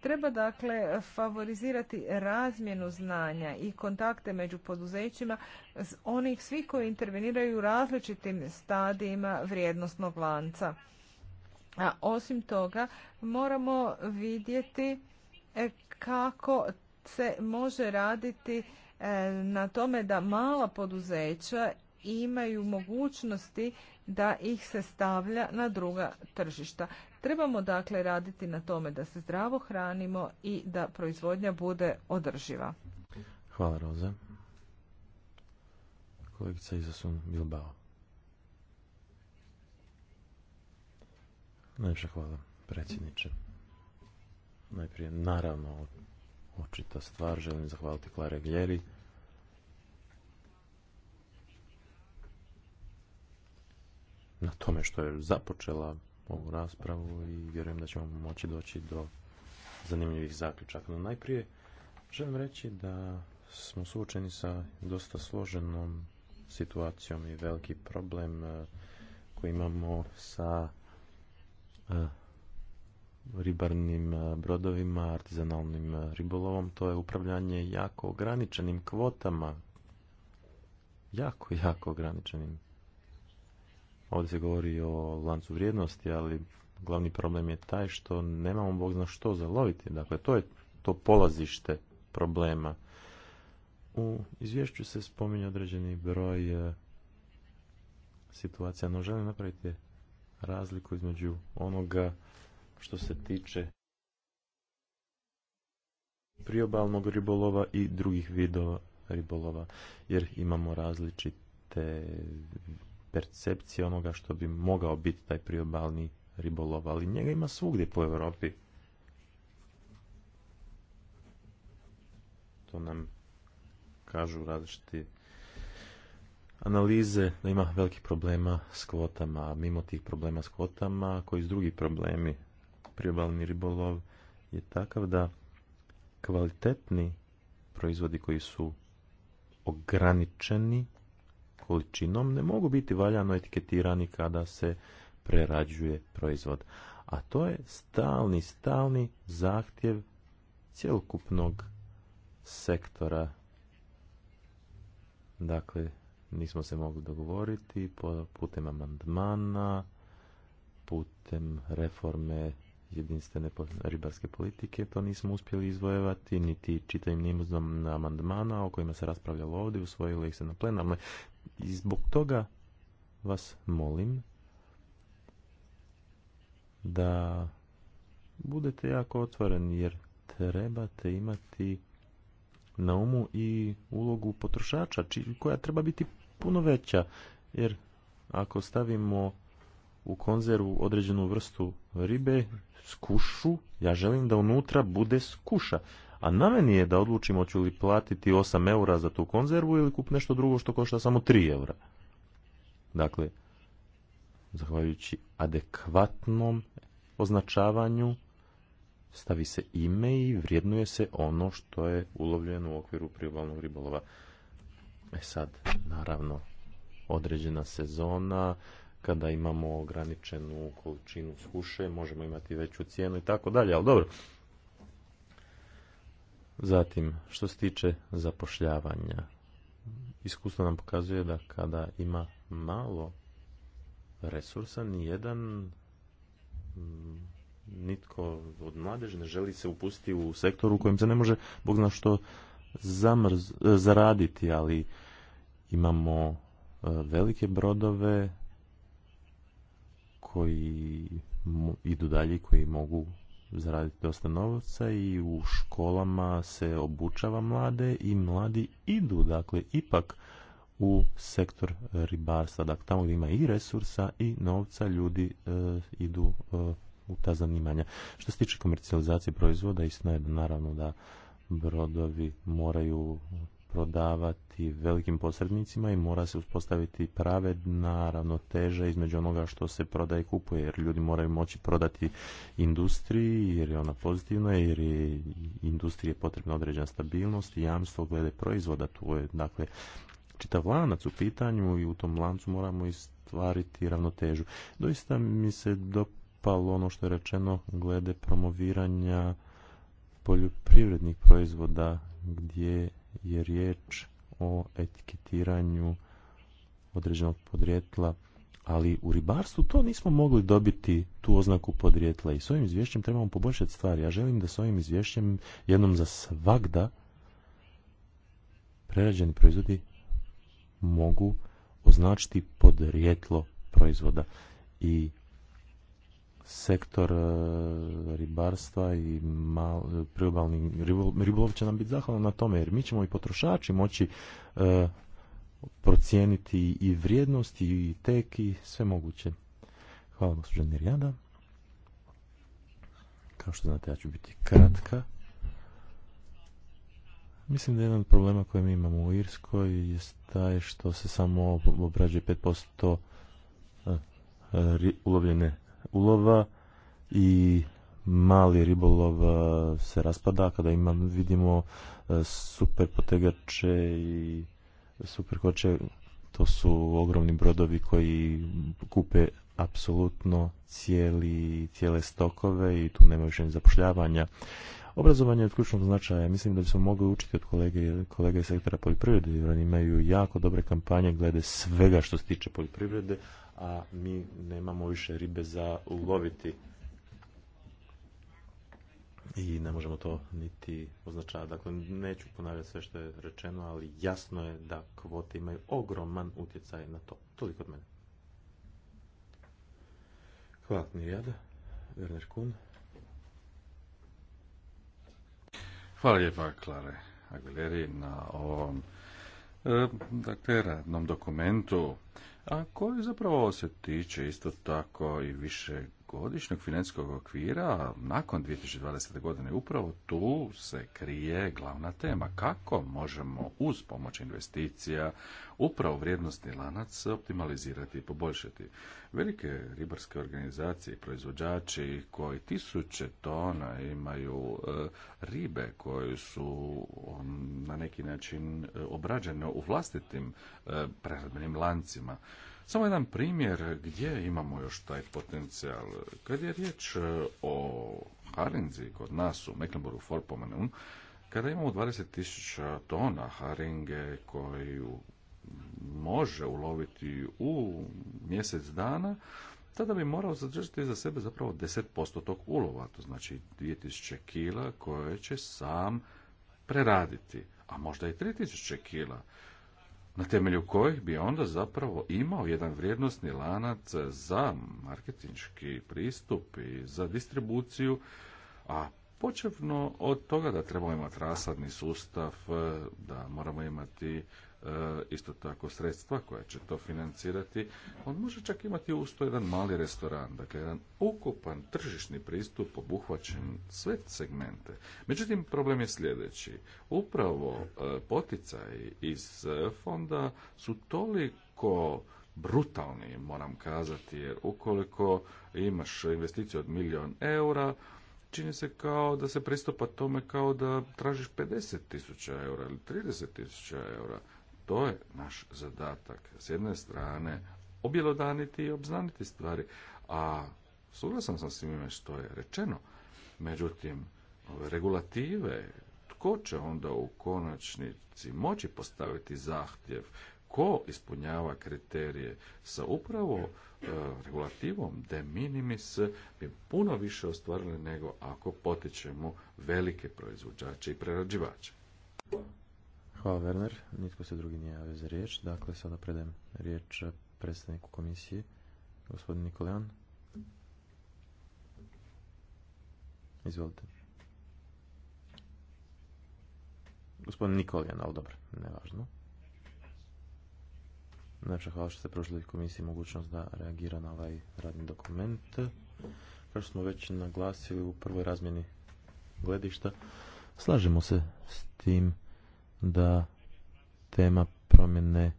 Speaker 2: Treba dakle favorizirati razmjenu znanja i kontakte među poduzećima onih svi koji interveniraju u različitim stadijima vrijednostnog lanca. A osim toga moramo vidjeti e, kako se može raditi e, na tome da mala poduzeća imaju mogućnosti da ih se stavlja na druga tržišta. Trebamo dakle raditi na tome da se zdravo hranimo i da proizvodnja bude održiva.
Speaker 1: Hvala Roza. Kolegica Izasun Bilbao. Najviše hvala, predsjedniče. Najprije, naravno, očita stvar, želim zahvaliti Klare Gljeri. Na tome što je započela ovu raspravu i vjerujem da ćemo moći doći do zanimljivih zaključaka. No najprije želim reći da smo suočeni sa dosta složenom situacijom i veliki problem eh, koji imamo sa E, ribarnim e, brodovima, artizanalnim e, ribolovom, to je upravljanje jako ograničenim kvotama. Jako, jako ograničenim. Ovdje se govori o lancu vrijednosti, ali glavni problem je taj što nemamo bog zna što zaloviti. Dakle, to je to polazište problema. U izvješću se spominje određeni broj situacija, no želim napraviti razliku između onoga što se tiče priobalnog ribolova i drugih vidova ribolova, jer imamo različite percepcije onoga što bi mogao biti taj priobalni ribolov, ali njega ima svugdje po Europi. To nam kažu različiti analize da ima velikih problema s kvotama, mimo tih problema s kvotama, koji su drugi problemi, priobalni ribolov je takav da kvalitetni proizvodi koji su ograničeni količinom ne mogu biti valjano etiketirani kada se prerađuje proizvod. A to je stalni, stalni zahtjev cjelokupnog sektora. Dakle, nismo se mogli dogovoriti putem amandmana, putem reforme jedinstvene ribarske politike. To nismo uspjeli izvojevati, niti čitavim nimuznom amandmana o kojima se raspravljalo ovdje, usvojilo ih se na plenarnoj. I zbog toga vas molim da budete jako otvoreni jer trebate imati na umu i ulogu potrošača koja treba biti puno veća, jer ako stavimo u konzervu određenu vrstu ribe, skušu, ja želim da unutra bude skuša. A na meni je da odlučimo hoću li platiti 8 eura za tu konzervu ili kup nešto drugo što košta samo 3 eura. Dakle, zahvaljujući adekvatnom označavanju stavi se ime i vrijednuje se ono što je ulovljeno u okviru priobalnog ribolova. E sad, naravno, određena sezona, kada imamo ograničenu količinu suše, možemo imati veću cijenu i tako dalje, ali dobro. Zatim, što se tiče zapošljavanja, iskustvo nam pokazuje da kada ima malo resursa, nijedan mm, nitko od mladež ne želi se upustiti u sektor u kojem se ne može, Bog zna što, zamrz, e, zaraditi, ali imamo e, velike brodove koji idu dalje koji mogu zaraditi dosta novca i u školama se obučava mlade i mladi idu dakle ipak u sektor ribarstva. Dakle, tamo gdje ima i resursa i novca ljudi e, idu u ta zanimanja. Što se tiče komercijalizacije proizvoda, istina je da naravno da brodovi moraju prodavati velikim posrednicima i mora se uspostaviti pravedna ravnoteža između onoga što se prodaje i kupuje, jer ljudi moraju moći prodati industriji, jer je ona pozitivna, jer je industrije potrebna određena stabilnost i jamstvo glede proizvoda. Tu je, dakle, čitav lanac u pitanju i u tom lancu moramo istvariti ravnotežu. Doista mi se dopalo ono što je rečeno glede promoviranja poljoprivrednih proizvoda gdje je riječ o etiketiranju određenog podrijetla, ali u ribarstvu to nismo mogli dobiti tu oznaku podrijetla i s ovim izvješćem trebamo poboljšati stvari. Ja želim da s ovim izvješćem jednom za svakda prerađeni proizvodi mogu označiti podrijetlo proizvoda i sektor e, ribarstva i priobalni ribolov, će nam biti zahvalan na tome jer mi ćemo i potrošači moći e, procijeniti i vrijednosti i tek i sve moguće. Hvala gospođa Nirjada. Kao što znate ja ću biti kratka. Mislim da je jedan od problema koje mi imamo u Irskoj je taj što se samo obrađuje 5% e, ulovljene ulova i mali ribolov e, se raspada kada imam, vidimo e, super potegače i super koče to su ogromni brodovi koji kupe apsolutno cijeli, cijele stokove i tu nema više zapošljavanja Obrazovanje je od ključnog značaja. Mislim da bismo mogli učiti od kolege, kolega iz sektora poljoprivrede, jer oni imaju jako dobre kampanje glede svega što se tiče poljoprivrede, a mi nemamo više ribe za uloviti. I ne možemo to niti označavati. Dakle, neću ponavljati sve što je rečeno, ali jasno je da kvote imaju ogroman utjecaj na to. Toliko od mene.
Speaker 3: Hvala, Mirjada. Werner Kuhn. Hvala lijepa, Klare Aguileri, na ovom e, dakle, radnom dokumentu, a koji zapravo se tiče isto tako i više godišnjeg financijskog okvira nakon 2020. godine upravo tu se krije glavna tema kako možemo uz pomoć investicija upravo vrijednostni lanac optimalizirati i poboljšati. Velike ribarske organizacije, i proizvođači koji tisuće tona imaju e, ribe koje su na neki način e, obrađene u vlastitim e, preradbenim lancima samo jedan primjer gdje imamo još taj potencijal. Kad je riječ e, o haringzi kod nas u Mecklenburgu vorpommern kada imamo 20.000 tona haringe koju može uloviti u mjesec dana, tada bi morao zadržati za sebe zapravo 10% tog ulova, to znači 2000 kila koje će sam preraditi, a možda i 3000 kila na temelju kojih bi onda zapravo imao jedan vrijednosni lanac za marketinški pristup i za distribuciju, a počevno od toga da trebamo imati rasadni sustav, da moramo imati E, isto tako sredstva koja će to financirati. On može čak imati usto jedan mali restoran, dakle jedan ukupan tržišni pristup obuhvaćen sve segmente. Međutim, problem je sljedeći. Upravo e, poticaji iz e, fonda su toliko brutalni, moram kazati, jer ukoliko imaš investiciju od milion eura, čini se kao da se pristupa tome kao da tražiš 50 tisuća eura ili 30 tisuća eura. To je naš zadatak. S jedne strane, objelodaniti i obznaniti stvari, a suglasan sam njime što je rečeno. Međutim, ove regulative, tko će onda u konačnici moći postaviti zahtjev, ko ispunjava kriterije sa upravo e, regulativom de minimis bi puno više ostvarili nego ako potičemo velike proizvođače i prerađivače. Hvala Werner, nitko se
Speaker 1: drugi nije javio za riječ. Dakle, sada predajem riječ predstavniku komisije, gospodin Nikolajan. Izvolite. Gospodin Nikolajan, ali dobro, nevažno. Najpša hvala što ste prošli komisiji mogućnost da reagira na ovaj radni dokument. Kao što smo već naglasili u prvoj razmjeni gledišta, slažemo se s tim da tema promjene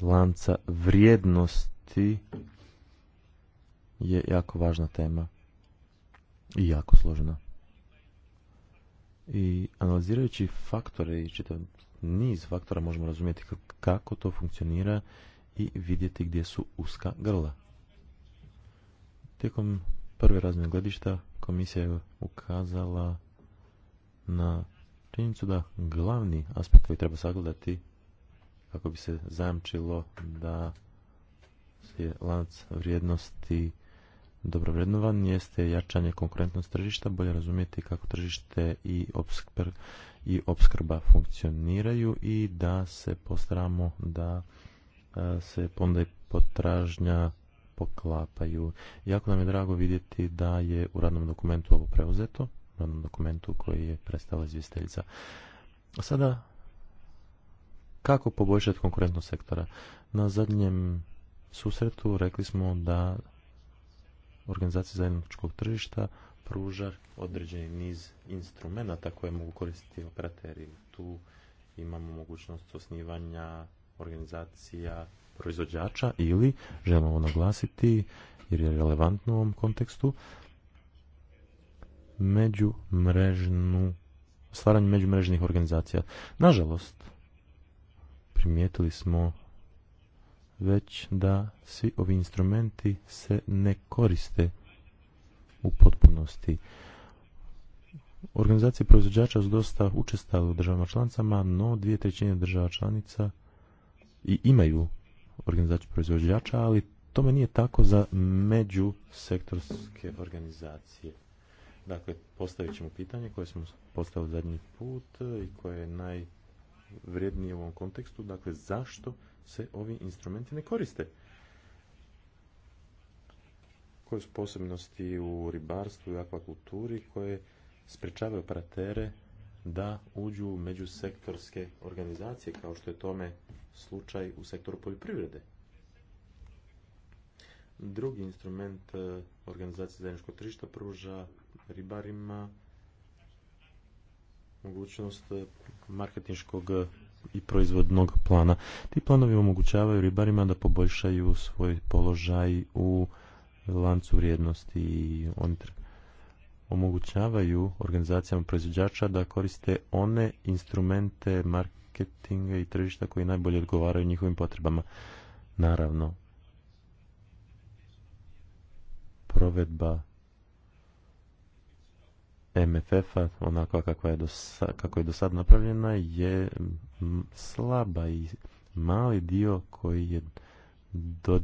Speaker 1: lanca vrijednosti je jako važna tema i jako složena. I analizirajući faktore i čitav niz faktora možemo razumjeti kako to funkcionira i vidjeti gdje su uska grla. Tijekom prve razmjene gledišta komisija je ukazala na činjenicu da glavni aspekt koji treba sagledati kako bi se zajamčilo da je lanac vrijednosti dobro vrednovan jeste jačanje konkurentnost tržišta, bolje razumjeti kako tržište i, obskr i obskrba funkcioniraju i da se postaramo da e, se ponda i potražnja poklapaju. Jako nam je drago vidjeti da je u radnom dokumentu ovo preuzeto onom dokumentu koji je predstavila izvjestiteljica. Sada, kako poboljšati konkurentnost sektora? Na zadnjem susretu rekli smo da organizacija zajedničkog tržišta pruža određeni niz instrumenta koje mogu koristiti operateri. Tu imamo mogućnost osnivanja organizacija proizvođača ili, želimo naglasiti jer je relevantno u ovom kontekstu, međumrežnu, stvaranje međumrežnih organizacija. Nažalost, primijetili smo već da svi ovi instrumenti se ne koriste u potpunosti. Organizacije proizvođača su dosta učestale u državama članicama, no dvije trećine država članica i imaju organizaciju proizvođača, ali tome nije tako za međusektorske organizacije. Dakle, postavit ćemo pitanje koje smo postavili zadnji put i koje je najvrijednije u ovom kontekstu. Dakle, zašto se ovi instrumenti ne koriste? Koje su posebnosti u ribarstvu i akvakulturi koje sprečavaju operatere da uđu u međusektorske organizacije kao što je tome slučaj u sektoru poljoprivrede? drugi instrument e, organizacije zajedničkog tržišta pruža ribarima mogućnost e, marketinškog e, i proizvodnog plana. Ti planovi omogućavaju ribarima da poboljšaju svoj položaj u lancu vrijednosti i oni omogućavaju organizacijama proizvođača da koriste one instrumente marketinga i tržišta koji najbolje odgovaraju njihovim potrebama. Naravno, provedba MFF-a, onako kako je, do kako je do napravljena, je slaba i mali dio koji je do,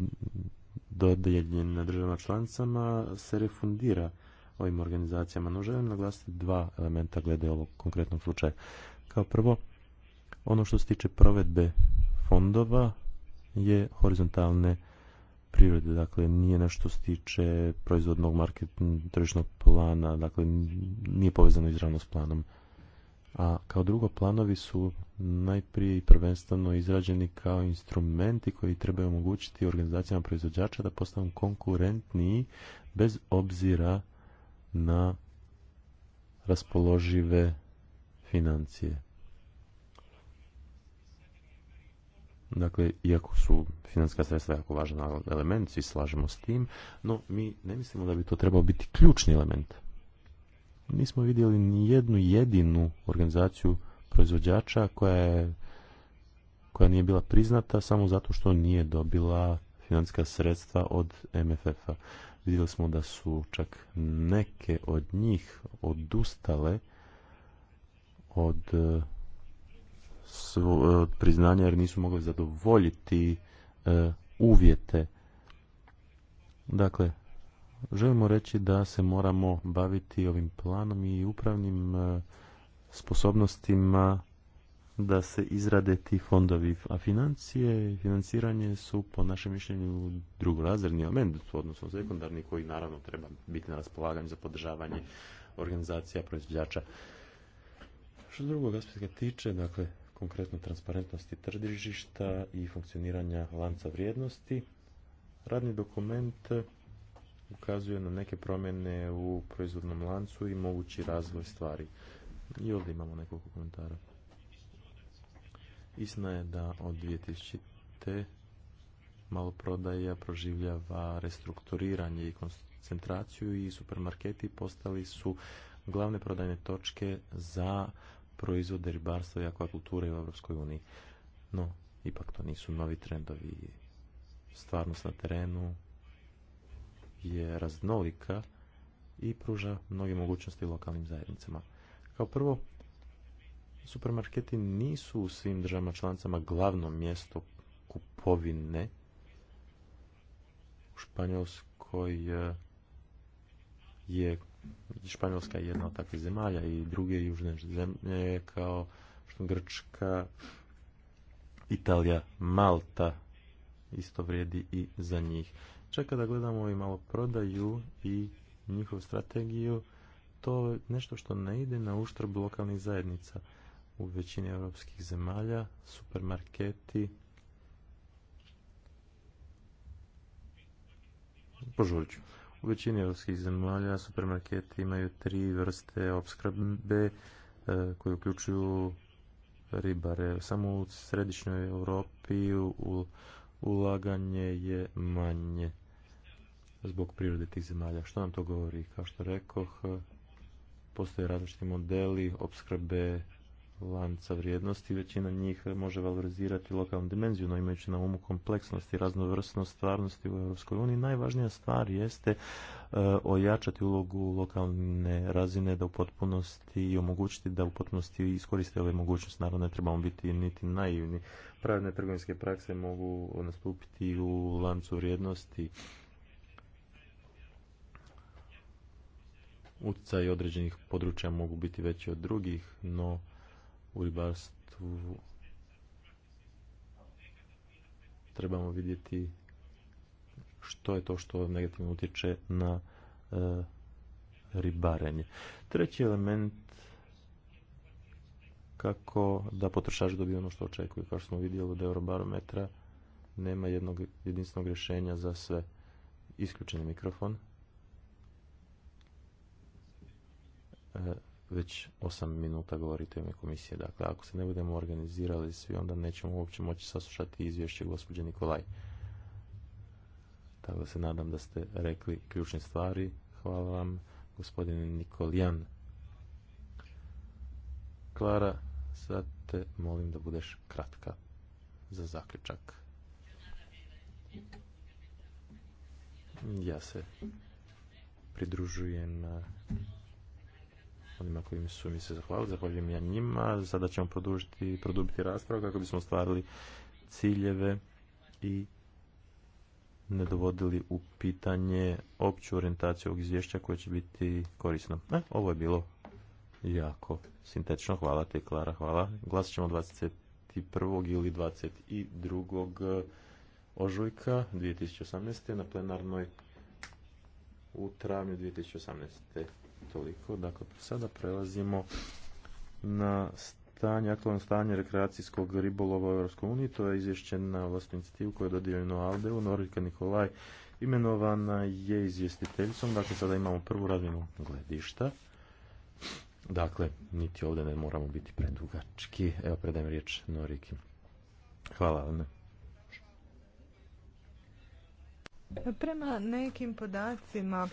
Speaker 1: na državama članicama se refundira ovim organizacijama. No želim naglasiti dva elementa glede ovog konkretnog slučaja. Kao prvo, ono što se tiče provedbe fondova je horizontalne prirode, dakle nije nešto se tiče proizvodnog marketnog tržišnog plana, dakle nije povezano izravno s planom. A kao drugo, planovi su najprije i prvenstveno izrađeni kao instrumenti koji trebaju omogućiti organizacijama proizvođača da postanu konkurentniji bez obzira na raspoložive financije. Dakle, iako su financijska sredstva jako važan element, svi slažemo s tim, no mi ne mislimo da bi to trebao biti ključni element. Nismo vidjeli ni jednu jedinu organizaciju proizvođača koja je koja nije bila priznata samo zato što nije dobila financijska sredstva od MFF-a. Vidjeli smo da su čak neke od njih odustale od svo, e, priznanja jer nisu mogli zadovoljiti e, uvjete. Dakle, želimo reći da se moramo baviti ovim planom i upravnim e, sposobnostima da se izrade ti fondovi, a financije i financiranje su po našem mišljenju drugorazredni element, odnosno sekundarni koji naravno treba biti na raspolaganju za podržavanje organizacija proizvođača. Što drugog aspekta tiče, dakle, konkretno transparentnosti tržišta i funkcioniranja lanca vrijednosti. Radni dokument ukazuje na neke promjene u proizvodnom lancu i mogući razvoj stvari. I ovdje imamo nekoliko komentara. Istina je da od 2000. prodaja proživljava restrukturiranje i koncentraciju i supermarketi postali su glavne prodajne točke za proizvode ribarstva i akvakulture u Europskoj uniji. No, ipak to nisu novi trendovi. Stvarnost na terenu je raznolika i pruža mnoge mogućnosti lokalnim zajednicama. Kao prvo, supermarketi nisu u svim državama članicama glavno mjesto kupovine. U Španjolskoj eh, je Španjolska je jedna od takvih zemalja i druge južne zemlje kao što Grčka, Italija, Malta isto vrijedi i za njih. Čak kada gledamo i malo prodaju i njihovu strategiju, to je nešto što ne ide na uštrb lokalnih zajednica. U većini europskih zemalja, supermarketi, požurit ću. U većini europskih zemalja supermarketi imaju tri vrste opskrbe e, koje uključuju ribare. Samo u središnjoj Europi ulaganje je manje zbog prirode tih zemalja. Što nam to govori? Kao što rekoh, postoje različiti modeli opskrbe lanca vrijednosti, većina njih može valorizirati lokalnu dimenziju, no imajući na umu kompleksnost i raznovrsnost stvarnosti u Europskoj uniji, najvažnija stvar jeste e, ojačati ulogu lokalne razine da u potpunosti i omogućiti da u potpunosti iskoriste ove mogućnosti. Naravno ne trebamo biti niti naivni. Pravne trgovinske prakse mogu nastupiti u lancu vrijednosti utjecaj određenih područja mogu biti veći od drugih, no u ribarstvu trebamo vidjeti što je to što negativno utječe na e, ribarenje. Treći element kako da potrošač dobije ono što očekuje. Kao što smo vidjeli od Eurobarometra nema jednog jedinstvenog rješenja za sve. Isključeni mikrofon. E, već 8 minuta govorite u ime komisije. Dakle, ako se ne budemo organizirali svi, onda nećemo uopće moći saslušati izvješće gospođe Nikolaj. Tako da se nadam da ste rekli ključne stvari. Hvala vam, gospodine Nikolijan. Klara, sad te molim da budeš kratka za zaključak. Ja se pridružujem na onima koji su mi se zahvalili, zahvaljujem ja njima. Sada ćemo produžiti, produbiti raspravu kako bismo ostvarili ciljeve i ne dovodili u pitanje opću orijentaciju ovog izvješća koje će biti korisno. E, ovo je bilo jako sintetično. Hvala te, Klara, hvala. Glasit ćemo 21. ili 22. ožujka 2018. na plenarnoj u travnju 2018 toliko. Dakle, sada prelazimo na stanje, aktualno stanje rekreacijskog ribolova u Europskoj To je izvješće na vlastnu inicijativu koju je dodijeljeno Aldeu. Norika Nikolaj imenovana je izvjestiteljicom. Dakle, sada imamo prvu razmjenu gledišta. Dakle, niti ovdje ne moramo biti predugački. Evo, predajem riječ Noriki. Hvala vam.
Speaker 2: Prema nekim podacima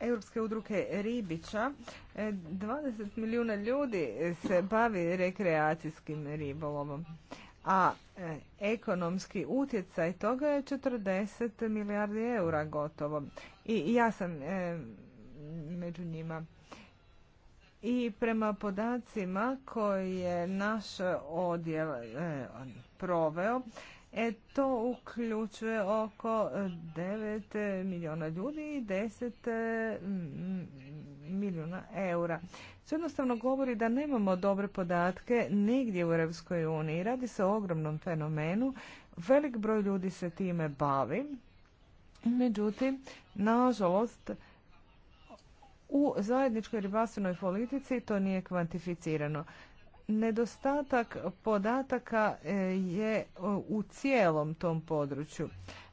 Speaker 2: Europske udruke ribića 20 e, milijuna ljudi se bavi rekreacijskim ribolovom, a e, ekonomski utjecaj toga je 40 milijardi eura gotovo. I ja sam e, među njima. I prema podacima koje je naš odjel proveo, E, to uključuje oko 9 milijuna ljudi i 10 e, milijuna eura. To jednostavno govori da nemamo dobre podatke nigdje u Europskoj uniji. Radi se o ogromnom fenomenu. Velik broj ljudi se time bavi. Međutim, nažalost, u zajedničkoj ribarstvenoj politici to nije kvantificirano. Nedostatak podataka e, je e, u cijelom tom području.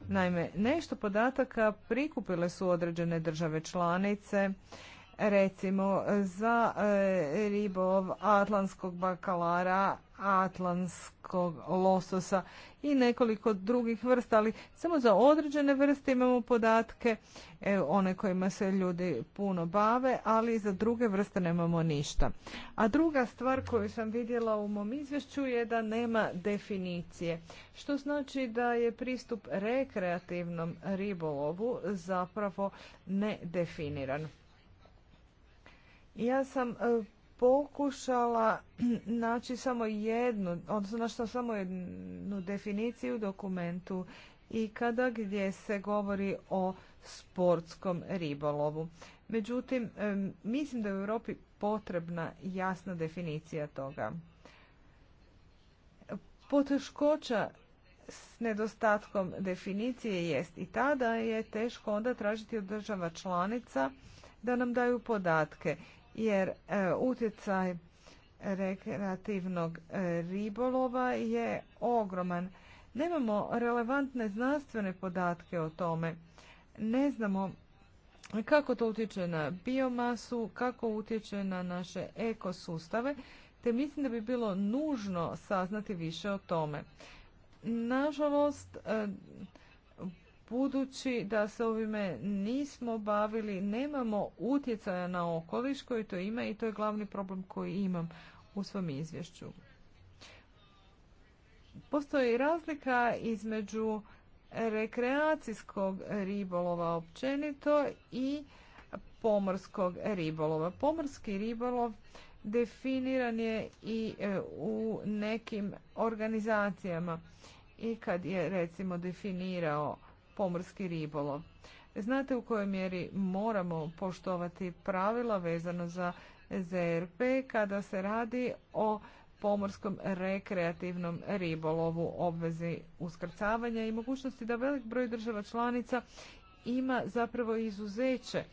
Speaker 2: Naime, nešto podataka prikupile su određene države članice, recimo za e, ribov atlantskog bakalara, atlantskog lososa i nekoliko drugih vrsta, ali samo za određene vrste imamo podatke, e, one kojima se ljudi puno bave, ali za druge vrste nemamo ništa. A druga stvar koju sam vidjela u mom izvješću je da nema definicije, što znači da je pristup rekreativnom ribolovu zapravo nedefiniran. Ja sam e, pokušala [clears throat] naći samo jednu, odnosno našla samo jednu definiciju u dokumentu i kada gdje se govori o sportskom ribolovu. Međutim, mislim da je u Europi potrebna jasna definicija toga. Poteškoća s nedostatkom definicije jest i tada je teško onda tražiti od država članica da nam daju podatke jer e, utjecaj rekreativnog e, ribolova je ogroman. Nemamo relevantne znanstvene podatke o tome. Ne znamo kako to utječe na biomasu, kako utječe na naše ekosustave, te mislim da bi bilo nužno saznati više o tome. Nažalost, e, budući da se ovime nismo bavili, nemamo utjecaja na okoliš koji to ima i to je glavni problem koji imam u svom izvješću. Postoji razlika između rekreacijskog ribolova općenito i pomorskog ribolova. Pomorski ribolov definiran je i e, u nekim organizacijama i kad je recimo definirao pomorski ribolov. Znate u kojoj mjeri moramo poštovati pravila vezano za ZRP kada se radi o pomorskom rekreativnom ribolovu, obvezi uskrcavanja i mogućnosti da velik broj država članica ima zapravo izuzeće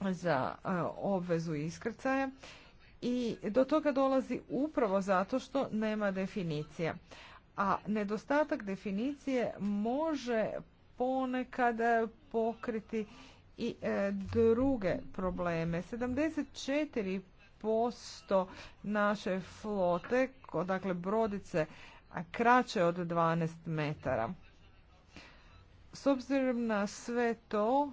Speaker 2: za e, obvezu iskrcaja i do toga dolazi upravo zato što nema definicija. A nedostatak definicije može ponekad e, pokriti i e, druge probleme. 74% naše flote, dakle brodice, kraće od 12 metara. S obzirom na sve to,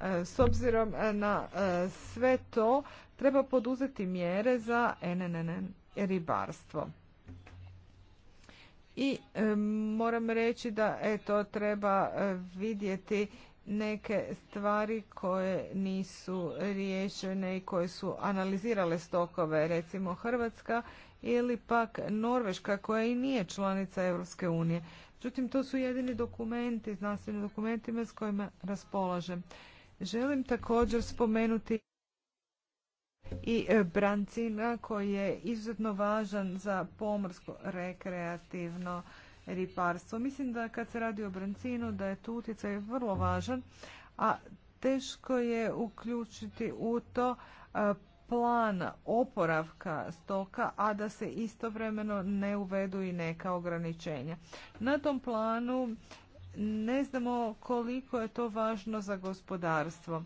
Speaker 2: e, s obzirom na sve to, treba poduzeti mjere za NNN ribarstvo. I e, moram reći da eto treba e, vidjeti neke stvari koje nisu riješene i koje su analizirale stokove, recimo Hrvatska ili pak Norveška koja i nije članica Europske unije. Međutim, to su jedini dokumenti, znanstveni dokumentima s kojima raspolažem. Želim također spomenuti i e, brancina koji je izuzetno važan za pomorsko rekreativno riparstvo. Mislim da kad se radi o brancinu da je tu utjecaj vrlo važan, a teško je uključiti u to e, plan oporavka stoka, a da se istovremeno ne uvedu i neka ograničenja. Na tom planu ne znamo koliko je to važno za gospodarstvo.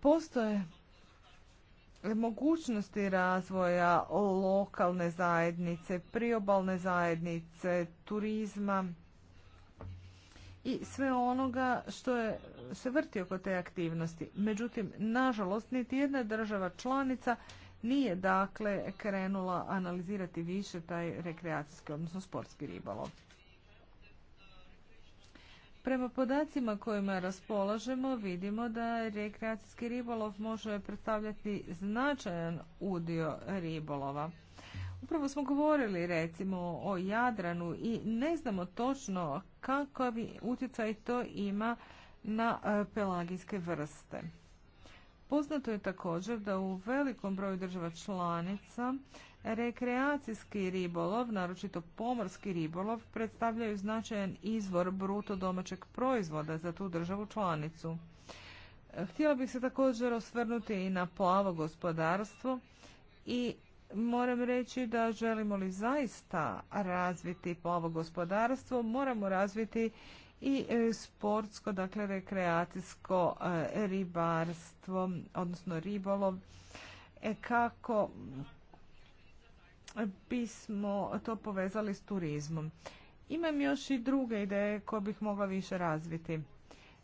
Speaker 2: Postoje mogućnosti razvoja lokalne zajednice, priobalne zajednice, turizma i sve onoga što je, se vrti oko te aktivnosti. Međutim, nažalost, niti jedna država članica nije dakle krenula analizirati više taj rekreacijski, odnosno sportski ribolov. Prema podacima kojima raspolažemo vidimo da rekreacijski ribolov može predstavljati značajan udio ribolova. Upravo smo govorili recimo o Jadranu i ne znamo točno kakav utjecaj to ima na e, pelagijske vrste. Poznato je također da u velikom broju država članica Rekreacijski ribolov, naročito pomorski ribolov, predstavljaju značajan izvor bruto domaćeg proizvoda za tu državu članicu. Htjela bih se također osvrnuti i na plavo gospodarstvo i moram reći da želimo li zaista razviti plavo gospodarstvo, moramo razviti i e, sportsko, dakle rekreacijsko e, ribarstvo, odnosno ribolov, e, kako bismo to povezali s turizmom. Imam još i druge ideje koje bih mogla više razviti.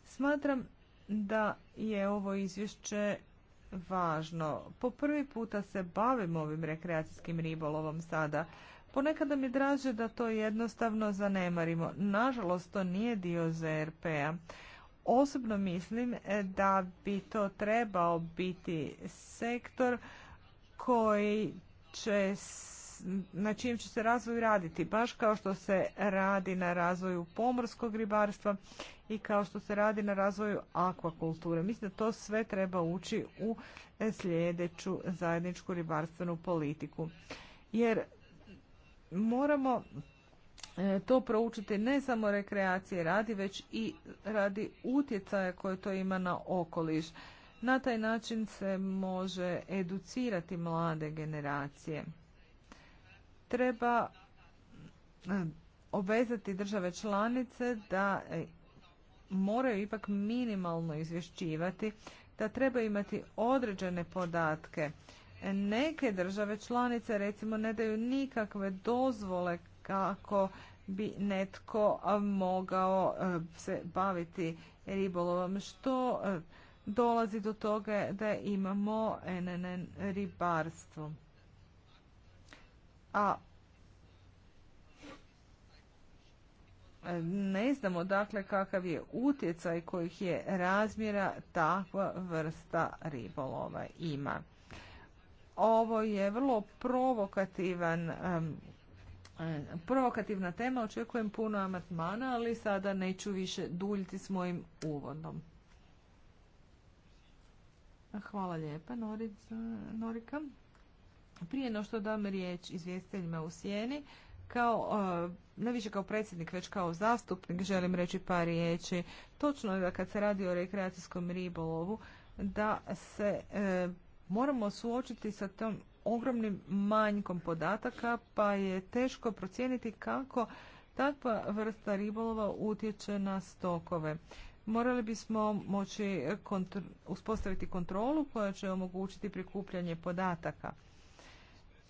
Speaker 2: Smatram da je ovo izvješće važno. Po prvi puta se bavim ovim rekreacijskim ribolovom sada. Ponekada mi draže da to jednostavno zanemarimo. Nažalost, to nije dio ZRP-a. Osobno mislim e, da bi to trebao biti sektor koji će na čijem će se razvoj raditi, baš kao što se radi na razvoju pomorskog ribarstva i kao što se radi na razvoju akvakulture. Mislim da to sve treba ući u sljedeću zajedničku ribarstvenu politiku. Jer moramo e, to proučiti ne samo rekreacije radi, već i radi utjecaja koje to ima na okoliš. Na taj način se može educirati mlade generacije treba e, obvezati države članice da e, moraju ipak minimalno izvješćivati, da treba imati određene podatke. Neke države članice recimo ne daju nikakve dozvole kako bi netko mogao e, se baviti ribolovom, što dolazi do toga da imamo NNN ribarstvo a ne znamo dakle kakav je utjecaj kojih je razmjera takva vrsta ribolova ima. Ovo je vrlo provokativan provokativna tema, očekujem puno amatmana, ali sada neću više duljiti s mojim uvodom. Hvala lijepa Norica, Norika. Prije no što dam riječ izvjestiteljima u sjeni, kao, e, ne više kao predsjednik, već kao zastupnik želim reći par riječi. Točno je da kad se radi o rekreacijskom ribolovu, da se e, moramo suočiti sa tom ogromnim manjkom podataka, pa je teško procijeniti kako takva vrsta ribolova utječe na stokove. Morali bismo moći uspostaviti kontrolu koja će omogućiti prikupljanje podataka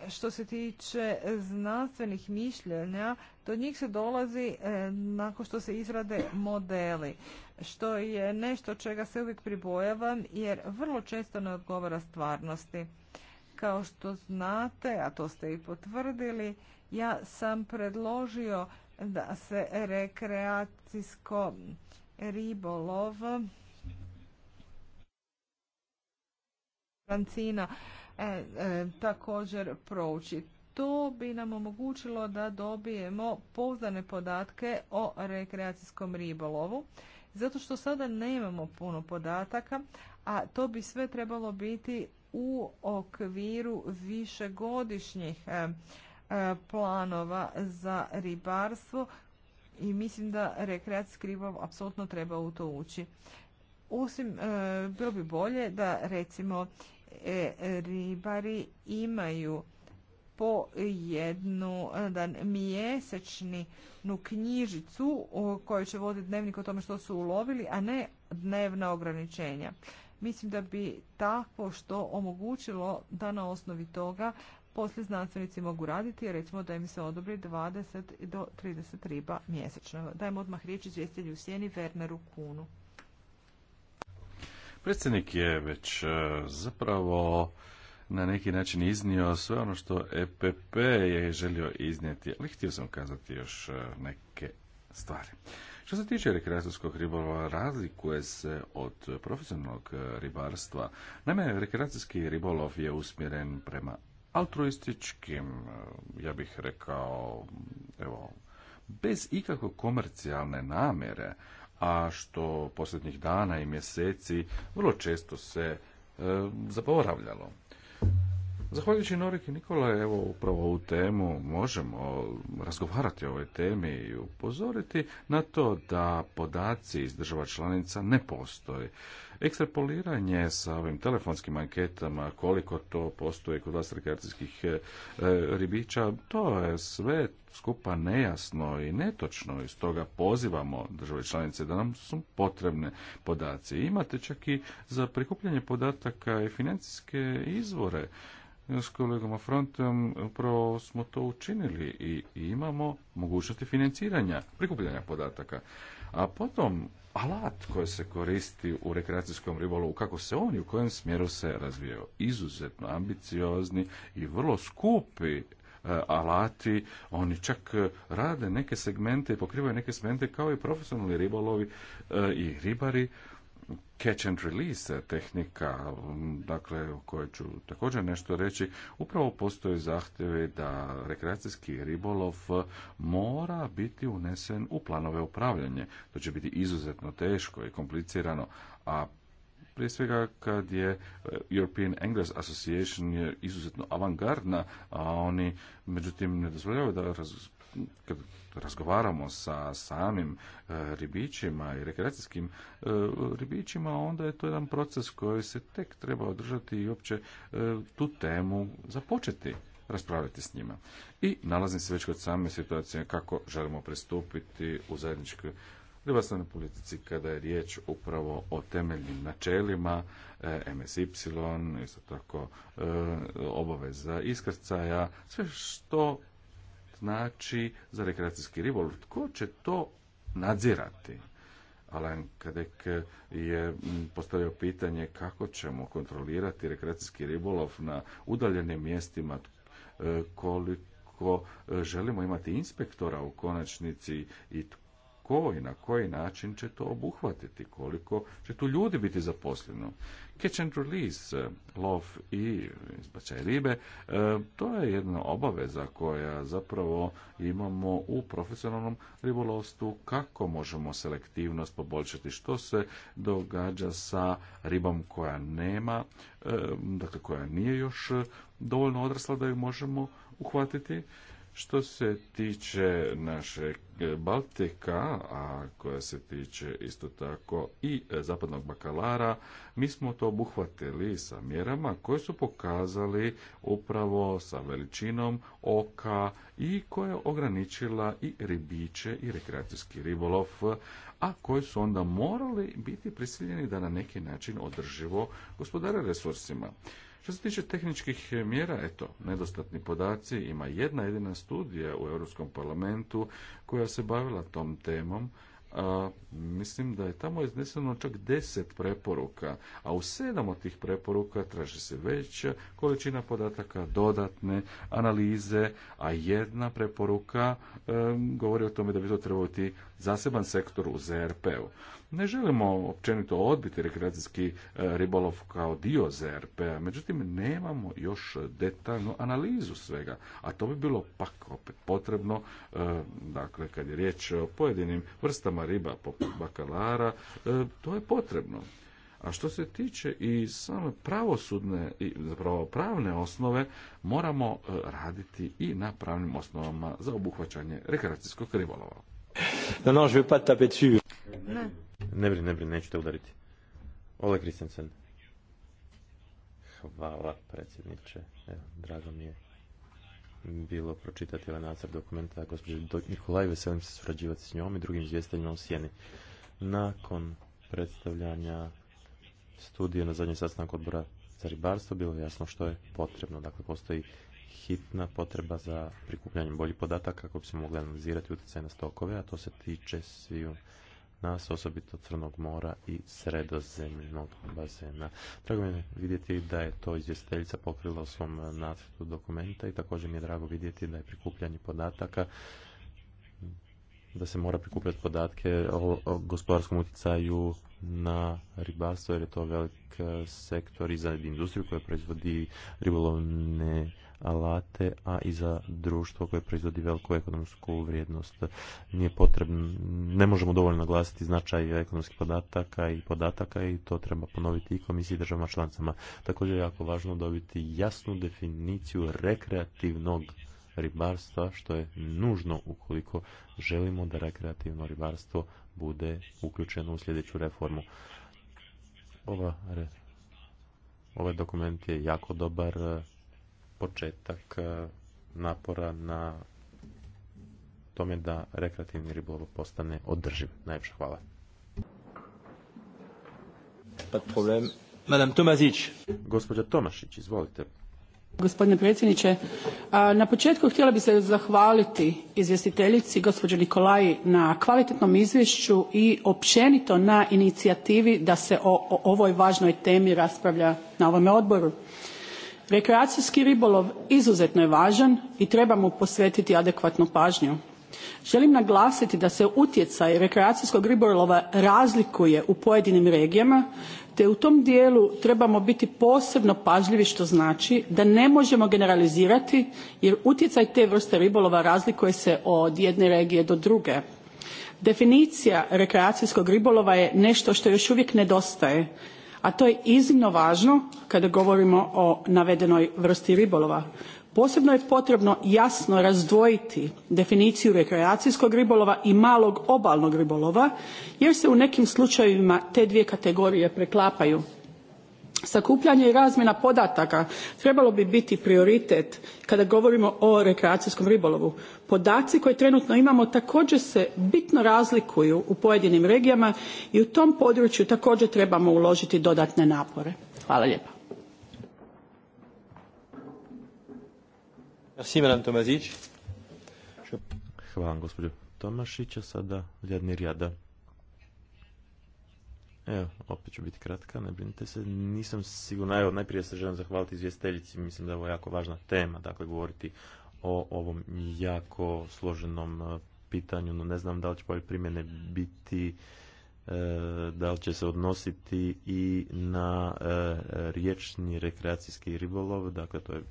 Speaker 2: što se tiče znanstvenih mišljenja, do njih se dolazi e, nakon što se izrade modeli, što je nešto čega se uvijek pribojavam jer vrlo često ne odgovara stvarnosti. Kao što znate, a to ste i potvrdili, ja sam predložio da se rekreacijsko ribolov Francina E, e, također prouči. To bi nam omogućilo da dobijemo pouzdane podatke o rekreacijskom ribolovu, zato što sada nemamo puno podataka, a to bi sve trebalo biti u okviru višegodišnjih e, e, planova za ribarstvo i mislim da rekreacijski ribolov apsolutno treba u to ući. Osim, bilo bi bolje da recimo E, ribari imaju po jednu dan, mjesečni knjižicu koju će voditi dnevnik o tome što su ulovili, a ne dnevna ograničenja. Mislim da bi tako što omogućilo da na osnovi toga poslije znanstvenici mogu raditi, recimo da im se odobri 20 do 30 riba mjesečno. Dajem odmah riječ izvjestitelju sjeni Werneru Kunu.
Speaker 3: Predsjednik je već e, zapravo na neki način iznio sve ono što EPP je želio iznijeti, ali htio sam kazati još e, neke stvari. Što se tiče rekreacijskog ribolova, razlikuje se od profesionalnog e, ribarstva. Naime, rekreacijski ribolov je usmjeren prema altruističkim, ja bih rekao, evo, bez ikakve komercijalne namjere a što posljednjih dana i mjeseci vrlo često se e, zaboravljalo. Zahvaljujući Norik i Nikola, evo upravo ovu temu možemo razgovarati o ovoj temi i upozoriti na to da podaci iz država članica ne postoje. Ekstrapoliranje sa ovim telefonskim anketama, koliko to postoji kod e, ribića, to je sve skupa nejasno i netočno i stoga pozivamo države članice da nam su potrebne podaci. Imate čak i za prikupljanje podataka i financijske izvore s kolegom Frontom upravo smo to učinili i imamo mogućnosti financiranja, prikupljanja podataka. A potom alat koji se koristi u rekreacijskom ribolovu, kako se on i u kojem smjeru se razvijao. Izuzetno ambiciozni i vrlo skupi e, alati, oni čak e, rade neke segmente i pokrivaju neke segmente kao i profesionalni ribolovi e, i ribari catch and release tehnika, dakle o kojoj ću također nešto reći, upravo postoje zahtjeve da rekreacijski ribolov mora biti unesen u planove upravljanje. To će biti izuzetno teško i komplicirano, a prije svega kad je e, European Anglers Association je izuzetno avangardna, a oni međutim ne dozvoljavaju da raz kad razgovaramo sa samim e, ribićima i rekreacijskim e, ribićima, onda je to jedan proces koji se tek treba održati i uopće e, tu temu započeti raspravljati s njima. I nalazim se već kod same situacije kako želimo pristupiti u zajedničkoj ribarstvenoj politici kada je riječ upravo o temeljnim načelima MSY, isto tako obaveza iskrcaja, sve što znači za rekreacijski ribolov. Tko će to nadzirati? Alan Kadek je postavio pitanje kako ćemo kontrolirati rekreacijski ribolov na udaljenim mjestima, e, koliko e, želimo imati inspektora u konačnici i tko i na koji način će to obuhvatiti, koliko će tu ljudi biti zaposleno. Catch and release, eh, lov i izbačaj ribe, eh, to je jedna obaveza koja zapravo imamo u profesionalnom ribolovstvu, kako možemo selektivnost poboljšati, što se događa sa ribom koja nema, eh, dakle koja nije još dovoljno odrasla da ju možemo uhvatiti. Što se tiče našeg Baltika, a koja se tiče isto tako i e, zapadnog bakalara, mi smo to obuhvatili sa mjerama koje su pokazali upravo sa veličinom oka i koja je ograničila i ribiće i rekreacijski ribolov, a koji su onda morali biti prisiljeni da na neki način održivo gospodare resursima. Što se tiče tehničkih mjera, eto, nedostatni podaci, ima jedna jedina studija u Europskom parlamentu koja se bavila tom temom, a, mislim da je tamo izneseno čak deset preporuka, a u sedam od tih preporuka traži se veća količina podataka, dodatne analize, a jedna preporuka govori o tome da bi to trebalo biti zaseban sektor u ZRP-u. Ne želimo općenito odbiti rekreacijski e, ribolov kao dio ZRP-a, međutim nemamo još detaljnu analizu svega, a to bi bilo pak opet potrebno, e, dakle kad je riječ o pojedinim vrstama riba poput bakalara, e, to je potrebno. A što se tiče i same pravosudne i zapravo pravne osnove, moramo e, raditi i na pravnim osnovama za obuhvaćanje rekreacijskog ribolova. No, no, je pas Ne. Ne brin, ne brin, neću te
Speaker 1: udariti. Ole Kristensen. Hvala, predsjedniče. Evo, drago mi je bilo pročitati ovaj nacrt dokumenta gospođe Nikolaj, veselim se surađivati s njom i drugim izvjestiteljima u Sjeni. Nakon predstavljanja studije na zadnjem sastanku odbora za ribarstvo bilo je jasno što je potrebno. Dakle, postoji hitna potreba za prikupljanjem boljih podataka kako bi se mogli analizirati utjecaj na stokove, a to se tiče sviju nas, osobito Crnog mora i sredozemnog bazena. Drago mi je vidjeti da je to izvjestiteljica pokrila u svom nacrtu dokumenta i također mi je drago vidjeti da je prikupljanje podataka da se mora prikupljati podatke o, gospodarskom utjecaju na ribarstvo jer je to velik eh, sektor i za industriju koja proizvodi ribolovne alate, a i za društvo koje proizvodi veliku ekonomsku vrijednost. Nije potrebno, ne možemo dovoljno naglasiti značaj ekonomskih podataka i podataka i to treba ponoviti i komisiji državama članicama. Također je jako važno dobiti jasnu definiciju rekreativnog ribarstva, što je nužno ukoliko želimo da rekreativno ribarstvo bude uključeno u sljedeću reformu. Ova, ovaj dokument je jako dobar početak e, napora na tome da rekreativni ribolov postane održiv. Najljepša hvala. Tomašić, izvolite.
Speaker 4: Gospodine predsjedniče, na početku htjela bih se zahvaliti izvjestiteljici gospođi Nikolaj, na kvalitetnom izvješću i općenito na inicijativi da se o ovoj važnoj temi raspravlja na ovome odboru rekreacijski ribolov izuzetno je važan i treba mu posvetiti adekvatnu pažnju želim naglasiti da se utjecaj rekreacijskog ribolova razlikuje u pojedinim regijama te u tom dijelu trebamo biti posebno pažljivi što znači da ne možemo generalizirati jer utjecaj te vrste ribolova razlikuje se od jedne regije do druge definicija rekreacijskog ribolova je nešto što još uvijek nedostaje a to je iznimno važno kada govorimo o navedenoj vrsti ribolova. Posebno je potrebno jasno razdvojiti definiciju rekreacijskog ribolova i malog obalnog ribolova jer se u nekim slučajevima te dvije kategorije preklapaju sakupljanje i razmjena podataka trebalo bi biti prioritet kada govorimo o rekreacijskom ribolovu. podaci koje trenutno imamo također se bitno razlikuju u pojedinim regijama i u tom području također trebamo uložiti dodatne napore. hvala lijepa.
Speaker 1: Hvala sada Evo, opet ću biti kratka, ne brinite se. Nisam sigurno, evo, najprije se želim zahvaliti izvjestiteljici, mislim da je ovo jako važna tema, dakle, govoriti o ovom jako složenom e, pitanju, no ne znam da li će polje primjene biti, e, da li će se odnositi i na e, riječni rekreacijski ribolov, dakle, to je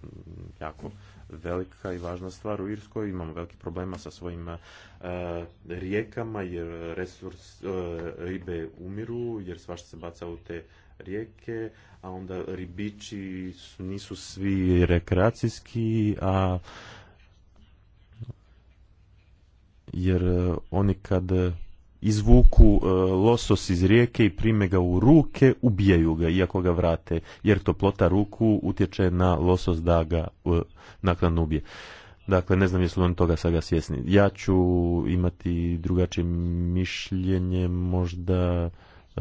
Speaker 1: jako velika i važna stvar u Irskoj. Imamo veliki problema sa svojim e, rijekama jer resurs, e, ribe umiru jer svašta se baca u te rijeke, a onda ribiči nisu svi rekreacijski, a jer e, oni kad izvuku e, losos iz rijeke i prime ga u ruke, ubijaju ga iako ga vrate, jer toplota ruku utječe na losos da ga e, naknadno ubije. Dakle, ne znam jesu li oni toga sada svjesni. Ja ću imati drugačije mišljenje, možda E,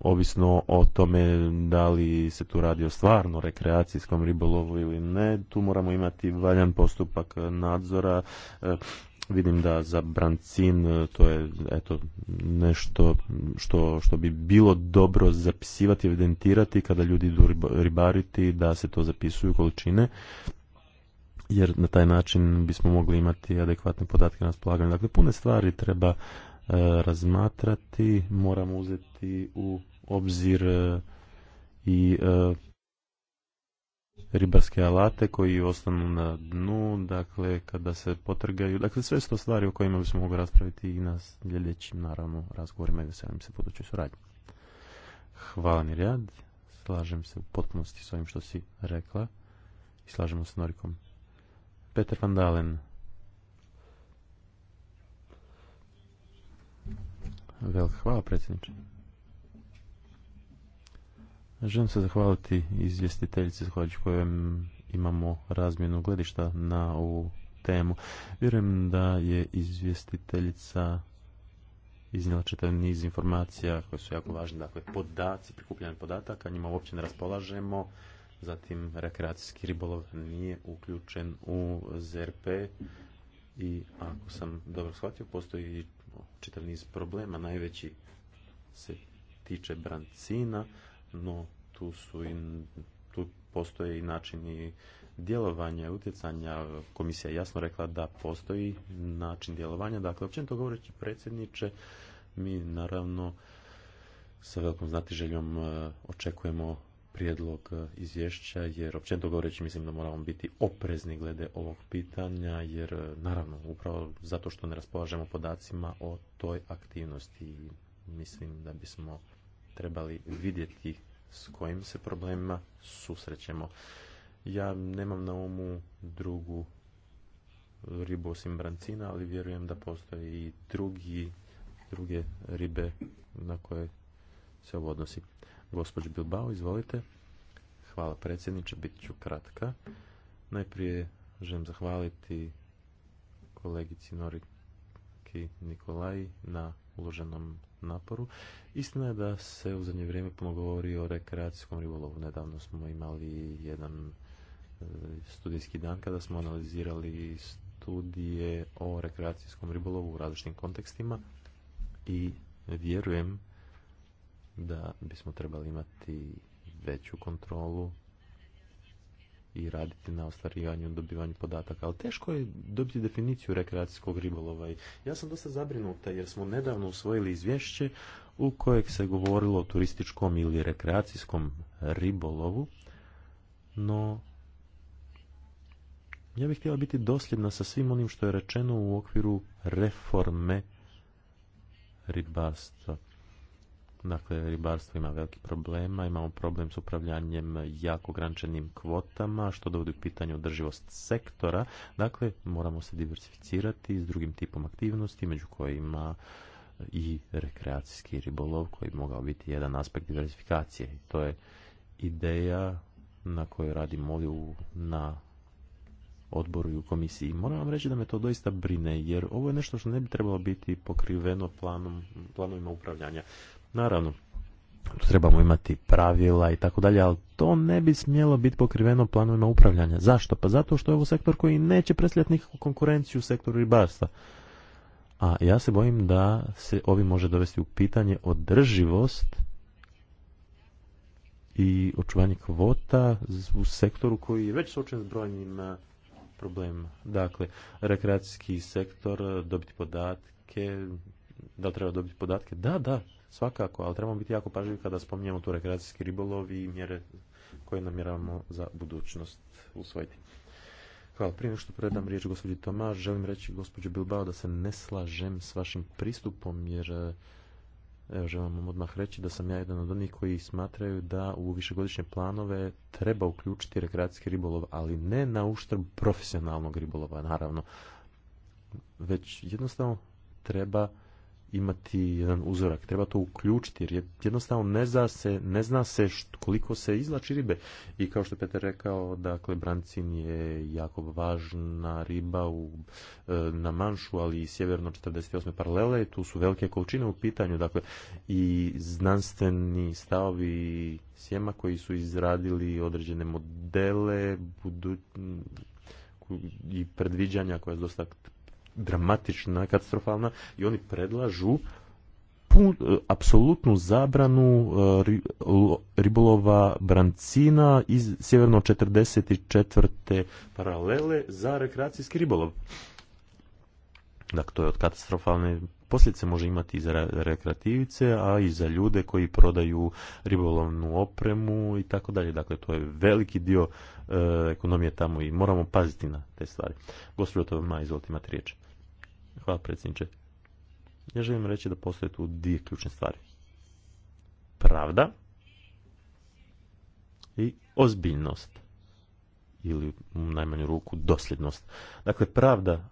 Speaker 1: ovisno o tome da li se tu radi o stvarno rekreacijskom ribolovu ili ne. Tu moramo imati valjan postupak nadzora. E, vidim da za brancin e, to je eto, nešto što, što bi bilo dobro zapisivati, evidentirati kada ljudi idu ribariti, da se to zapisuju količine jer na taj način bismo mogli imati adekvatne podatke na raspolaganju. Dakle, pune stvari treba E, razmatrati, moramo uzeti u obzir e, i e, ribarske alate koji ostanu na dnu, dakle kada se potrgaju, dakle sve su to stvari o kojima bismo mogli raspraviti i nas sljedećim naravno razgovorima i veselim se budućoj suradnji. Hvala rad. slažem se u potpunosti s ovim što si rekla i slažemo s Norikom. Peter van Dalen. Velika hvala predsjedniče. Želim se zahvaliti izvjestiteljici zahvaljujući kojem imamo razmjenu gledišta na ovu temu. Vjerujem da je izvjestiteljica iznijela čitav niz informacija koje su jako važne, dakle podaci, prikupljanje podataka, njima uopće ne raspolažemo, zatim rekreacijski ribolov nije uključen u ZRP i ako sam dobro shvatio, postoji čitav niz problema. Najveći se tiče brancina, no tu su i tu postoje i načini djelovanja, utjecanja. Komisija je jasno rekla da postoji način djelovanja. Dakle, to govoreći predsjedniče, mi naravno sa velikom znatiželjom eh, očekujemo prijedlog e, izvješća, jer općenito govoreći mislim da moramo biti oprezni glede ovog pitanja, jer e, naravno upravo zato što ne raspolažemo podacima o toj aktivnosti mislim da bismo trebali vidjeti s kojim se problemima susrećemo. Ja nemam na umu drugu ribu osim brancina, ali vjerujem da postoje i drugi, druge ribe na koje se ovo odnosi. Gospođo Bilbao, izvolite. Hvala predsjedniče, bit ću kratka. Najprije želim zahvaliti kolegici Noriki Nikolaj na uloženom naporu. Istina je da se u zadnje vrijeme puno govori o rekreacijskom ribolovu. Nedavno smo imali jedan e, studijski dan kada smo analizirali studije o rekreacijskom ribolovu u različitim kontekstima i vjerujem da bismo trebali imati veću kontrolu i raditi na ostvarivanju dobivanju podataka. Ali teško je dobiti definiciju rekreacijskog ribolova. Ja sam dosta zabrinuta jer smo nedavno usvojili izvješće u kojeg se govorilo o turističkom ili rekreacijskom ribolovu, no ja bih htjela biti dosljedna sa svim onim što je rečeno u okviru reforme ribarstva. Dakle, ribarstvo ima veliki problema, imamo problem s upravljanjem jako ograničenim kvotama, što dovodi u pitanje održivost sektora. Dakle, moramo se diversificirati s drugim tipom aktivnosti, među kojima i rekreacijski ribolov, koji bi mogao biti jedan aspekt diversifikacije. to je ideja na kojoj radimo ovdje u, na odboru i u komisiji. Moram vam reći da me to doista brine, jer ovo je nešto što ne bi trebalo biti pokriveno planom, planovima upravljanja. Naravno, trebamo imati pravila i tako dalje, ali to ne bi smjelo biti pokriveno planovima upravljanja. Zašto? Pa zato što je ovo sektor koji neće predstavljati nikakvu konkurenciju u sektoru ribarstva. A ja se bojim da se ovim može dovesti u pitanje održivost i očuvanje kvota u sektoru koji je već suočen s brojnim eh, problemima. Dakle, rekreacijski sektor, dobiti podatke, da treba dobiti podatke? Da, da, svakako, ali trebamo biti jako pažljivi kada spominjemo tu rekreacijski ribolov i mjere koje namjeravamo za budućnost usvojiti. Hvala. Prije što predam riječ gospođi Tomaš, želim reći gospođu Bilbao da se ne slažem s vašim pristupom jer eh, evo želim vam odmah reći da sam ja jedan od onih koji smatraju da u višegodišnje planove treba uključiti rekreacijski ribolov, ali ne na uštrb profesionalnog ribolova, naravno. Već jednostavno treba imati jedan uzorak, treba to uključiti jer jednostavno ne zna se, ne zna se koliko se izlači ribe. I kao što je Peter rekao, dakle, brancin je jako važna riba u, e, na manšu, ali i sjeverno 48. paralele, tu su velike količine u pitanju, dakle, i znanstveni stavovi sjema koji su izradili određene modele budu, i predviđanja koja su dosta dramatična, katastrofalna i oni predlažu e, apsolutnu zabranu e, ribolova brancina iz sjeverno 44. paralele za rekreacijski ribolov. Dakle, to je od katastrofalne posljedice može imati i za rekreativice, a i za ljude koji prodaju ribolovnu opremu i tako dalje. Dakle, to je veliki dio e, ekonomije tamo i moramo paziti na te stvari. Gospodin ma izvolite, imati riječ. Hvala predsjedniče. Ja želim reći da postoje tu dvije ključne stvari. Pravda i ozbiljnost. Ili u najmanju ruku dosljednost. Dakle, pravda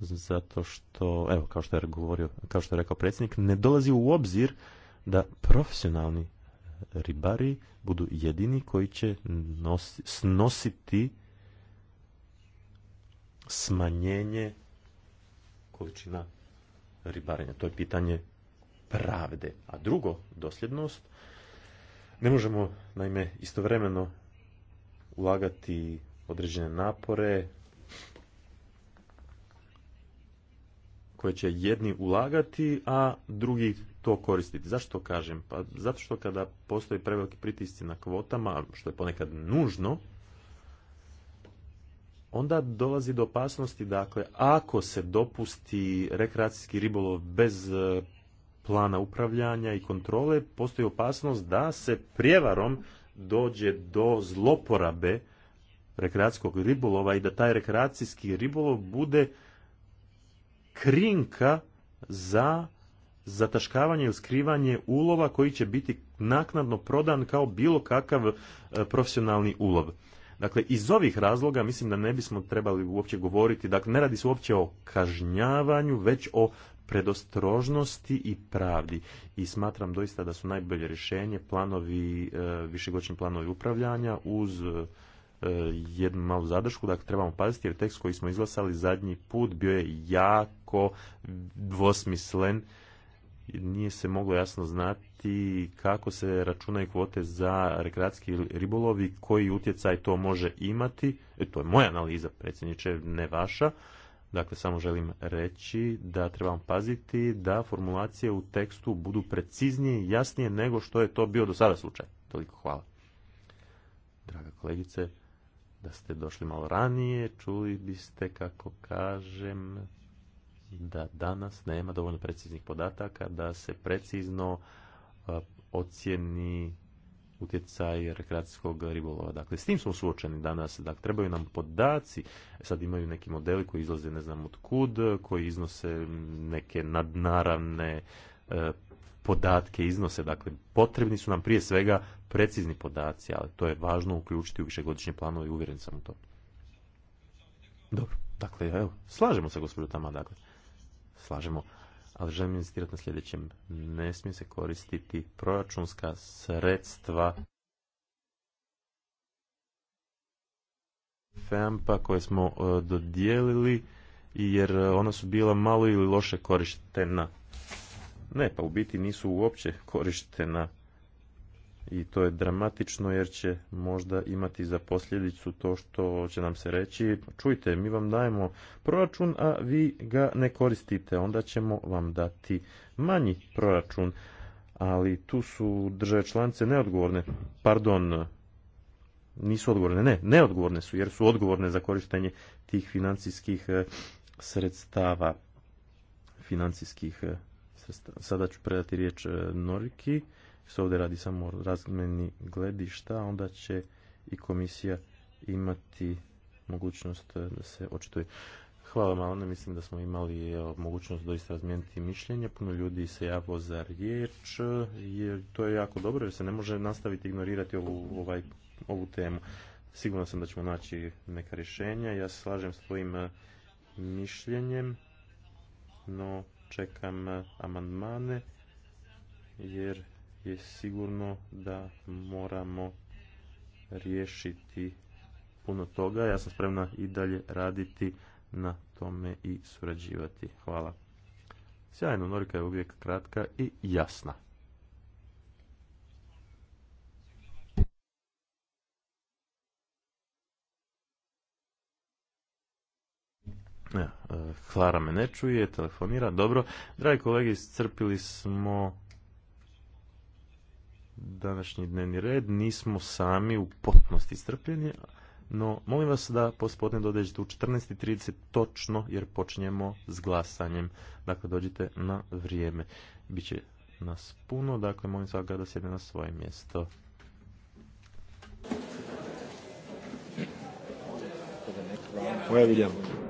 Speaker 1: zato što, evo, kao što je govorio, kao što je rekao predsjednik, ne dolazi u obzir da profesionalni ribari budu jedini koji će snositi smanjenje količina ribarenja. To je pitanje pravde. A drugo, dosljednost. Ne možemo, naime, istovremeno ulagati određene napore koje će jedni ulagati, a drugi to koristiti. Zašto kažem? Pa zato što kada postoji preveliki pritisci na kvotama, što je ponekad nužno, onda dolazi do opasnosti, dakle, ako se dopusti rekreacijski ribolov bez e, plana upravljanja i kontrole, postoji opasnost da se prijevarom dođe do zloporabe rekreacijskog ribolova i da taj rekreacijski ribolov bude krinka za zataškavanje ili skrivanje ulova koji će biti naknadno prodan kao bilo kakav e, profesionalni ulov. Dakle, iz ovih razloga mislim da ne bismo trebali uopće govoriti, dakle ne radi se uopće o kažnjavanju, već o predostrožnosti i pravdi. I smatram doista da su najbolje rješenje planovi, e, višegodišnji planovi upravljanja uz e, jednu malu zadršku, dakle trebamo paziti jer tekst koji smo izglasali zadnji put bio je jako dvosmislen, nije se moglo jasno znati i kako se računaju kvote za rekreacijski ribolovi, koji utjecaj to može imati. E, to je moja analiza, predsjedniče, ne vaša. Dakle, samo želim reći da trebam paziti da formulacije u tekstu budu preciznije i jasnije nego što je to bio do sada slučaj. Toliko hvala. Draga kolegice, da ste došli malo ranije, čuli biste kako kažem da danas nema dovoljno preciznih podataka, da se precizno ocjeni utjecaj rekreacijskog ribolova. Dakle, s tim smo suočeni danas. Dakle, trebaju nam podaci. E, sad imaju neki modeli koji izlaze ne znam od kud, koji iznose neke nadnaravne e, podatke, iznose. Dakle, potrebni su nam prije svega precizni podaci, ali to je važno uključiti u višegodišnje planove i uvjeren sam u to. Dobro, dakle, evo, slažemo se, gospođo Tama, dakle, slažemo ali želim insistirati na sljedećem. Ne smije se koristiti proračunska sredstva FEMPA koje smo e, dodijelili jer ona su bila malo ili loše korištena. Ne, pa u biti nisu uopće korištena i to je dramatično jer će možda imati za posljedicu to što će nam se reći čujte mi vam dajemo proračun a vi ga ne koristite onda ćemo vam dati manji proračun ali tu su države članice neodgovorne pardon nisu odgovorne ne neodgovorne su jer su odgovorne za korištenje tih financijskih eh, sredstava financijskih eh, sredstava. sada ću predati riječ eh, Noriki se ovdje radi samo o razmeni gledišta, onda će i komisija imati mogućnost da se očituje. Hvala ne mislim da smo imali mogućnost doista razmijeniti mišljenje. Puno ljudi se javilo za riječ, jer to je jako dobro jer se ne može nastaviti ignorirati ovu, ovaj, ovu temu. Sigurno sam da ćemo naći neka rješenja. Ja se slažem s tvojim eh, mišljenjem, no čekam eh, amandmane jer je sigurno da moramo riješiti puno toga. Ja sam spremna i dalje raditi na tome i surađivati. Hvala. Sjajno, Norika je uvijek kratka i jasna. Hlara e, Klara me ne čuje, telefonira. Dobro, dragi kolegi, iscrpili smo današnji dnevni red. Nismo sami u potpunosti strpljeni, no molim vas da pospodne dođete u 14.30 točno jer počinjemo s glasanjem. Dakle, dođite na vrijeme. Biće nas puno, dakle molim svakoga da sjede na svoje mjesto. Moja